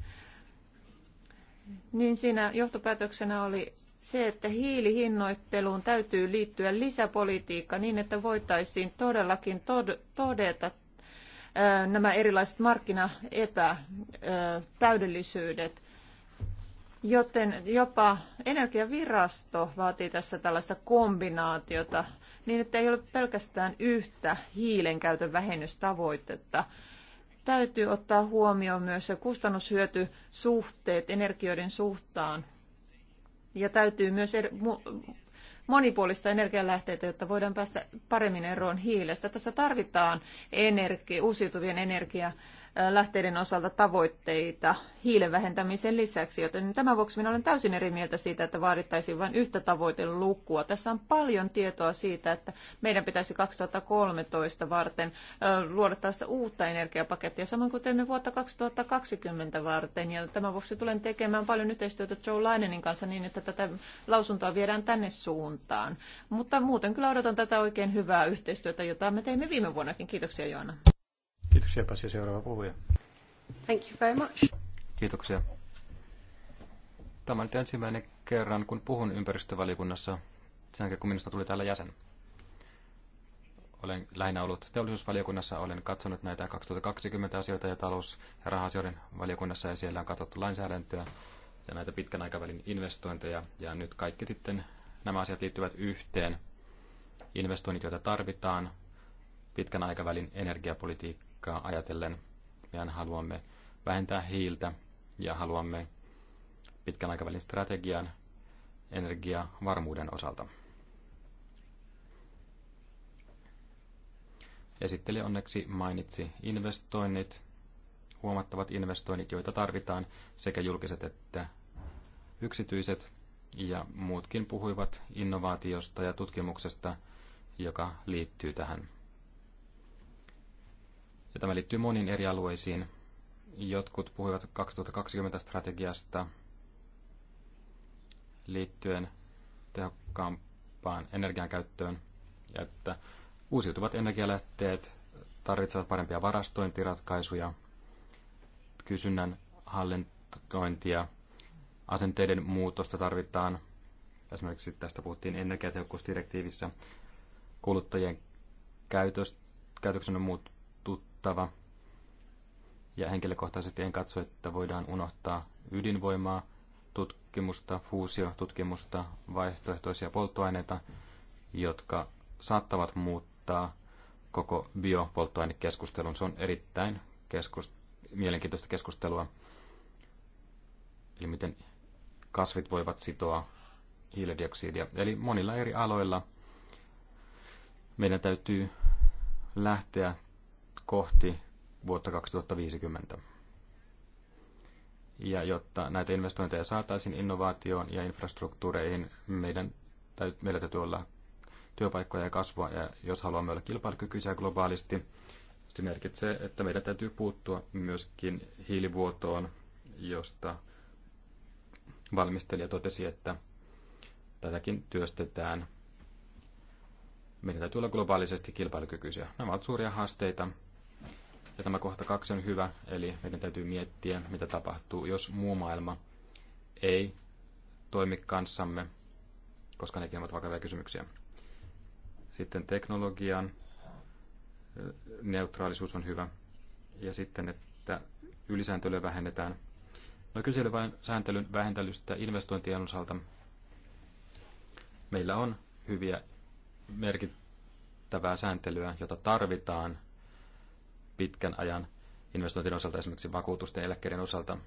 niin siinä johtopäätöksenä oli se, että hiilihinnoitteluun täytyy liittyä lisäpolitiikka niin, että voitaisiin todellakin todeta nämä erilaiset markkinaepätäydellisyydet. Joten jopa energiavirasto vaatii tässä tällaista kombinaatiota niin, että ei ole pelkästään yhtä hiilen käytön vähennystavoitetta. Täytyy ottaa huomioon myös kustannushyötysuhteet energioiden suhtaan. Ja täytyy myös monipuolista energialähteitä, jotta voidaan päästä paremmin eroon hiilestä. Tässä tarvitaan energi, uusiutuvien energiaa lähteiden osalta tavoitteita hiilen vähentämisen lisäksi, joten tämän vuoksi minä olen täysin eri mieltä siitä, että vaadittaisiin vain yhtä tavoitelukua. Tässä on paljon tietoa siitä, että meidän pitäisi 2013 varten luoda tästä uutta energiapakettia, samoin kuin teemme vuotta 2020 varten. Ja tämän vuoksi tulen tekemään paljon yhteistyötä Joe Linenin kanssa niin, että tätä lausuntoa viedään tänne suuntaan. Mutta muuten kyllä odotan tätä oikein hyvää yhteistyötä, jota me teimme viime vuonnakin. Kiitoksia Joana. Kiitoksia Pasi. Seuraava puhuja. Thank you very much. Kiitoksia. Tämä on nyt ensimmäinen kerran, kun puhun ympäristövaliokunnassa sen jälkeen, kun minusta tuli täällä jäsen. Olen lähinnä ollut teollisuusvaliokunnassa, olen katsonut näitä 2020 asioita ja talous- ja rahasioiden valiokunnassa ja siellä on katsottu lainsäädäntöä ja näitä pitkän aikavälin investointeja ja nyt kaikki sitten nämä asiat liittyvät yhteen. Investoinnit, joita tarvitaan, pitkän aikavälin energiapolitiikka politiikkaa ajatellen. Mehän haluamme vähentää hiiltä ja haluamme pitkän aikavälin strategian energiavarmuuden osalta. Esitteli onneksi mainitsi investoinnit, huomattavat investoinnit, joita tarvitaan sekä julkiset että yksityiset, ja muutkin puhuivat innovaatiosta ja tutkimuksesta, joka liittyy tähän. Ja tämä liittyy moniin eri alueisiin. Jotkut puhuivat 2020 strategiasta liittyen tehokkaampaan energiankäyttöön ja että uusiutuvat energialähteet tarvitsevat parempia varastointiratkaisuja, kysynnän hallintointia, asenteiden muutosta tarvitaan. Esimerkiksi tästä puhuttiin energiatehokkuusdirektiivissä kuluttajien käytös, käytöksen muut, unohdettava. Ja henkilökohtaisesti en katso, että voidaan unohtaa ydinvoimaa, tutkimusta, fuusiotutkimusta, vaihtoehtoisia polttoaineita, jotka saattavat muuttaa koko biopolttoainekeskustelun. Se on erittäin keskus, mielenkiintoista keskustelua. Eli miten kasvit voivat sitoa hiilidioksidia. Eli monilla eri aloilla meidän täytyy lähteä kohti vuotta 2050. Ja jotta näitä investointeja saataisiin innovaatioon ja infrastruktuureihin, meidän täytyy, meillä täytyy olla työpaikkoja ja kasvua, ja jos haluamme olla kilpailukykyisiä globaalisti, se merkitsee, että meidän täytyy puuttua myöskin hiilivuotoon, josta valmistelija totesi, että tätäkin työstetään. Meidän täytyy olla globaalisesti kilpailukykyisiä. Nämä ovat suuria haasteita, ja tämä kohta kaksi on hyvä, eli meidän täytyy miettiä, mitä tapahtuu, jos muu maailma ei toimi kanssamme, koska nekin ovat vakavia kysymyksiä. Sitten teknologian neutraalisuus on hyvä. Ja sitten, että ylisääntelyä vähennetään. No kyse vain sääntelyn vähentelystä investointien osalta. Meillä on hyviä merkittävää sääntelyä, jota tarvitaan – pitkän ajan investointien osalta, esimerkiksi vakuutusten ja eläkkeiden osalta,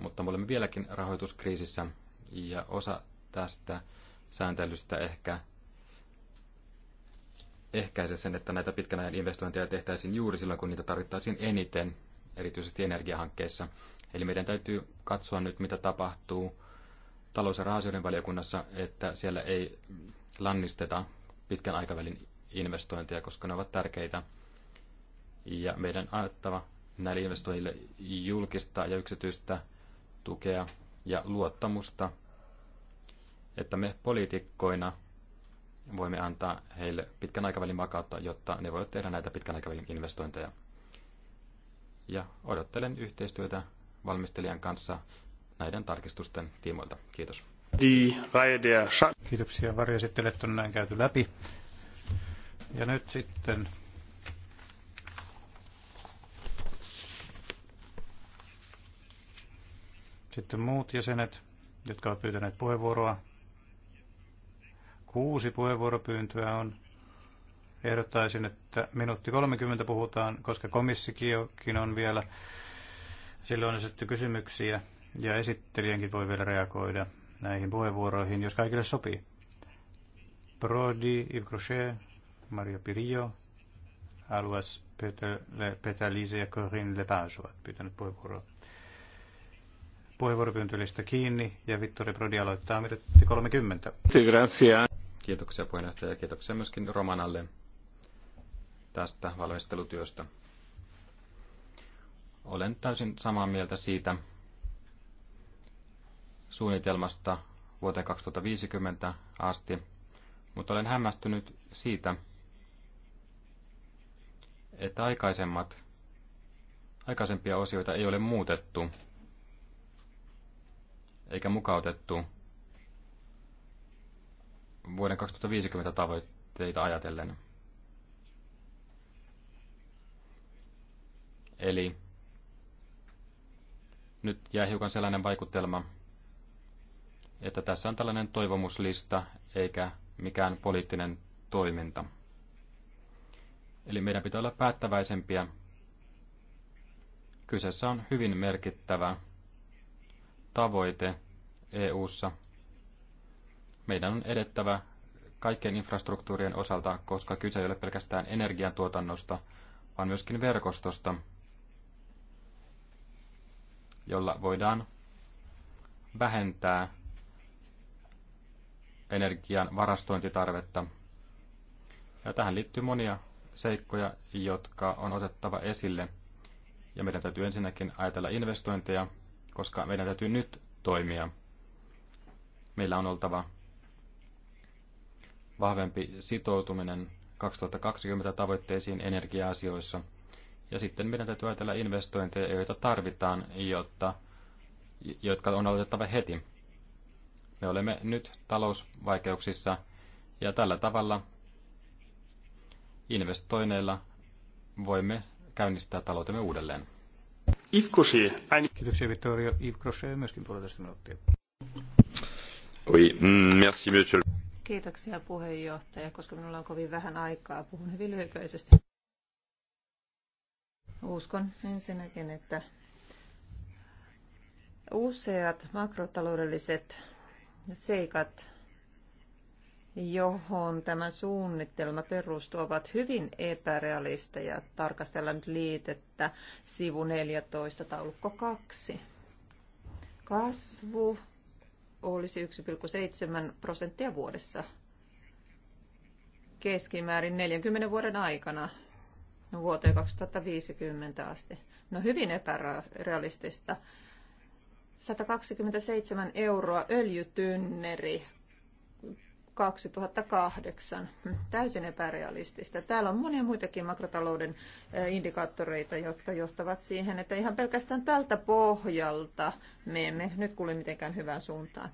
mutta me olemme vieläkin rahoituskriisissä ja osa tästä sääntelystä ehkä ehkäisee sen, että näitä pitkän ajan investointeja tehtäisiin juuri silloin, kun niitä tarvittaisiin eniten, erityisesti energiahankkeissa. Eli meidän täytyy katsoa nyt, mitä tapahtuu talous- ja rahasioiden valiokunnassa, että siellä ei lannisteta pitkän aikavälin investointeja, koska ne ovat tärkeitä ja meidän on annettava näille investoijille julkista ja yksityistä tukea ja luottamusta, että me poliitikkoina voimme antaa heille pitkän aikavälin vakautta, jotta ne voivat tehdä näitä pitkän aikavälin investointeja. Ja odottelen yhteistyötä valmistelijan kanssa näiden tarkistusten tiimoilta. Kiitos. Kiitoksia. Varjoesittelyt on näin käyty läpi. Ja nyt sitten Sitten muut jäsenet, jotka ovat pyytäneet puheenvuoroa. Kuusi puheenvuoropyyntöä on. Ehdottaisin, että minuutti 30 puhutaan, koska komissikin on vielä. Silloin on esitetty kysymyksiä ja esittelijänkin voi vielä reagoida näihin puheenvuoroihin, jos kaikille sopii. Brody, Yves Crochet, Mario Pirillo, Aluas Petalise ja Corinne Lepage ovat pyytäneet puheenvuoroa puheenvuoropyyntölistä kiinni ja Vittori Prodi aloittaa minuutti 30. Grazie. Kiitoksia puheenjohtaja ja kiitoksia myöskin Romanalle tästä valmistelutyöstä. Olen täysin samaa mieltä siitä suunnitelmasta vuoteen 2050 asti, mutta olen hämmästynyt siitä, että aikaisemmat, aikaisempia osioita ei ole muutettu eikä mukautettu vuoden 2050 tavoitteita ajatellen. Eli nyt jää hiukan sellainen vaikutelma, että tässä on tällainen toivomuslista eikä mikään poliittinen toiminta. Eli meidän pitää olla päättäväisempiä. Kyseessä on hyvin merkittävä tavoite EU:ssa. Meidän on edettävä kaikkien infrastruktuurien osalta, koska kyse ei ole pelkästään energiantuotannosta, vaan myöskin verkostosta, jolla voidaan vähentää energian varastointitarvetta. Ja tähän liittyy monia seikkoja, jotka on otettava esille. Ja meidän täytyy ensinnäkin ajatella investointeja, koska meidän täytyy nyt toimia. Meillä on oltava vahvempi sitoutuminen 2020 tavoitteisiin energia-asioissa. Ja sitten meidän täytyy ajatella investointeja, joita tarvitaan, jotta, jotka on aloitettava heti. Me olemme nyt talousvaikeuksissa ja tällä tavalla investoinneilla voimme käynnistää taloutemme uudelleen. Yves Crochet. Kiitoksia Vittorio. Yves Crochet myöskin puolitoista minuuttia. Oui, mm, merci monsieur. Kiitoksia puheenjohtaja, koska minulla on kovin vähän aikaa. Puhun hyvin lyhykäisesti. Uskon ensinnäkin, että useat makrotaloudelliset seikat johon tämä suunnitelma perustuu, ovat hyvin epärealisteja. Tarkastellaan nyt liitettä sivu 14, taulukko 2. Kasvu olisi 1,7 prosenttia vuodessa keskimäärin 40 vuoden aikana vuoteen 2050 asti. No hyvin epärealistista. 127 euroa öljytynneri 2008. Hmm, täysin epärealistista. Täällä on monia muitakin makrotalouden eh, indikaattoreita, jotka johtavat siihen, että ihan pelkästään tältä pohjalta me emme nyt kuule mitenkään hyvään suuntaan.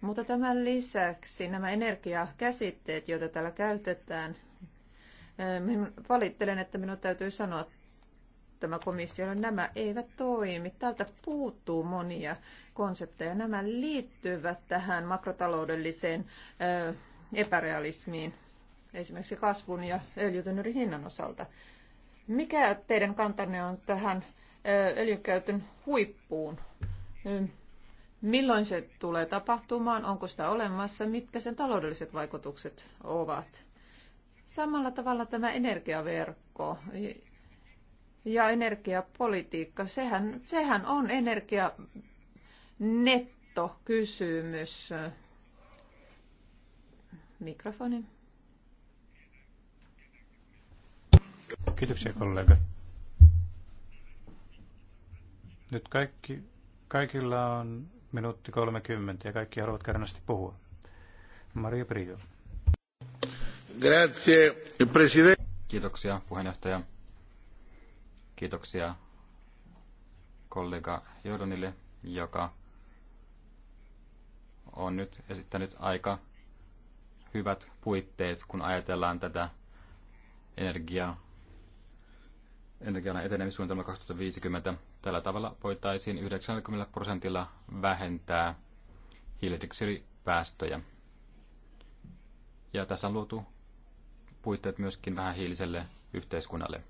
Mutta tämän lisäksi nämä energiakäsitteet, joita täällä käytetään, eh, valittelen, että minun täytyy sanoa tämä komissiolle, no nämä eivät toimi. Täältä puuttuu monia konsepteja. Nämä liittyvät tähän makrotaloudelliseen epärealismiin, esimerkiksi kasvun ja öljytynyrin hinnan osalta. Mikä teidän kantanne on tähän öljykäytön huippuun? Milloin se tulee tapahtumaan? Onko sitä olemassa? Mitkä sen taloudelliset vaikutukset ovat? Samalla tavalla tämä energiaverkko ja energiapolitiikka, sehän, sehän on energia nettokysymys. Mikrofonin. Kiitoksia kollega. Nyt kaikki, kaikilla on minuutti 30 ja kaikki haluavat kärnästi puhua. Maria Prio. Grazie, presidente. Kiitoksia puheenjohtaja. Kiitoksia kollega Jordanille, joka on nyt esittänyt aika hyvät puitteet, kun ajatellaan tätä energiaa energian etenemissuunnitelma 2050. Tällä tavalla voitaisiin 90 prosentilla vähentää hiilidioksidipäästöjä. Ja tässä on luotu puitteet myöskin vähän hiiliselle yhteiskunnalle.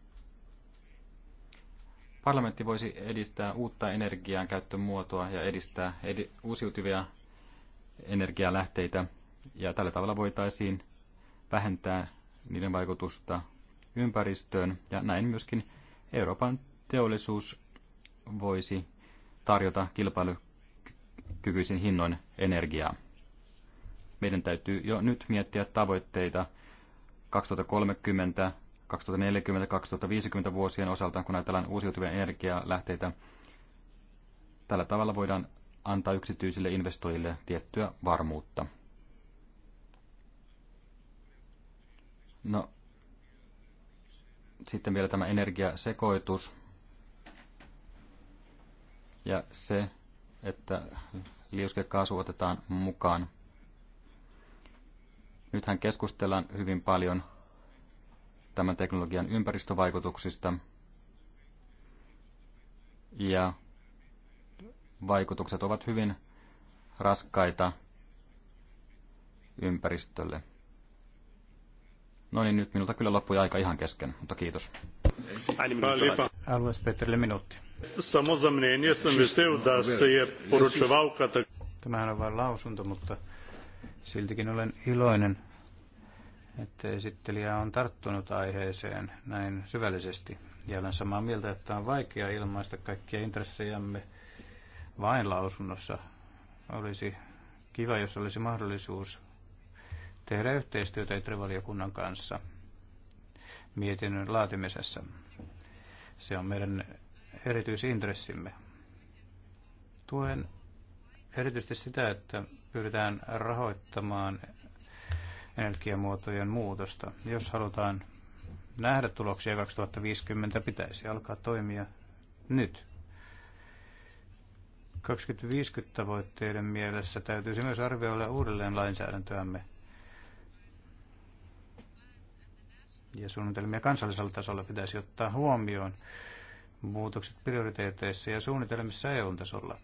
Parlamentti voisi edistää uutta energian käyttömuotoa ja edistää edi- uusiutuvia energialähteitä, ja tällä tavalla voitaisiin vähentää niiden vaikutusta ympäristöön, ja näin myöskin Euroopan teollisuus voisi tarjota kilpailukykyisin hinnoin energiaa. Meidän täytyy jo nyt miettiä tavoitteita 2030 2040-2050 vuosien osalta, kun ajatellaan uusiutuvia energialähteitä. Tällä tavalla voidaan antaa yksityisille investoijille tiettyä varmuutta. No, sitten vielä tämä energiasekoitus ja se, että liuskekaasu otetaan mukaan. Nythän keskustellaan hyvin paljon tämän teknologian ympäristövaikutuksista ja vaikutukset ovat hyvin raskaita ympäristölle. No niin, nyt minulta kyllä loppui aika ihan kesken, mutta kiitos. Arvoisa Petrille minuutti. Samo za mnenje sam da se je poročevalka... Tämähän on vain lausunto, mutta siltikin olen iloinen että esittelijä on tarttunut aiheeseen näin syvällisesti. Ja olen samaa mieltä, että on vaikea ilmaista kaikkia intressejämme vain lausunnossa. Olisi kiva, jos olisi mahdollisuus tehdä yhteistyötä Itrevaliokunnan kanssa mietinnön laatimisessa. Se on meidän erityisintressimme. Tuen erityisesti sitä, että pyritään rahoittamaan energiamuotojen muutosta. Jos halutaan nähdä tuloksia 2050, pitäisi alkaa toimia nyt. 2050 tavoitteiden mielessä täytyisi myös arvioida uudelleen lainsäädäntöämme ja suunnitelmia kansallisella tasolla pitäisi ottaa huomioon muutokset prioriteeteissa ja suunnitelmissa EU-tasolla.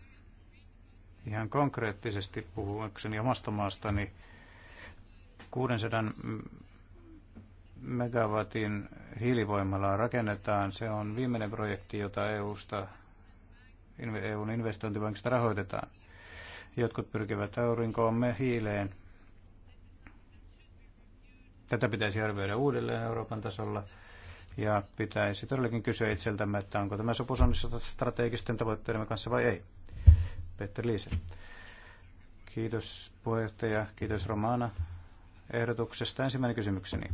Ihan konkreettisesti puhuakseni omasta maastani, niin 600 megawatin hiilivoimalaa rakennetaan. Se on viimeinen projekti, jota EUsta, EUn investointipankista rahoitetaan. Jotkut pyrkivät aurinkoon, me hiileen. Tätä pitäisi arvioida uudelleen Euroopan tasolla. Ja pitäisi todellakin kysyä itseltämme, että onko tämä sopusonnissa strategisten tavoitteidemme kanssa vai ei. Petteri Liise. Kiitos puheenjohtaja, kiitos Romana ehdotuksesta. Ensimmäinen kysymykseni.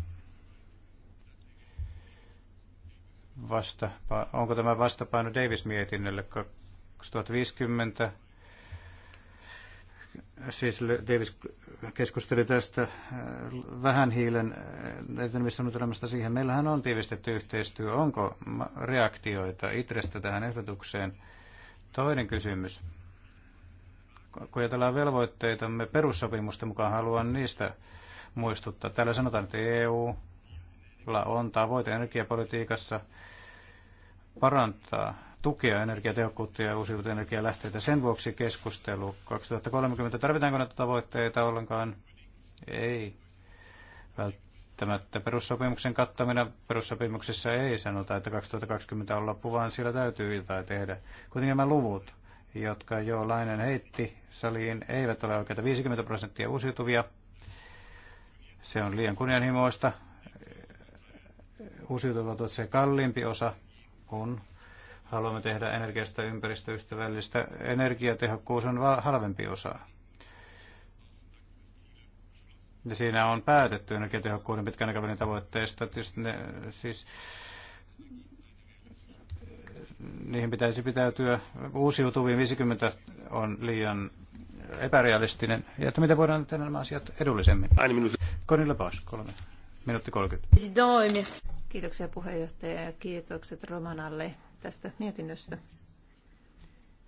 Vasta, onko tämä vastapaino Davis-mietinnölle 2050? Siis Davis keskusteli tästä äh, vähän hiilen äh, etenemissuunnitelmasta siihen. Meillähän on tiivistetty yhteistyö. Onko reaktioita Itrestä tähän ehdotukseen? Toinen kysymys kun ajatellaan velvoitteitamme perussopimusten mukaan, haluan niistä muistuttaa. Täällä sanotaan, että EU on tavoite energiapolitiikassa parantaa tukea energiatehokkuutta ja uusiutuvia energialähteitä. Sen vuoksi keskustelu 2030. Tarvitaanko näitä tavoitteita ollenkaan? Ei. Välttämättä perussopimuksen kattaminen perussopimuksessa ei sanota, että 2020 on loppu, vaan siellä täytyy jotain tehdä. Kuitenkin nämä luvut, jotka jo Lainen heitti saliin, eivät ole oikeita. 50 prosenttia uusiutuvia, se on liian kunnianhimoista. Uusiutuvat ovat se kalliimpi osa, kun haluamme tehdä energiasta ympäristöystävällistä. Energiatehokkuus on halvempi osa. Ja siinä on päätetty energiatehokkuuden pitkän aikavälin tavoitteista. ne, siis, niihin pitäisi pitäytyä. Uusiutuviin 50 on liian epärealistinen ja että miten voidaan tehdä nämä asiat edullisemmin. Aina minuutti. Konilla Paas, kolme. Minuutti 30. Kiitoksia puheenjohtaja ja kiitokset Romanalle tästä mietinnöstä.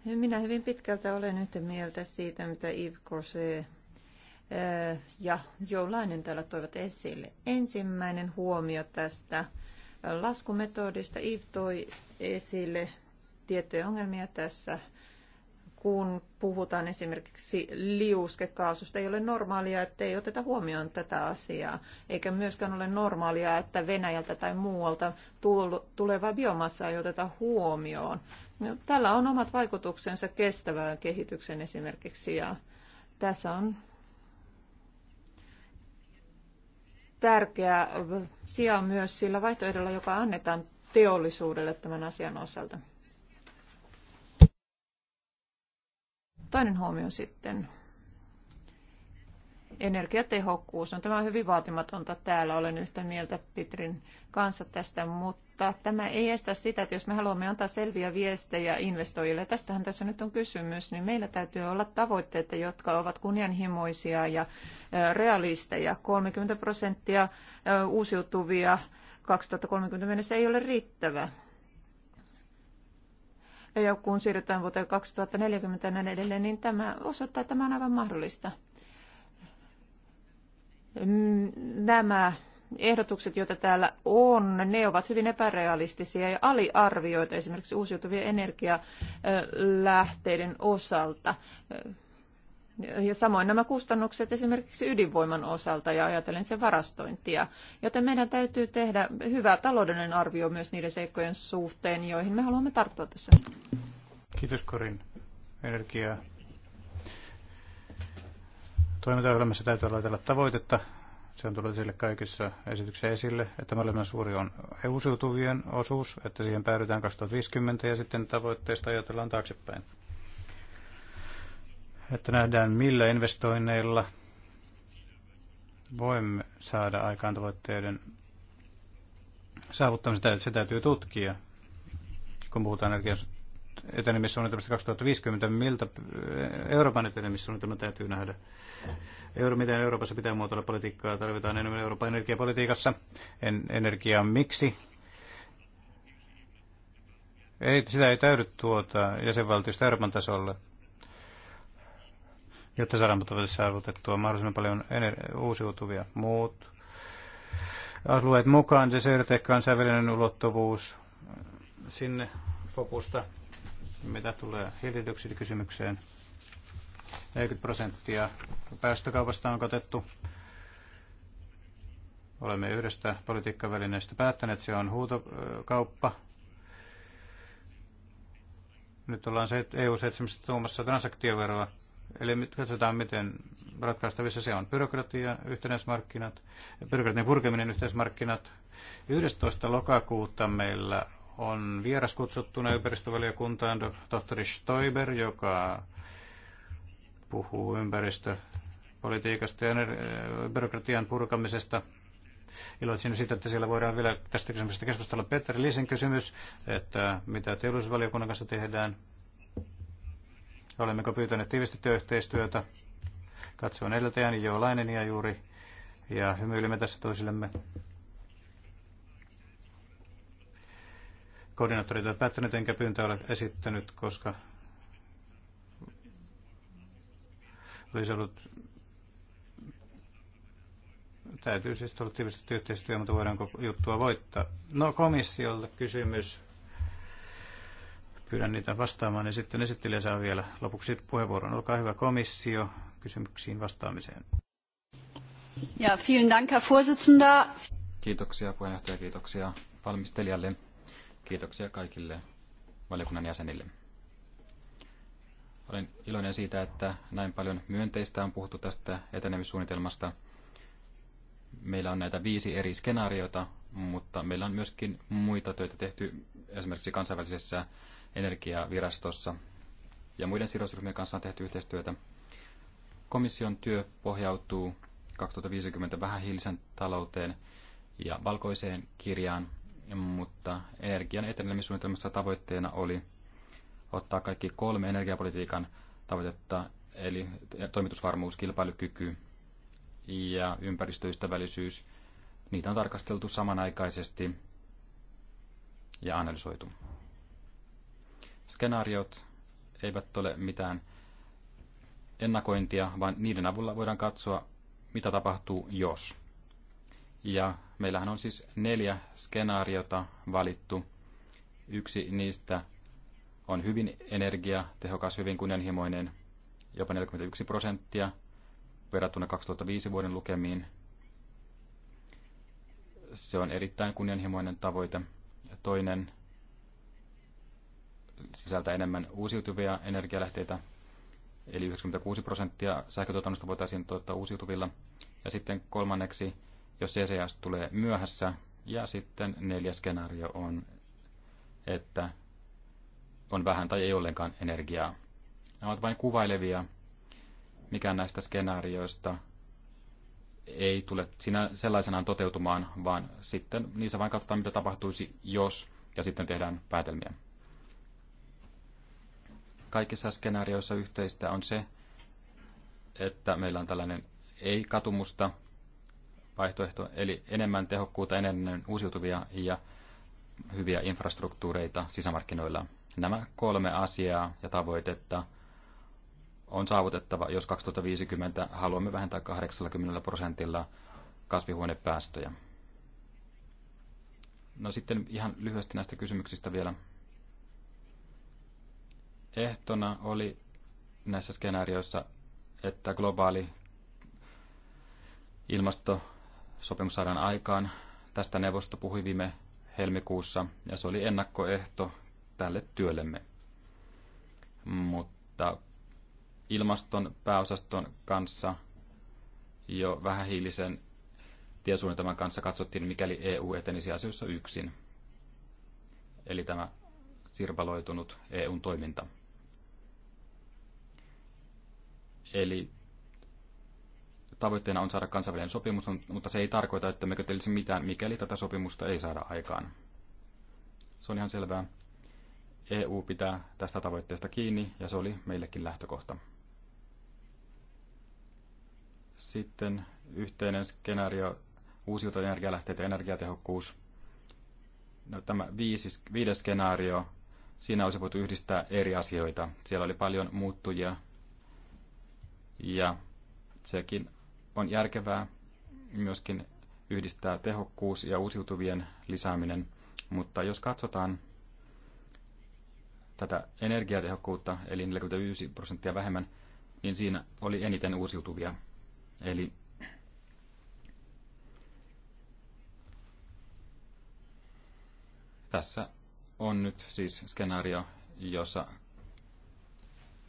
Minä hyvin pitkältä olen yhtä mieltä siitä, mitä Yves Corset eh, ja Joulainen täällä toivat esille. Ensimmäinen huomio tästä laskumetodista. Yves toi esille tiettyjä ongelmia tässä kun puhutaan esimerkiksi liuskekaasusta, ei ole normaalia, että ei oteta huomioon tätä asiaa, eikä myöskään ole normaalia, että Venäjältä tai muualta tuleva biomassa ei oteta huomioon. No, tällä on omat vaikutuksensa kestävään kehityksen esimerkiksi, ja tässä on tärkeä sija myös sillä vaihtoehdolla, joka annetaan teollisuudelle tämän asian osalta. Toinen huomio sitten. Energiatehokkuus. On no, tämä on hyvin vaatimatonta täällä. Olen yhtä mieltä Pitrin kanssa tästä, mutta tämä ei estä sitä, että jos me haluamme antaa selviä viestejä investoijille, tästähän tässä nyt on kysymys, niin meillä täytyy olla tavoitteita, jotka ovat kunnianhimoisia ja realisteja. 30 prosenttia uusiutuvia 2030 mennessä ei ole riittävä ja kun siirrytään vuoteen 2040 ja näin edelleen, niin tämä osoittaa, että tämä on aivan mahdollista. Mm, nämä ehdotukset, joita täällä on, ne ovat hyvin epärealistisia ja aliarvioita esimerkiksi uusiutuvien energialähteiden osalta. Ja samoin nämä kustannukset esimerkiksi ydinvoiman osalta ja ajatellen sen varastointia. Joten meidän täytyy tehdä hyvä taloudellinen arvio myös niiden seikkojen suhteen, joihin me haluamme tarttua tässä. Kiitos Korin. Energiaa. Toimintaohjelmassa täytyy laitella tavoitetta. Se on tullut esille kaikissa esityksissä esille, että maailman suuri on uusiutuvien osuus, että siihen päädytään 2050 ja sitten tavoitteesta ajatellaan taaksepäin että nähdään millä investoinneilla voimme saada aikaan tavoitteiden saavuttamista. Se täytyy tutkia, kun puhutaan energian etenemissuunnitelmasta 2050, miltä eh, Euroopan etenemissuunnitelma täytyy nähdä. Euro, miten Euroopassa pitää muotoilla politiikkaa, tarvitaan enemmän Euroopan energiapolitiikassa, en, energiaa miksi. Ei, sitä ei täydy tuota jäsenvaltiosta Euroopan tasolla jotta saadaan saavutettua mahdollisimman paljon ener- uusiutuvia muut alueet mukaan. Se seurata kansainvälinen ulottuvuus sinne fokusta, mitä tulee hiilidioksidikysymykseen. 40 prosenttia päästökaupasta on katettu. Olemme yhdestä politiikkavälineestä päättäneet, se on huutokauppa, nyt ollaan EU-7 e tuomassa transaktioveroa Eli katsotaan, miten ratkaistavissa se on. Byrokratia, yhtenäismarkkinat, byrokratian purkeminen, yhteismarkkinat. 11. lokakuuta meillä on vieras kutsuttuna ympäristövaliokuntaan tohtori Stoiber, joka puhuu ympäristöpolitiikasta ja eh, byrokratian purkamisesta. Iloitsin siitä, että siellä voidaan vielä tästä kysymyksestä keskustella. Petteri Lisen kysymys, että mitä teollisuusvaliokunnan kanssa tehdään Olemmeko pyytäneet tiivisti työyhteistyötä? Katsoin edeltäjäni Joolainen ja juuri ja hymyilimme tässä toisillemme. Koordinaattorit ovat päättäneet, enkä pyyntöä ole esittänyt, koska olisi ollut täytyy siis olla tiivistä yhteistyö, mutta voidaanko juttua voittaa? No komissiolta kysymys Pyydän niitä vastaamaan ja niin sitten esittelijä saa vielä lopuksi puheenvuoron. Olkaa hyvä komissio kysymyksiin vastaamiseen. Ja, vielen Dank, Herr Vorsitzender. Kiitoksia puheenjohtaja, kiitoksia valmistelijalle, kiitoksia kaikille valiokunnan jäsenille. Olen iloinen siitä, että näin paljon myönteistä on puhuttu tästä etenemissuunnitelmasta. Meillä on näitä viisi eri skenaariota, mutta meillä on myöskin muita töitä tehty esimerkiksi kansainvälisessä energiavirastossa ja muiden sidosryhmien kanssa on tehty yhteistyötä. Komission työ pohjautuu 2050 vähähiilisen talouteen ja valkoiseen kirjaan, mutta energian etenemissuunnitelmassa tavoitteena oli ottaa kaikki kolme energiapolitiikan tavoitetta, eli toimitusvarmuus, kilpailukyky ja ympäristöystävällisyys. Niitä on tarkasteltu samanaikaisesti ja analysoitu. Skenaariot eivät ole mitään ennakointia, vaan niiden avulla voidaan katsoa, mitä tapahtuu jos. Ja meillähän on siis neljä skenaariota valittu. Yksi niistä on hyvin energiatehokas, hyvin kunnianhimoinen, jopa 41 prosenttia verrattuna 2005 vuoden lukemiin. Se on erittäin kunnianhimoinen tavoite. Ja toinen sisältää enemmän uusiutuvia energialähteitä, eli 96 prosenttia sähkötuotannosta voitaisiin tuottaa uusiutuvilla. Ja sitten kolmanneksi, jos CCS tulee myöhässä, ja sitten neljäs skenaario on, että on vähän tai ei ollenkaan energiaa. Nämä ovat vain kuvailevia. Mikään näistä skenaarioista ei tule sinä sellaisenaan toteutumaan, vaan sitten niissä vain katsotaan, mitä tapahtuisi, jos, ja sitten tehdään päätelmiä. Kaikissa skenaarioissa yhteistä on se, että meillä on tällainen ei-katumusta vaihtoehto, eli enemmän tehokkuutta, enemmän uusiutuvia ja hyviä infrastruktuureita sisämarkkinoilla. Nämä kolme asiaa ja tavoitetta on saavutettava, jos 2050 haluamme vähentää 80 prosentilla kasvihuonepäästöjä. No sitten ihan lyhyesti näistä kysymyksistä vielä ehtona oli näissä skenaarioissa, että globaali ilmastosopimus saadaan aikaan. Tästä neuvosto puhui viime helmikuussa ja se oli ennakkoehto tälle työllemme. Mutta ilmaston pääosaston kanssa jo vähähiilisen tiesuunnitelman kanssa katsottiin, mikäli EU etenisi asioissa yksin. Eli tämä sirpaloitunut EUn toiminta. Eli tavoitteena on saada kansainvälinen sopimus, mutta se ei tarkoita, että me kötelisimme mitään, mikäli tätä sopimusta ei saada aikaan. Se on ihan selvää. EU pitää tästä tavoitteesta kiinni ja se oli meillekin lähtökohta. Sitten yhteinen skenaario uusiutuvat energialähteet ja energiatehokkuus. No, tämä viisi, viides skenaario, siinä olisi voitu yhdistää eri asioita. Siellä oli paljon muuttujia, ja sekin on järkevää myöskin yhdistää tehokkuus ja uusiutuvien lisääminen. Mutta jos katsotaan tätä energiatehokkuutta, eli 49 prosenttia vähemmän, niin siinä oli eniten uusiutuvia. Eli tässä on nyt siis skenaario, jossa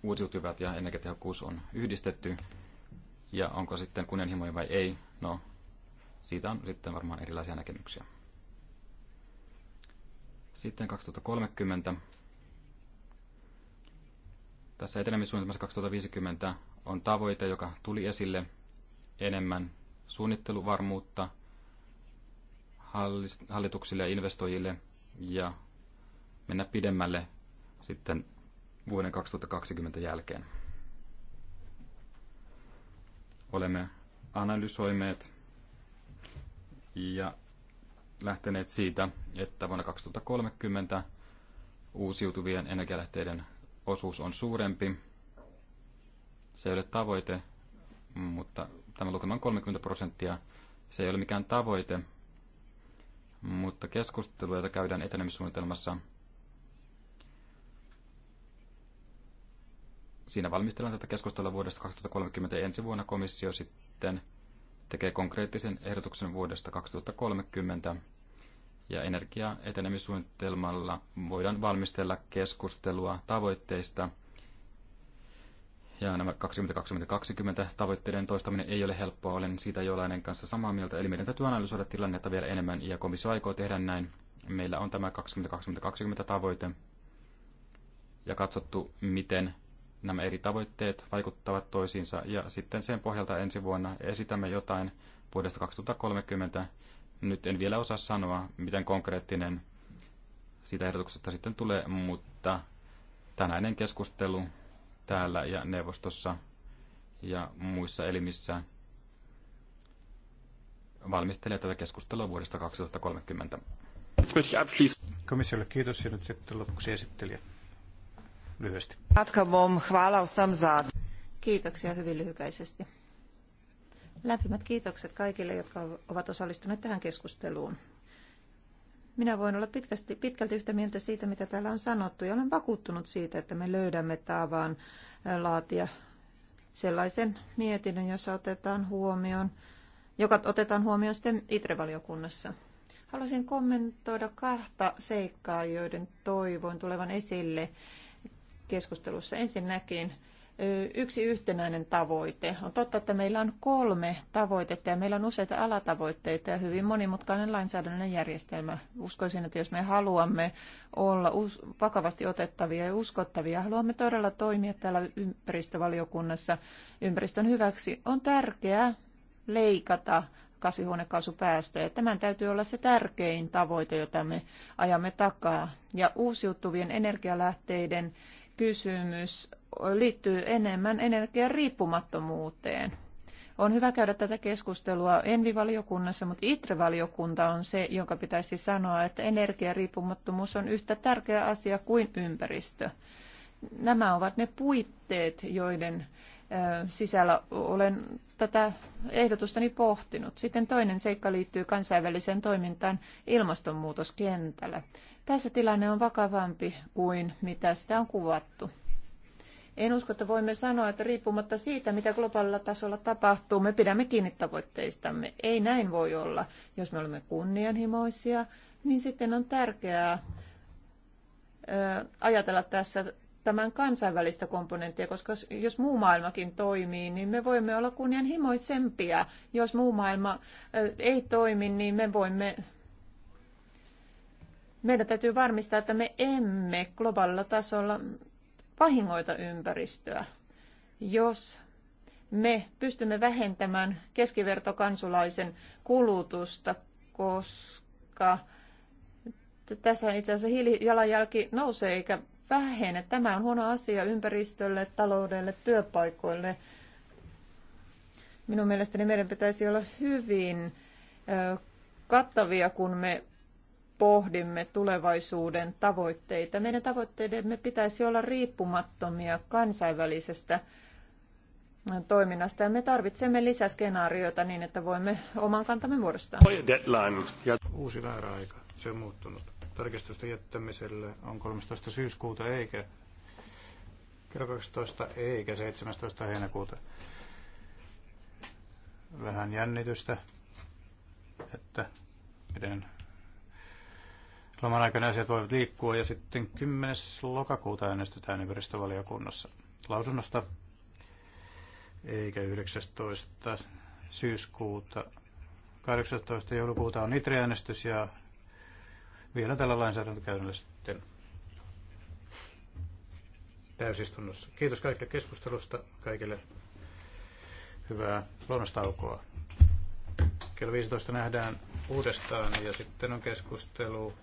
uusiutuvat ja energiatehokkuus on yhdistetty. Ja onko sitten kunnianhimoja vai ei? No, siitä on sitten varmaan erilaisia näkemyksiä. Sitten 2030. Tässä etenemissuunnitelmassa 2050 on tavoite, joka tuli esille enemmän suunnitteluvarmuutta hallituksille ja investoijille ja mennä pidemmälle sitten vuoden 2020 jälkeen. Olemme analysoineet ja lähteneet siitä, että vuonna 2030 uusiutuvien energialähteiden osuus on suurempi. Se ei ole tavoite, mutta tämä lukema on 30 prosenttia. Se ei ole mikään tavoite, mutta keskustelu, jota käydään etenemissuunnitelmassa – siinä valmistellaan tätä keskustelua vuodesta 2030 ja ensi vuonna komissio sitten tekee konkreettisen ehdotuksen vuodesta 2030 ja energia etenemissuunnitelmalla voidaan valmistella keskustelua tavoitteista. Ja nämä 2020-2020 tavoitteiden toistaminen ei ole helppoa, olen siitä jollainen kanssa samaa mieltä, eli meidän täytyy analysoida tilannetta vielä enemmän, ja komissio aikoo tehdä näin. Meillä on tämä 2020-2020 tavoite, ja katsottu, miten nämä eri tavoitteet vaikuttavat toisiinsa ja sitten sen pohjalta ensi vuonna esitämme jotain vuodesta 2030. Nyt en vielä osaa sanoa, miten konkreettinen siitä ehdotuksesta sitten tulee, mutta tänäinen keskustelu täällä ja neuvostossa ja muissa elimissä valmistelee tätä keskustelua vuodesta 2030. Komissiolle kiitos ja nyt sitten lopuksi esittelijä lyhyesti. Kiitoksia hyvin lyhykäisesti. Lämpimät kiitokset kaikille, jotka ovat osallistuneet tähän keskusteluun. Minä voin olla pitkästi, pitkälti yhtä mieltä siitä, mitä täällä on sanottu, ja olen vakuuttunut siitä, että me löydämme tavan laatia sellaisen mietinnön, jossa otetaan huomioon, joka otetaan huomioon sitten ITRE-valiokunnassa. Haluaisin kommentoida kahta seikkaa, joiden toivoin tulevan esille keskustelussa. Ensinnäkin yksi yhtenäinen tavoite. On totta, että meillä on kolme tavoitetta ja meillä on useita alatavoitteita ja hyvin monimutkainen lainsäädännön järjestelmä. Uskoisin, että jos me haluamme olla vakavasti otettavia ja uskottavia, haluamme todella toimia täällä ympäristövaliokunnassa ympäristön hyväksi, on tärkeää leikata kasvihuonekaasupäästöjä. Tämän täytyy olla se tärkein tavoite, jota me ajamme takaa. Ja uusiutuvien energialähteiden kysymys liittyy enemmän energian riippumattomuuteen. On hyvä käydä tätä keskustelua Envi-valiokunnassa, mutta ITRE-valiokunta on se, jonka pitäisi sanoa, että energiariippumattomuus on yhtä tärkeä asia kuin ympäristö. Nämä ovat ne puitteet, joiden sisällä olen tätä ehdotustani pohtinut. Sitten toinen seikka liittyy kansainväliseen toimintaan ilmastonmuutoskentällä. Tässä tilanne on vakavampi kuin mitä sitä on kuvattu. En usko, että voimme sanoa, että riippumatta siitä, mitä globaalilla tasolla tapahtuu, me pidämme kiinni tavoitteistamme. Ei näin voi olla. Jos me olemme kunnianhimoisia, niin sitten on tärkeää ajatella tässä tämän kansainvälistä komponenttia, koska jos muu maailmakin toimii, niin me voimme olla kunnianhimoisempia. Jos muu maailma ei toimi, niin me voimme meidän täytyy varmistaa, että me emme globaalilla tasolla vahingoita ympäristöä, jos me pystymme vähentämään keskivertokansulaisen kulutusta, koska tässä itse asiassa hiilijalanjälki nousee eikä vähene. Tämä on huono asia ympäristölle, taloudelle, työpaikoille. Minun mielestäni meidän pitäisi olla hyvin kattavia, kun me pohdimme tulevaisuuden tavoitteita. Meidän tavoitteidemme pitäisi olla riippumattomia kansainvälisestä toiminnasta ja me tarvitsemme lisäskenaarioita niin, että voimme oman kantamme muodostaa. Uusi aika, se on muuttunut. Tarkistusta jättämiselle on 13. syyskuuta eikä kello 12 eikä 17. heinäkuuta. Vähän jännitystä, että miten Loman aikana asiat voivat liikkua ja sitten 10. lokakuuta äänestetään ympäristövaliokunnassa lausunnosta, eikä 19. syyskuuta. 18. joulukuuta on itreäänestys ja vielä tällä lainsäädäntökäynnillä sitten täysistunnossa. Kiitos kaikille keskustelusta, kaikille hyvää lounastaukoa. Kello 15 nähdään uudestaan ja sitten on keskustelu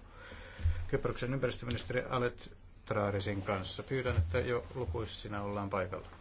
Kyproksen ympäristöministeri Alet Traarisin kanssa. Pyydän, että jo lukuisina ollaan paikalla.